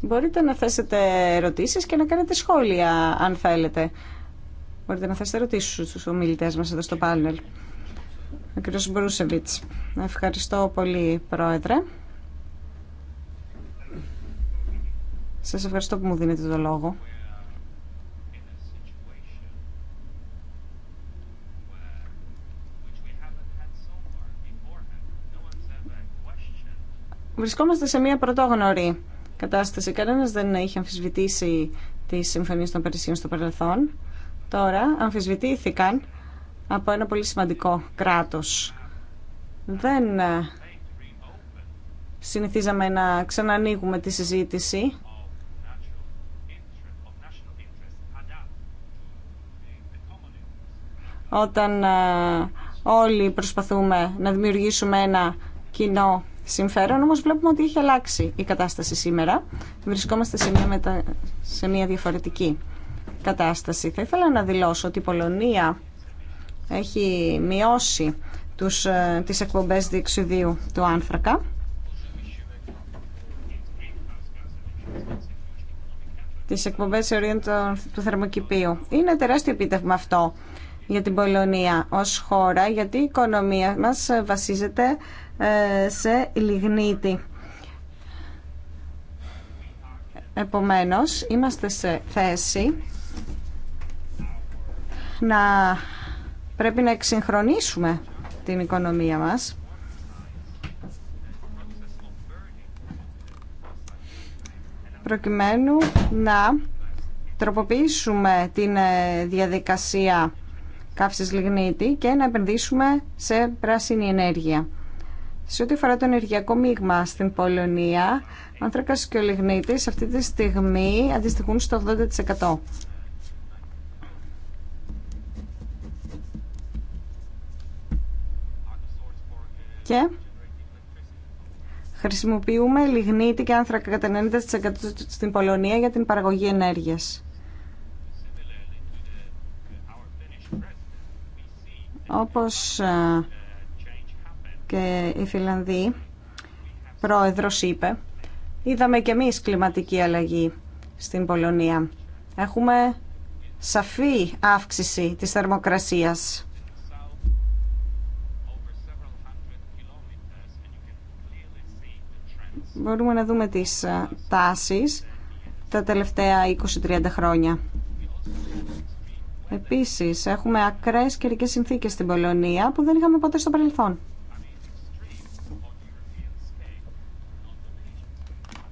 μπορείτε να θέσετε ερωτήσεις και να κάνετε σχόλια, αν θέλετε. Μπορείτε να θέσετε ερωτήσει στους ομιλητές μας εδώ στο πάνελ. Ο κ. Μπρούσεβιτ. Ευχαριστώ πολύ, Πρόεδρε. Σας ευχαριστώ που μου δίνετε το λόγο. Βρισκόμαστε σε μια πρωτόγνωρη κατάσταση. Κανένας δεν είχε αμφισβητήσει τις συμφωνίες των Παρισίων στο παρελθόν τώρα αμφισβητήθηκαν από ένα πολύ σημαντικό κράτος. Δεν ε, συνηθίζαμε να ξανανοίγουμε τη συζήτηση. Όταν ε, όλοι προσπαθούμε να δημιουργήσουμε ένα κοινό συμφέρον, όμως βλέπουμε ότι έχει αλλάξει η κατάσταση σήμερα. Βρισκόμαστε σε μια, σε μια διαφορετική κατάσταση. Θα ήθελα να δηλώσω ότι η Πολωνία έχει μειώσει τους, ε, τις εκπομπές διεξιδίου του άνθρακα. τις εκπομπές ορίων του θερμοκηπίου. Είναι τεράστιο επίτευγμα αυτό για την Πολωνία ως χώρα, γιατί η οικονομία μας βασίζεται ε, σε λιγνίτη. Επομένως, είμαστε σε θέση να πρέπει να εξυγχρονίσουμε την οικονομία μας. προκειμένου να τροποποιήσουμε την ε, διαδικασία καύσης λιγνίτη και να επενδύσουμε σε πράσινη ενέργεια. Σε ό,τι αφορά το ενεργειακό μείγμα στην Πολωνία, ο άνθρακας και ο λιγνίτης αυτή τη στιγμή αντιστοιχούν στο 80%. και χρησιμοποιούμε λιγνίτη και άνθρακα κατά 90% στην Πολωνία για την παραγωγή ενέργειας. Όπως ε, και η Φιλανδή πρόεδρος είπε, είδαμε και εμείς κλιματική αλλαγή στην Πολωνία. Έχουμε σαφή αύξηση της θερμοκρασίας μπορούμε να δούμε τις ε, τάσεις τα τελευταία 20-30 χρόνια. Επίσης, έχουμε ακραίες καιρικές συνθήκες στην Πολωνία που δεν είχαμε ποτέ στο παρελθόν.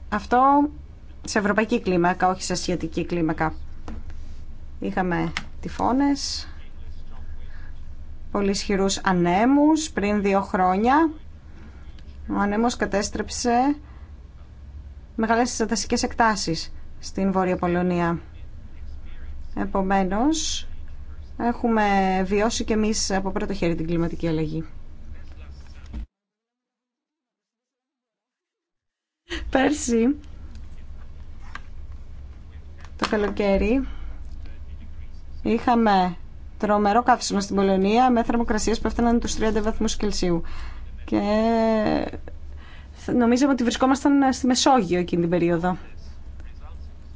Αυτό σε ευρωπαϊκή κλίμακα, όχι σε ασιατική κλίμακα. Είχαμε τυφώνες, πολύ ισχυρού ανέμους πριν δύο χρόνια. Ο ανέμος κατέστρεψε μεγάλες δασικές εκτάσεις στην Βόρεια Πολωνία. Επομένως, έχουμε βιώσει και εμείς από πρώτο χέρι την κλιματική αλλαγή. Πέρσι, το καλοκαίρι, είχαμε τρομερό καύσιμο στην Πολωνία με θερμοκρασίες που έφταναν τους 30 βαθμούς Κελσίου. Και νομίζαμε ότι βρισκόμασταν στη Μεσόγειο εκείνη την περίοδο.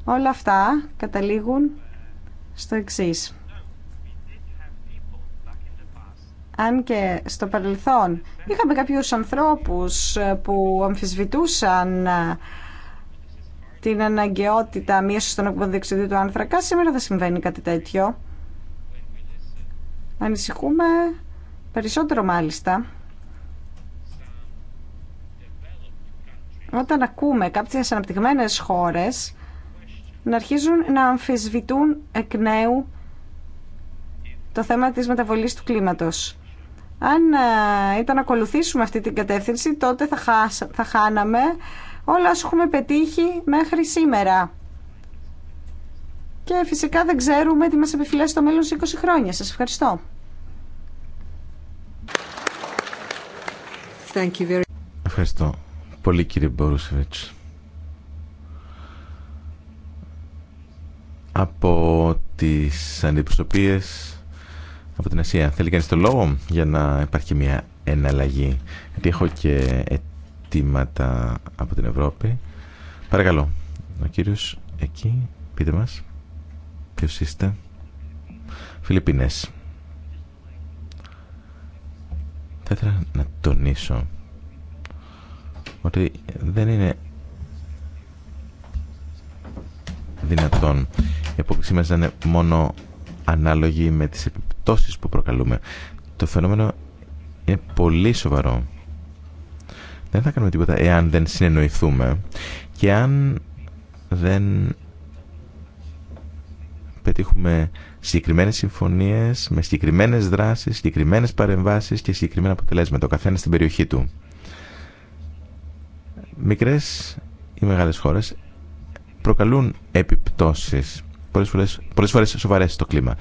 Όλα αυτά καταλήγουν στο εξή. Αν και στο παρελθόν είχαμε κάποιους ανθρώπους που αμφισβητούσαν την αναγκαιότητα μείωση των εκπομπών του άνθρακα, σήμερα δεν συμβαίνει κάτι τέτοιο. Ανησυχούμε περισσότερο μάλιστα όταν ακούμε κάποιες αναπτυγμένες χώρες να αρχίζουν να αμφισβητούν εκ νέου το θέμα της μεταβολής του κλίματος. Αν ε, ήταν να ακολουθήσουμε αυτή την κατεύθυνση, τότε θα, χάναμε όλα όσα έχουμε πετύχει μέχρι σήμερα. Και φυσικά δεν ξέρουμε τι μας επιφυλάσσει το μέλλον σε 20 χρόνια. Σας ευχαριστώ. Thank Ευχαριστώ πολύ κύριε Μπορούσεβιτς. Από τις αντιπροσωπείες από την Ασία. Θέλει κανείς το λόγο για να υπάρχει μια εναλλαγή. Γιατί έχω και αιτήματα από την Ευρώπη. Παρακαλώ. Ο κύριος εκεί, πείτε μας. Ποιος είστε. Φιλιππίνες. Θα ήθελα να τονίσω ότι δεν είναι δυνατόν η απόψη μας να είναι μόνο ανάλογη με τις επιπτώσεις που προκαλούμε. Το φαινόμενο είναι πολύ σοβαρό. Δεν θα κάνουμε τίποτα εάν δεν συνεννοηθούμε και αν δεν πετύχουμε συγκεκριμένες συμφωνίες με συγκεκριμένες δράσεις, συγκεκριμένες παρεμβάσεις και συγκεκριμένα αποτελέσματα. Ο καθένας στην περιοχή του μικρές ή μεγάλες χώρες προκαλούν επιπτώσεις πολλές φορές, πολλές φορές σοβαρές στο κλίμα.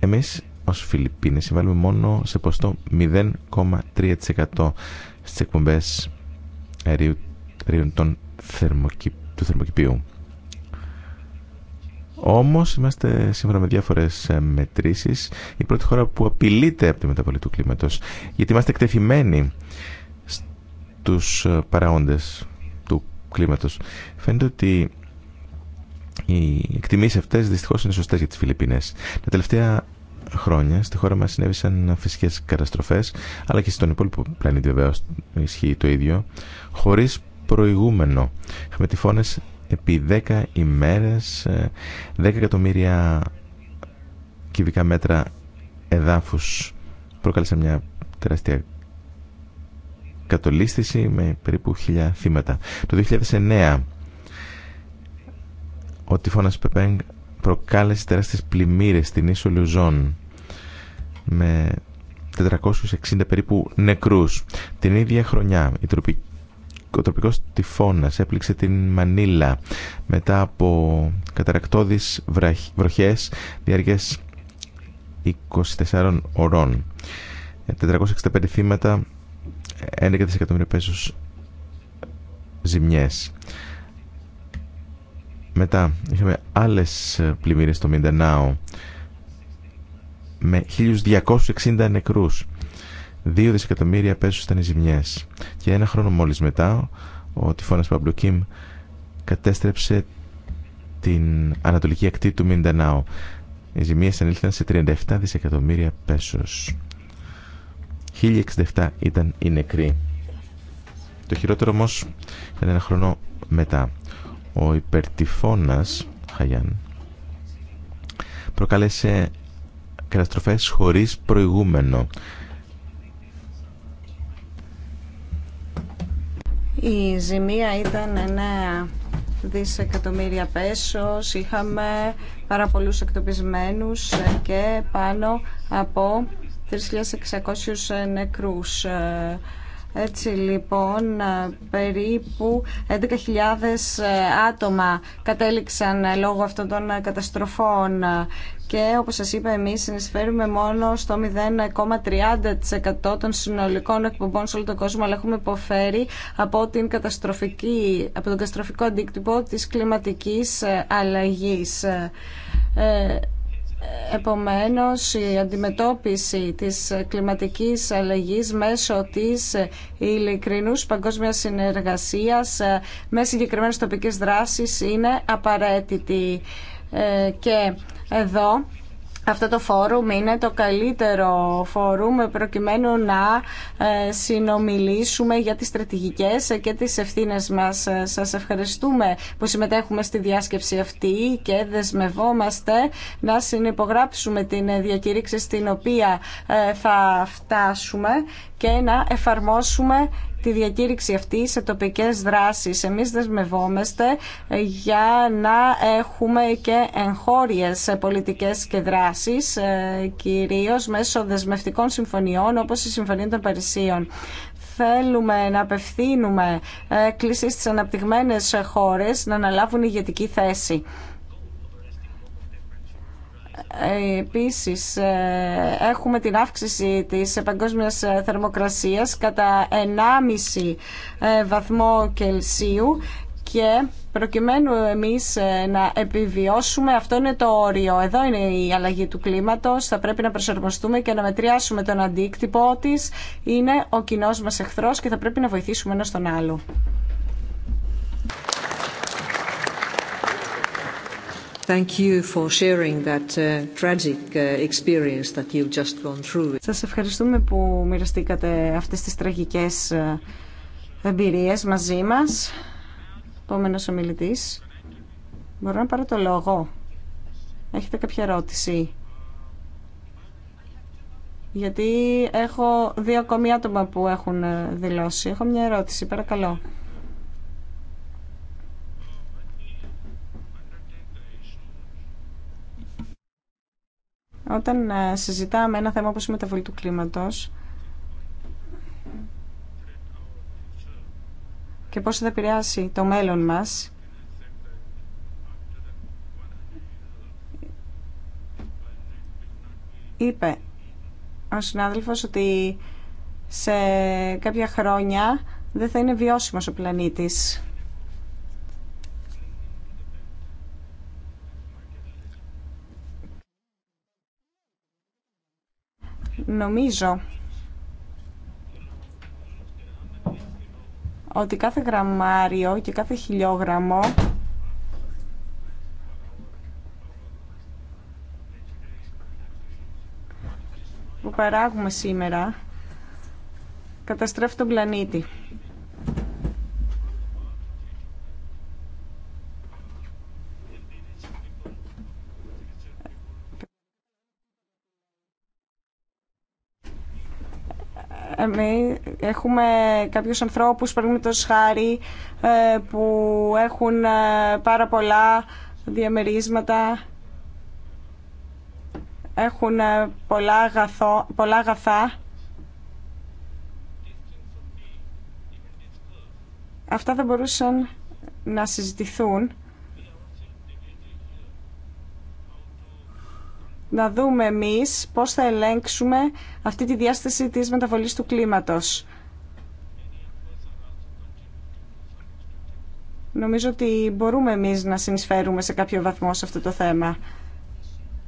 Εμείς ως Φιλιππίνες συμβάλλουμε μόνο σε ποστό 0,3% στις εκπομπές αερίου, των του θερμοκηπίου. Όμως είμαστε σύμφωνα με διάφορες ε, μετρήσεις η πρώτη χώρα που απειλείται από τη μεταβολή του κλίματος γιατί είμαστε εκτεθειμένοι τους ε, παραόντες του κλίματος. Φαίνεται ότι οι εκτιμήσει αυτέ δυστυχώ είναι σωστέ για τι Φιλιππίνες. Τα τελευταία χρόνια στη χώρα μας συνέβησαν φυσικές καταστροφές αλλά και στον υπόλοιπο πλανήτη βεβαίω ισχύει το ίδιο, χωρίς προηγούμενο. Είχαμε τυφώνες επί 10 ημέρες 10 ε, εκατομμύρια κυβικά μέτρα εδάφου. προκάλεσαν μια τεράστια κατολίσθηση με περίπου χιλιά θύματα. Το 2009 ο τυφώνας Πεπέγ προκάλεσε τεράστιες πλημμύρες στην ίσο Λουζών με 460 περίπου νεκρούς. Την ίδια χρονιά ο τροπικός τυφώνας έπληξε την Μανίλα μετά από καταρακτώδεις βροχές διάρκειας 24 ωρών. 465 θύματα 11 δισεκατομμύρια πέσους ζημιές. Μετά είχαμε άλλες ε, πλημμύρες στο Μιντενάο με 1260 νεκρούς. 2 δισεκατομμύρια πέσους ήταν οι ζημιές. Και ένα χρόνο μόλις μετά ο τυφώνας Παμπλουκίμ κατέστρεψε την ανατολική ακτή του Μιντενάο. Οι ζημίες ανήλθαν σε 37 δισεκατομμύρια πέσους. 1067 ήταν οι νεκροί. Το χειρότερο όμω ήταν ένα χρόνο μετά. Ο υπερτυφώνας Χαγιάν προκάλεσε καταστροφές χωρίς προηγούμενο. Η ζημία ήταν 9 δισεκατομμύρια πέσος, είχαμε πάρα πολλούς εκτοπισμένους και πάνω από 3.600 νεκρούς. Έτσι λοιπόν, περίπου 11.000 άτομα κατέληξαν λόγω αυτών των καταστροφών και όπως σας είπα εμείς συνεισφέρουμε μόνο στο 0,30% των συνολικών εκπομπών σε όλο τον κόσμο αλλά έχουμε υποφέρει από, την καταστροφική, από τον καταστροφικό αντίκτυπο της κλιματικής αλλαγής. Ε, Επομένως, η αντιμετώπιση της κλιματικής αλλαγής μέσω της ειλικρινούς παγκόσμιας συνεργασίας με συγκεκριμένες τοπικές δράσεις είναι απαραίτητη. Ε, και εδώ αυτό το φόρουμ είναι το καλύτερο φόρουμ προκειμένου να ε, συνομιλήσουμε για τις στρατηγικές και τις ευθύνες μας. Σας ευχαριστούμε που συμμετέχουμε στη διάσκεψη αυτή και δεσμευόμαστε να συνυπογράψουμε την διακήρυξη στην οποία ε, θα φτάσουμε και να εφαρμόσουμε τη διακήρυξη αυτή σε τοπικές δράσεις. Εμείς δεσμευόμαστε για να έχουμε και εγχώριες πολιτικές και δράσεις, ε, κυρίως μέσω δεσμευτικών συμφωνιών όπως η Συμφωνία των Παρισίων θέλουμε να απευθύνουμε κλήσεις στις αναπτυγμένες χώρες να αναλάβουν ηγετική θέση. Επίσης, ε, έχουμε την αύξηση της παγκόσμιας ε, θερμοκρασίας κατά 1,5 ε, βαθμό Κελσίου και προκειμένου εμείς να επιβιώσουμε, αυτό είναι το όριο. Εδώ είναι η αλλαγή του κλίματος, θα πρέπει να προσαρμοστούμε και να μετριάσουμε τον αντίκτυπο της. Είναι ο κοινός μας εχθρός και θα πρέπει να βοηθήσουμε ένα τον άλλο. Thank for Σας ευχαριστούμε που μοιραστήκατε αυτές τις τραγικές ε, εμπειρίες μαζί μας. Επόμενος ομιλητής. Μπορώ να πάρω το λόγο. Έχετε κάποια ερώτηση. Γιατί έχω δύο ακόμη άτομα που έχουν ε, δηλώσει. Έχω μια ερώτηση, παρακαλώ. Όταν ε, συζητάμε ένα θέμα όπως η μεταβολή του κλίματος και πώς θα επηρεάσει το μέλλον μας, είπε ο συνάδελφος ότι σε κάποια χρόνια δεν θα είναι βιώσιμος ο πλανήτης. Νομίζω ότι κάθε γραμμάριο και κάθε χιλιόγραμμο που παράγουμε σήμερα καταστρέφει τον πλανήτη. Εμεί έχουμε κάποιους ανθρώπους, παραδείγματο χάρη, ε, που έχουν ε, πάρα πολλά διαμερίσματα, έχουν ε, πολλά, αγαθό, πολλά αγαθά. Αυτά δεν μπορούσαν να συζητηθούν. να δούμε εμείς πώς θα ελέγξουμε αυτή τη διάσταση της μεταβολής του κλίματος. Νομίζω ότι μπορούμε εμείς να συνεισφέρουμε σε κάποιο βαθμό σε αυτό το θέμα.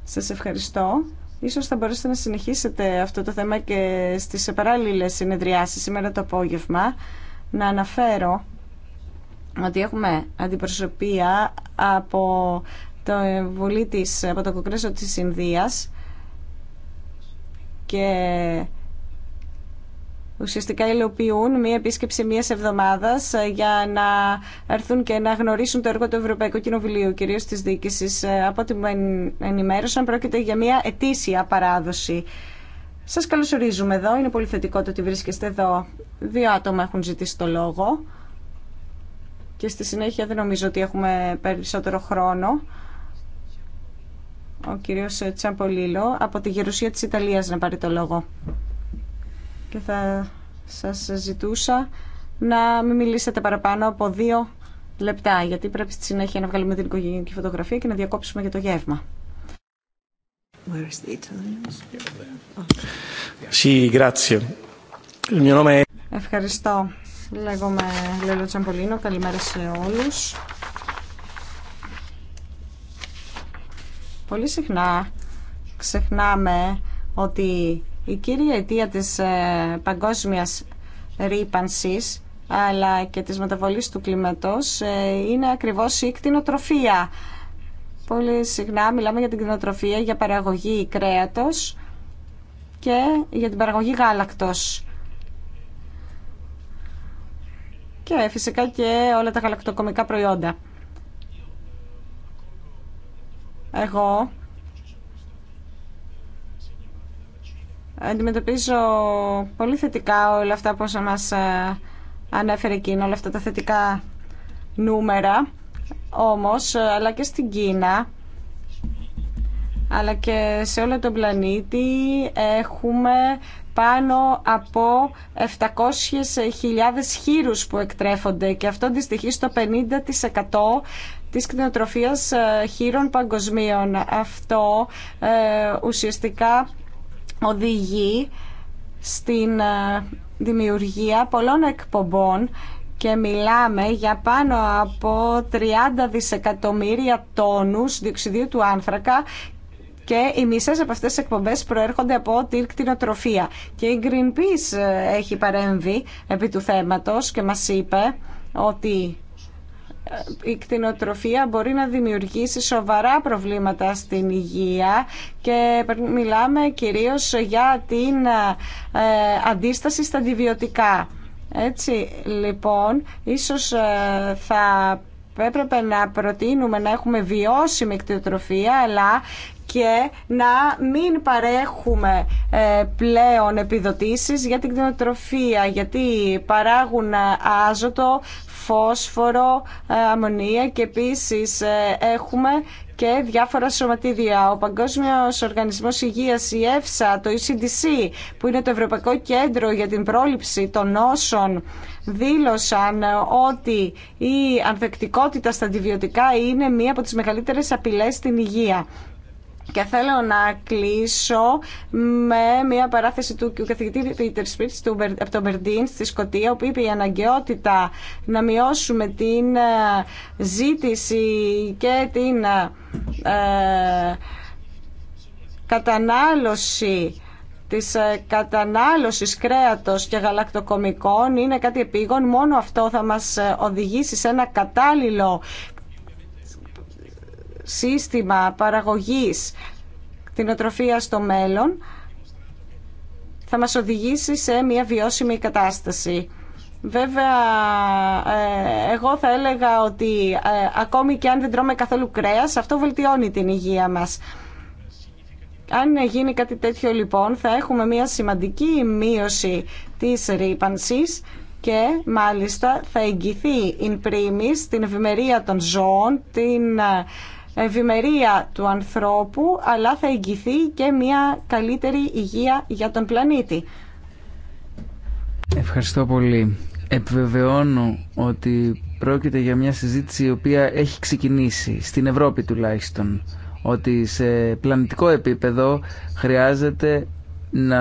Σας ευχαριστώ. Ίσως θα μπορέσετε να συνεχίσετε αυτό το θέμα και στις παράλληλες συνεδριάσεις σήμερα το απόγευμα. Να αναφέρω ότι έχουμε αντιπροσωπεία από το βουλή της, από το Κογκρέσο της Ινδίας και ουσιαστικά υλοποιούν μία επίσκεψη μία εβδομάδας για να έρθουν και να γνωρίσουν το έργο του Ευρωπαϊκού Κοινοβουλίου, κυρίως της διοίκησης. Από ό,τι μου ενημέρωσαν, πρόκειται για μία ετήσια παράδοση. Σας καλωσορίζουμε εδώ. Είναι πολύ θετικό το ότι βρίσκεστε εδώ. Δύο άτομα έχουν ζητήσει το λόγο. Και στη συνέχεια δεν νομίζω ότι έχουμε περισσότερο χρόνο ο κύριος Τσαμπολίλο από τη Γερουσία της Ιταλίας να πάρει το λόγο. Και θα σας ζητούσα να μην μιλήσετε παραπάνω από δύο λεπτά, γιατί πρέπει στη συνέχεια να βγάλουμε την οικογενειακή φωτογραφία και να διακόψουμε για το γεύμα. Ευχαριστώ. Λέγομαι Λέλο Τσαμπολίνο. Καλημέρα σε όλους. Πολύ συχνά ξεχνάμε ότι η κύρια αιτία της ε, παγκόσμιας ρήπανσης αλλά και της μεταβολής του κλίματος ε, είναι ακριβώς η κτηνοτροφία. Πολύ συχνά μιλάμε για την κτηνοτροφία, για παραγωγή κρέατος και για την παραγωγή γάλακτος. Και φυσικά και όλα τα γαλακτοκομικά προϊόντα. Εγώ αντιμετωπίζω πολύ θετικά όλα αυτά που μας ε, ανέφερε εκείνο, όλα αυτά τα θετικά νούμερα. Όμως, ε, αλλά και στην Κίνα, αλλά και σε όλο τον πλανήτη έχουμε πάνω από 700.000 χείρους που εκτρέφονται και αυτό αντιστοιχεί στο 50% της κτηνοτροφίας ε, χείρων παγκοσμίων. Αυτό ε, ουσιαστικά οδηγεί στην ε, δημιουργία πολλών εκπομπών και μιλάμε για πάνω από 30 δισεκατομμύρια τόνους διοξιδίου του άνθρακα και οι μισές από αυτές τις εκπομπές προέρχονται από την κτηνοτροφία. Και η Greenpeace έχει παρέμβει επί του θέματος και μας είπε ότι η κτηνοτροφία μπορεί να δημιουργήσει σοβαρά προβλήματα στην υγεία και μιλάμε κυρίως για την ε, αντίσταση στα αντιβιωτικά. Έτσι λοιπόν, ίσως ε, θα έπρεπε να προτείνουμε να έχουμε βιώσιμη κτηνοτροφία αλλά και να μην παρέχουμε ε, πλέον επιδοτήσεις για την κτηνοτροφία γιατί παράγουν ε, άζωτο, φόσφορο, ε, αμμονία και επίσης έχουμε και διάφορα σωματίδια. Ο Παγκόσμιος Οργανισμός Υγείας, η ΕΦΣΑ, το ECDC, που είναι το Ευρωπαϊκό Κέντρο για την Πρόληψη των Νόσων, δήλωσαν ότι η ανθεκτικότητα στα αντιβιωτικά είναι μία από τις μεγαλύτερες απειλές στην υγεία. Και θέλω να κλείσω με μια παράθεση του καθηγητή Peter Spitz από το Μπερντίν στη Σκωτία, που είπε η αναγκαιότητα να μειώσουμε την ε, ζήτηση και την ε, ε κατανάλωση της ε, κατανάλωσης κρέατος και γαλακτοκομικών είναι κάτι επίγον. Μόνο αυτό θα μας οδηγήσει σε ένα κατάλληλο σύστημα παραγωγής κτηνοτροφίας στο μέλλον θα μας οδηγήσει σε μια βιώσιμη κατάσταση. Βέβαια, ε, εγώ θα έλεγα ότι ε, ακόμη και αν δεν τρώμε καθόλου κρέας, αυτό βελτιώνει την υγεία μας. Αν γίνει κάτι τέτοιο λοιπόν, θα έχουμε μια σημαντική μείωση της ρήπανσης και μάλιστα θα εγγυθεί in primis την ευημερία των ζώων, την ε, ευημερία του ανθρώπου, αλλά θα εγγυθεί και μια καλύτερη υγεία για τον πλανήτη. Ευχαριστώ πολύ. Επιβεβαιώνω ότι πρόκειται για μια συζήτηση η οποία έχει ξεκινήσει, στην Ευρώπη τουλάχιστον, ότι σε πλανητικό επίπεδο χρειάζεται να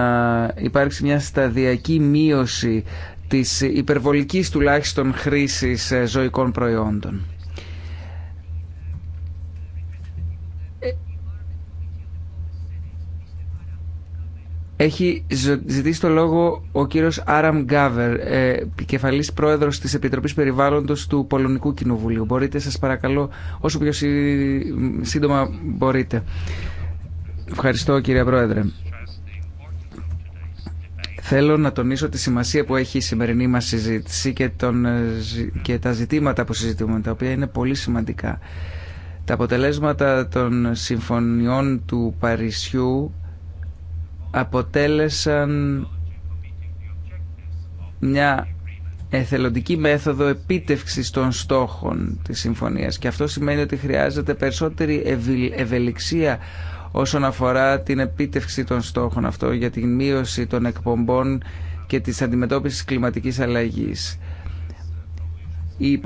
υπάρξει μια σταδιακή μείωση της υπερβολικής τουλάχιστον χρήσης ε, ζωικών προϊόντων. Έχει ζητήσει το λόγο ο κύριος Άραμ Γκάβερ, ε, κεφαλής πρόεδρος της Επιτροπής Περιβάλλοντος του Πολωνικού Κοινοβουλίου. Μπορείτε, σας παρακαλώ, όσο πιο σύντομα μπορείτε. Ευχαριστώ, κύριε Πρόεδρε. Θέλω να τονίσω τη σημασία που έχει η σημερινή μας συζήτηση και, τον, ε, και τα ζητήματα που συζητούμε, τα οποία είναι πολύ σημαντικά. Τα αποτελέσματα των συμφωνιών του Παρισιού αποτέλεσαν μια εθελοντική μέθοδο επίτευξης των στόχων της συμφωνίας και αυτό σημαίνει ότι χρειάζεται περισσότερη ευελιξία όσον αφορά την επίτευξη των στόχων αυτό για την μείωση των εκπομπών και της αντιμετώπισης κλιματικής αλλαγής. Η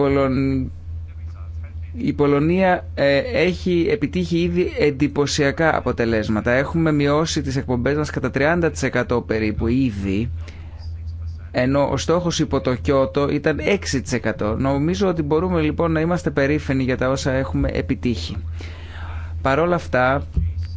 η Πολωνία ε, έχει επιτύχει ήδη εντυπωσιακά αποτελέσματα. Έχουμε μειώσει τις εκπομπές μας κατά 30% περίπου ήδη, ενώ ο στόχος υπό το Κιώτο ήταν 6%. Νομίζω ότι μπορούμε λοιπόν να είμαστε περήφανοι για τα όσα έχουμε επιτύχει. Παρόλα αυτά,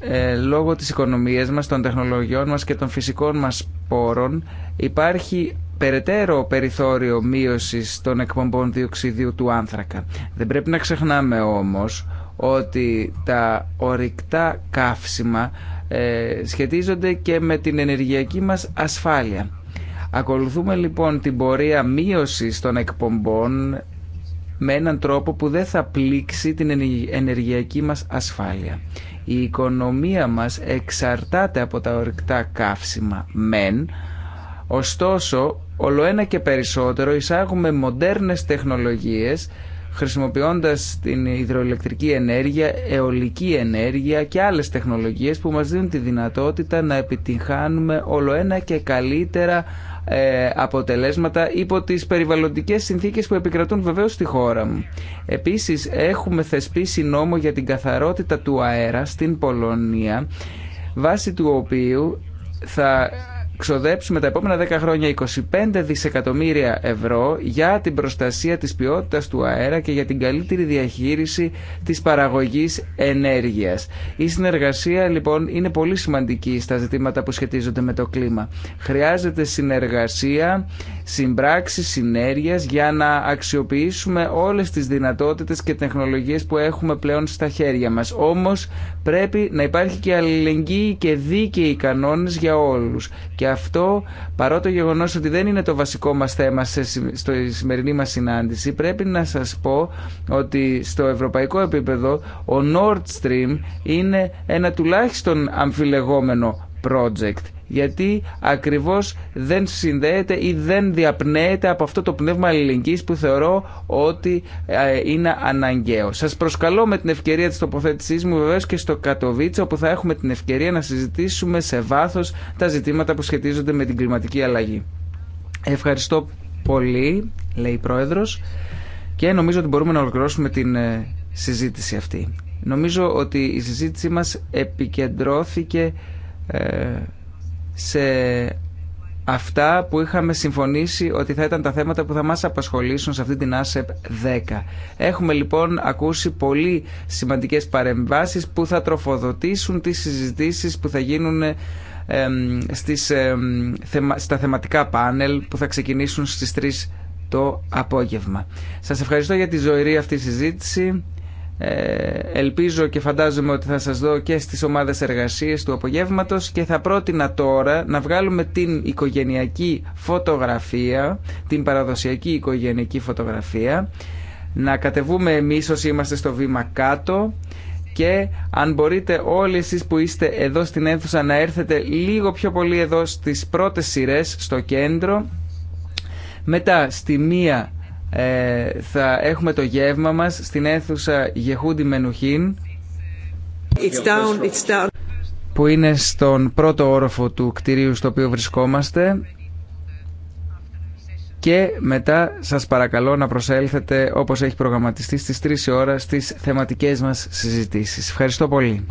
ε, λόγω της οικονομίας μας, των τεχνολογιών μας και των φυσικών μας πόρων, υπάρχει περαιτέρω περιθώριο μείωσης των εκπομπών διοξιδίου του άνθρακα. Δεν πρέπει να ξεχνάμε όμως ότι τα ορυκτά καύσιμα ε, σχετίζονται και με την ενεργειακή μας ασφάλεια. Ακολουθούμε λοιπόν την πορεία μείωσης των εκπομπών με έναν τρόπο που δεν θα πλήξει την ενεργειακή μας ασφάλεια. Η οικονομία μας εξαρτάται από τα ορυκτά καύσιμα μεν, ωστόσο Όλο ένα και περισσότερο εισάγουμε μοντέρνες τεχνολογίες χρησιμοποιώντας την υδροελεκτρική ενέργεια, αιωλική ενέργεια και άλλες τεχνολογίες που μας δίνουν τη δυνατότητα να επιτυγχάνουμε ολοένα και καλύτερα ε, αποτελέσματα υπό τις περιβαλλοντικές συνθήκες που επικρατούν βεβαίως στη χώρα μου. Επίσης έχουμε θεσπίσει νόμο για την καθαρότητα του αέρα στην Πολωνία βάσει του οποίου θα ξοδέψουμε τα επόμενα 10 χρόνια 25 δισεκατομμύρια ευρώ για την προστασία της ποιότητας του αέρα και για την καλύτερη διαχείριση της παραγωγής ενέργειας. Η συνεργασία λοιπόν είναι πολύ σημαντική στα ζητήματα που σχετίζονται με το κλίμα. Χρειάζεται συνεργασία συμπράξεις συνέργειας για να αξιοποιήσουμε όλες τις δυνατότητες και τεχνολογίες που έχουμε πλέον στα χέρια μας. Όμως πρέπει να υπάρχει και αλληλεγγύη και δίκαιοι κανόνες για όλους. Και αυτό παρό το γεγονός ότι δεν είναι το βασικό μας θέμα στη στο σημερινή μας συνάντηση πρέπει να σας πω ότι στο ευρωπαϊκό επίπεδο ο Nord Stream είναι ένα τουλάχιστον αμφιλεγόμενο project γιατί ακριβώς δεν συνδέεται ή δεν διαπνέεται από αυτό το πνεύμα αλληλεγγύης που θεωρώ ότι ε, είναι αναγκαίο. Σας προσκαλώ με την ευκαιρία της τοποθέτησής μου βεβαίως και στο Κατοβίτσα όπου θα έχουμε την ευκαιρία να συζητήσουμε σε βάθος τα ζητήματα που σχετίζονται με την κλιματική αλλαγή. Ευχαριστώ πολύ, λέει η Πρόεδρος, και νομίζω ότι μπορούμε να ολοκληρώσουμε την ε, συζήτηση αυτή. Νομίζω ότι η συζήτησή μας επικεντρώθηκε ε, σε αυτά που είχαμε συμφωνήσει ότι θα ήταν τα θέματα που θα μας απασχολήσουν σε αυτή την ΑΣΕΠ 10. Έχουμε λοιπόν ακούσει πολύ σημαντικές παρεμβάσεις που θα τροφοδοτήσουν τις συζητήσεις που θα γίνουν στις, στα θεματικά πάνελ που θα ξεκινήσουν στις 3 το απόγευμα. Σας ευχαριστώ για τη ζωηρή αυτή συζήτηση. Ε, ελπίζω και φαντάζομαι ότι θα σας δω και στις ομάδες εργασίας του απογεύματος και θα πρότεινα τώρα να βγάλουμε την οικογενειακή φωτογραφία, την παραδοσιακή οικογενειακή φωτογραφία, να κατεβούμε εμείς όσοι είμαστε στο βήμα κάτω και αν μπορείτε όλοι εσείς που είστε εδώ στην αίθουσα να έρθετε λίγο πιο πολύ εδώ στις πρώτες σειρές στο κέντρο μετά στη μία ε, θα έχουμε το γεύμα μας στην αίθουσα Γεχούντι Μενουχίν που είναι στον πρώτο όροφο του κτηρίου στο οποίο βρισκόμαστε και μετά σας παρακαλώ να προσέλθετε όπως έχει προγραμματιστεί στις 3 ώρες ώρα στις θεματικές μας συζητήσεις. Ευχαριστώ πολύ.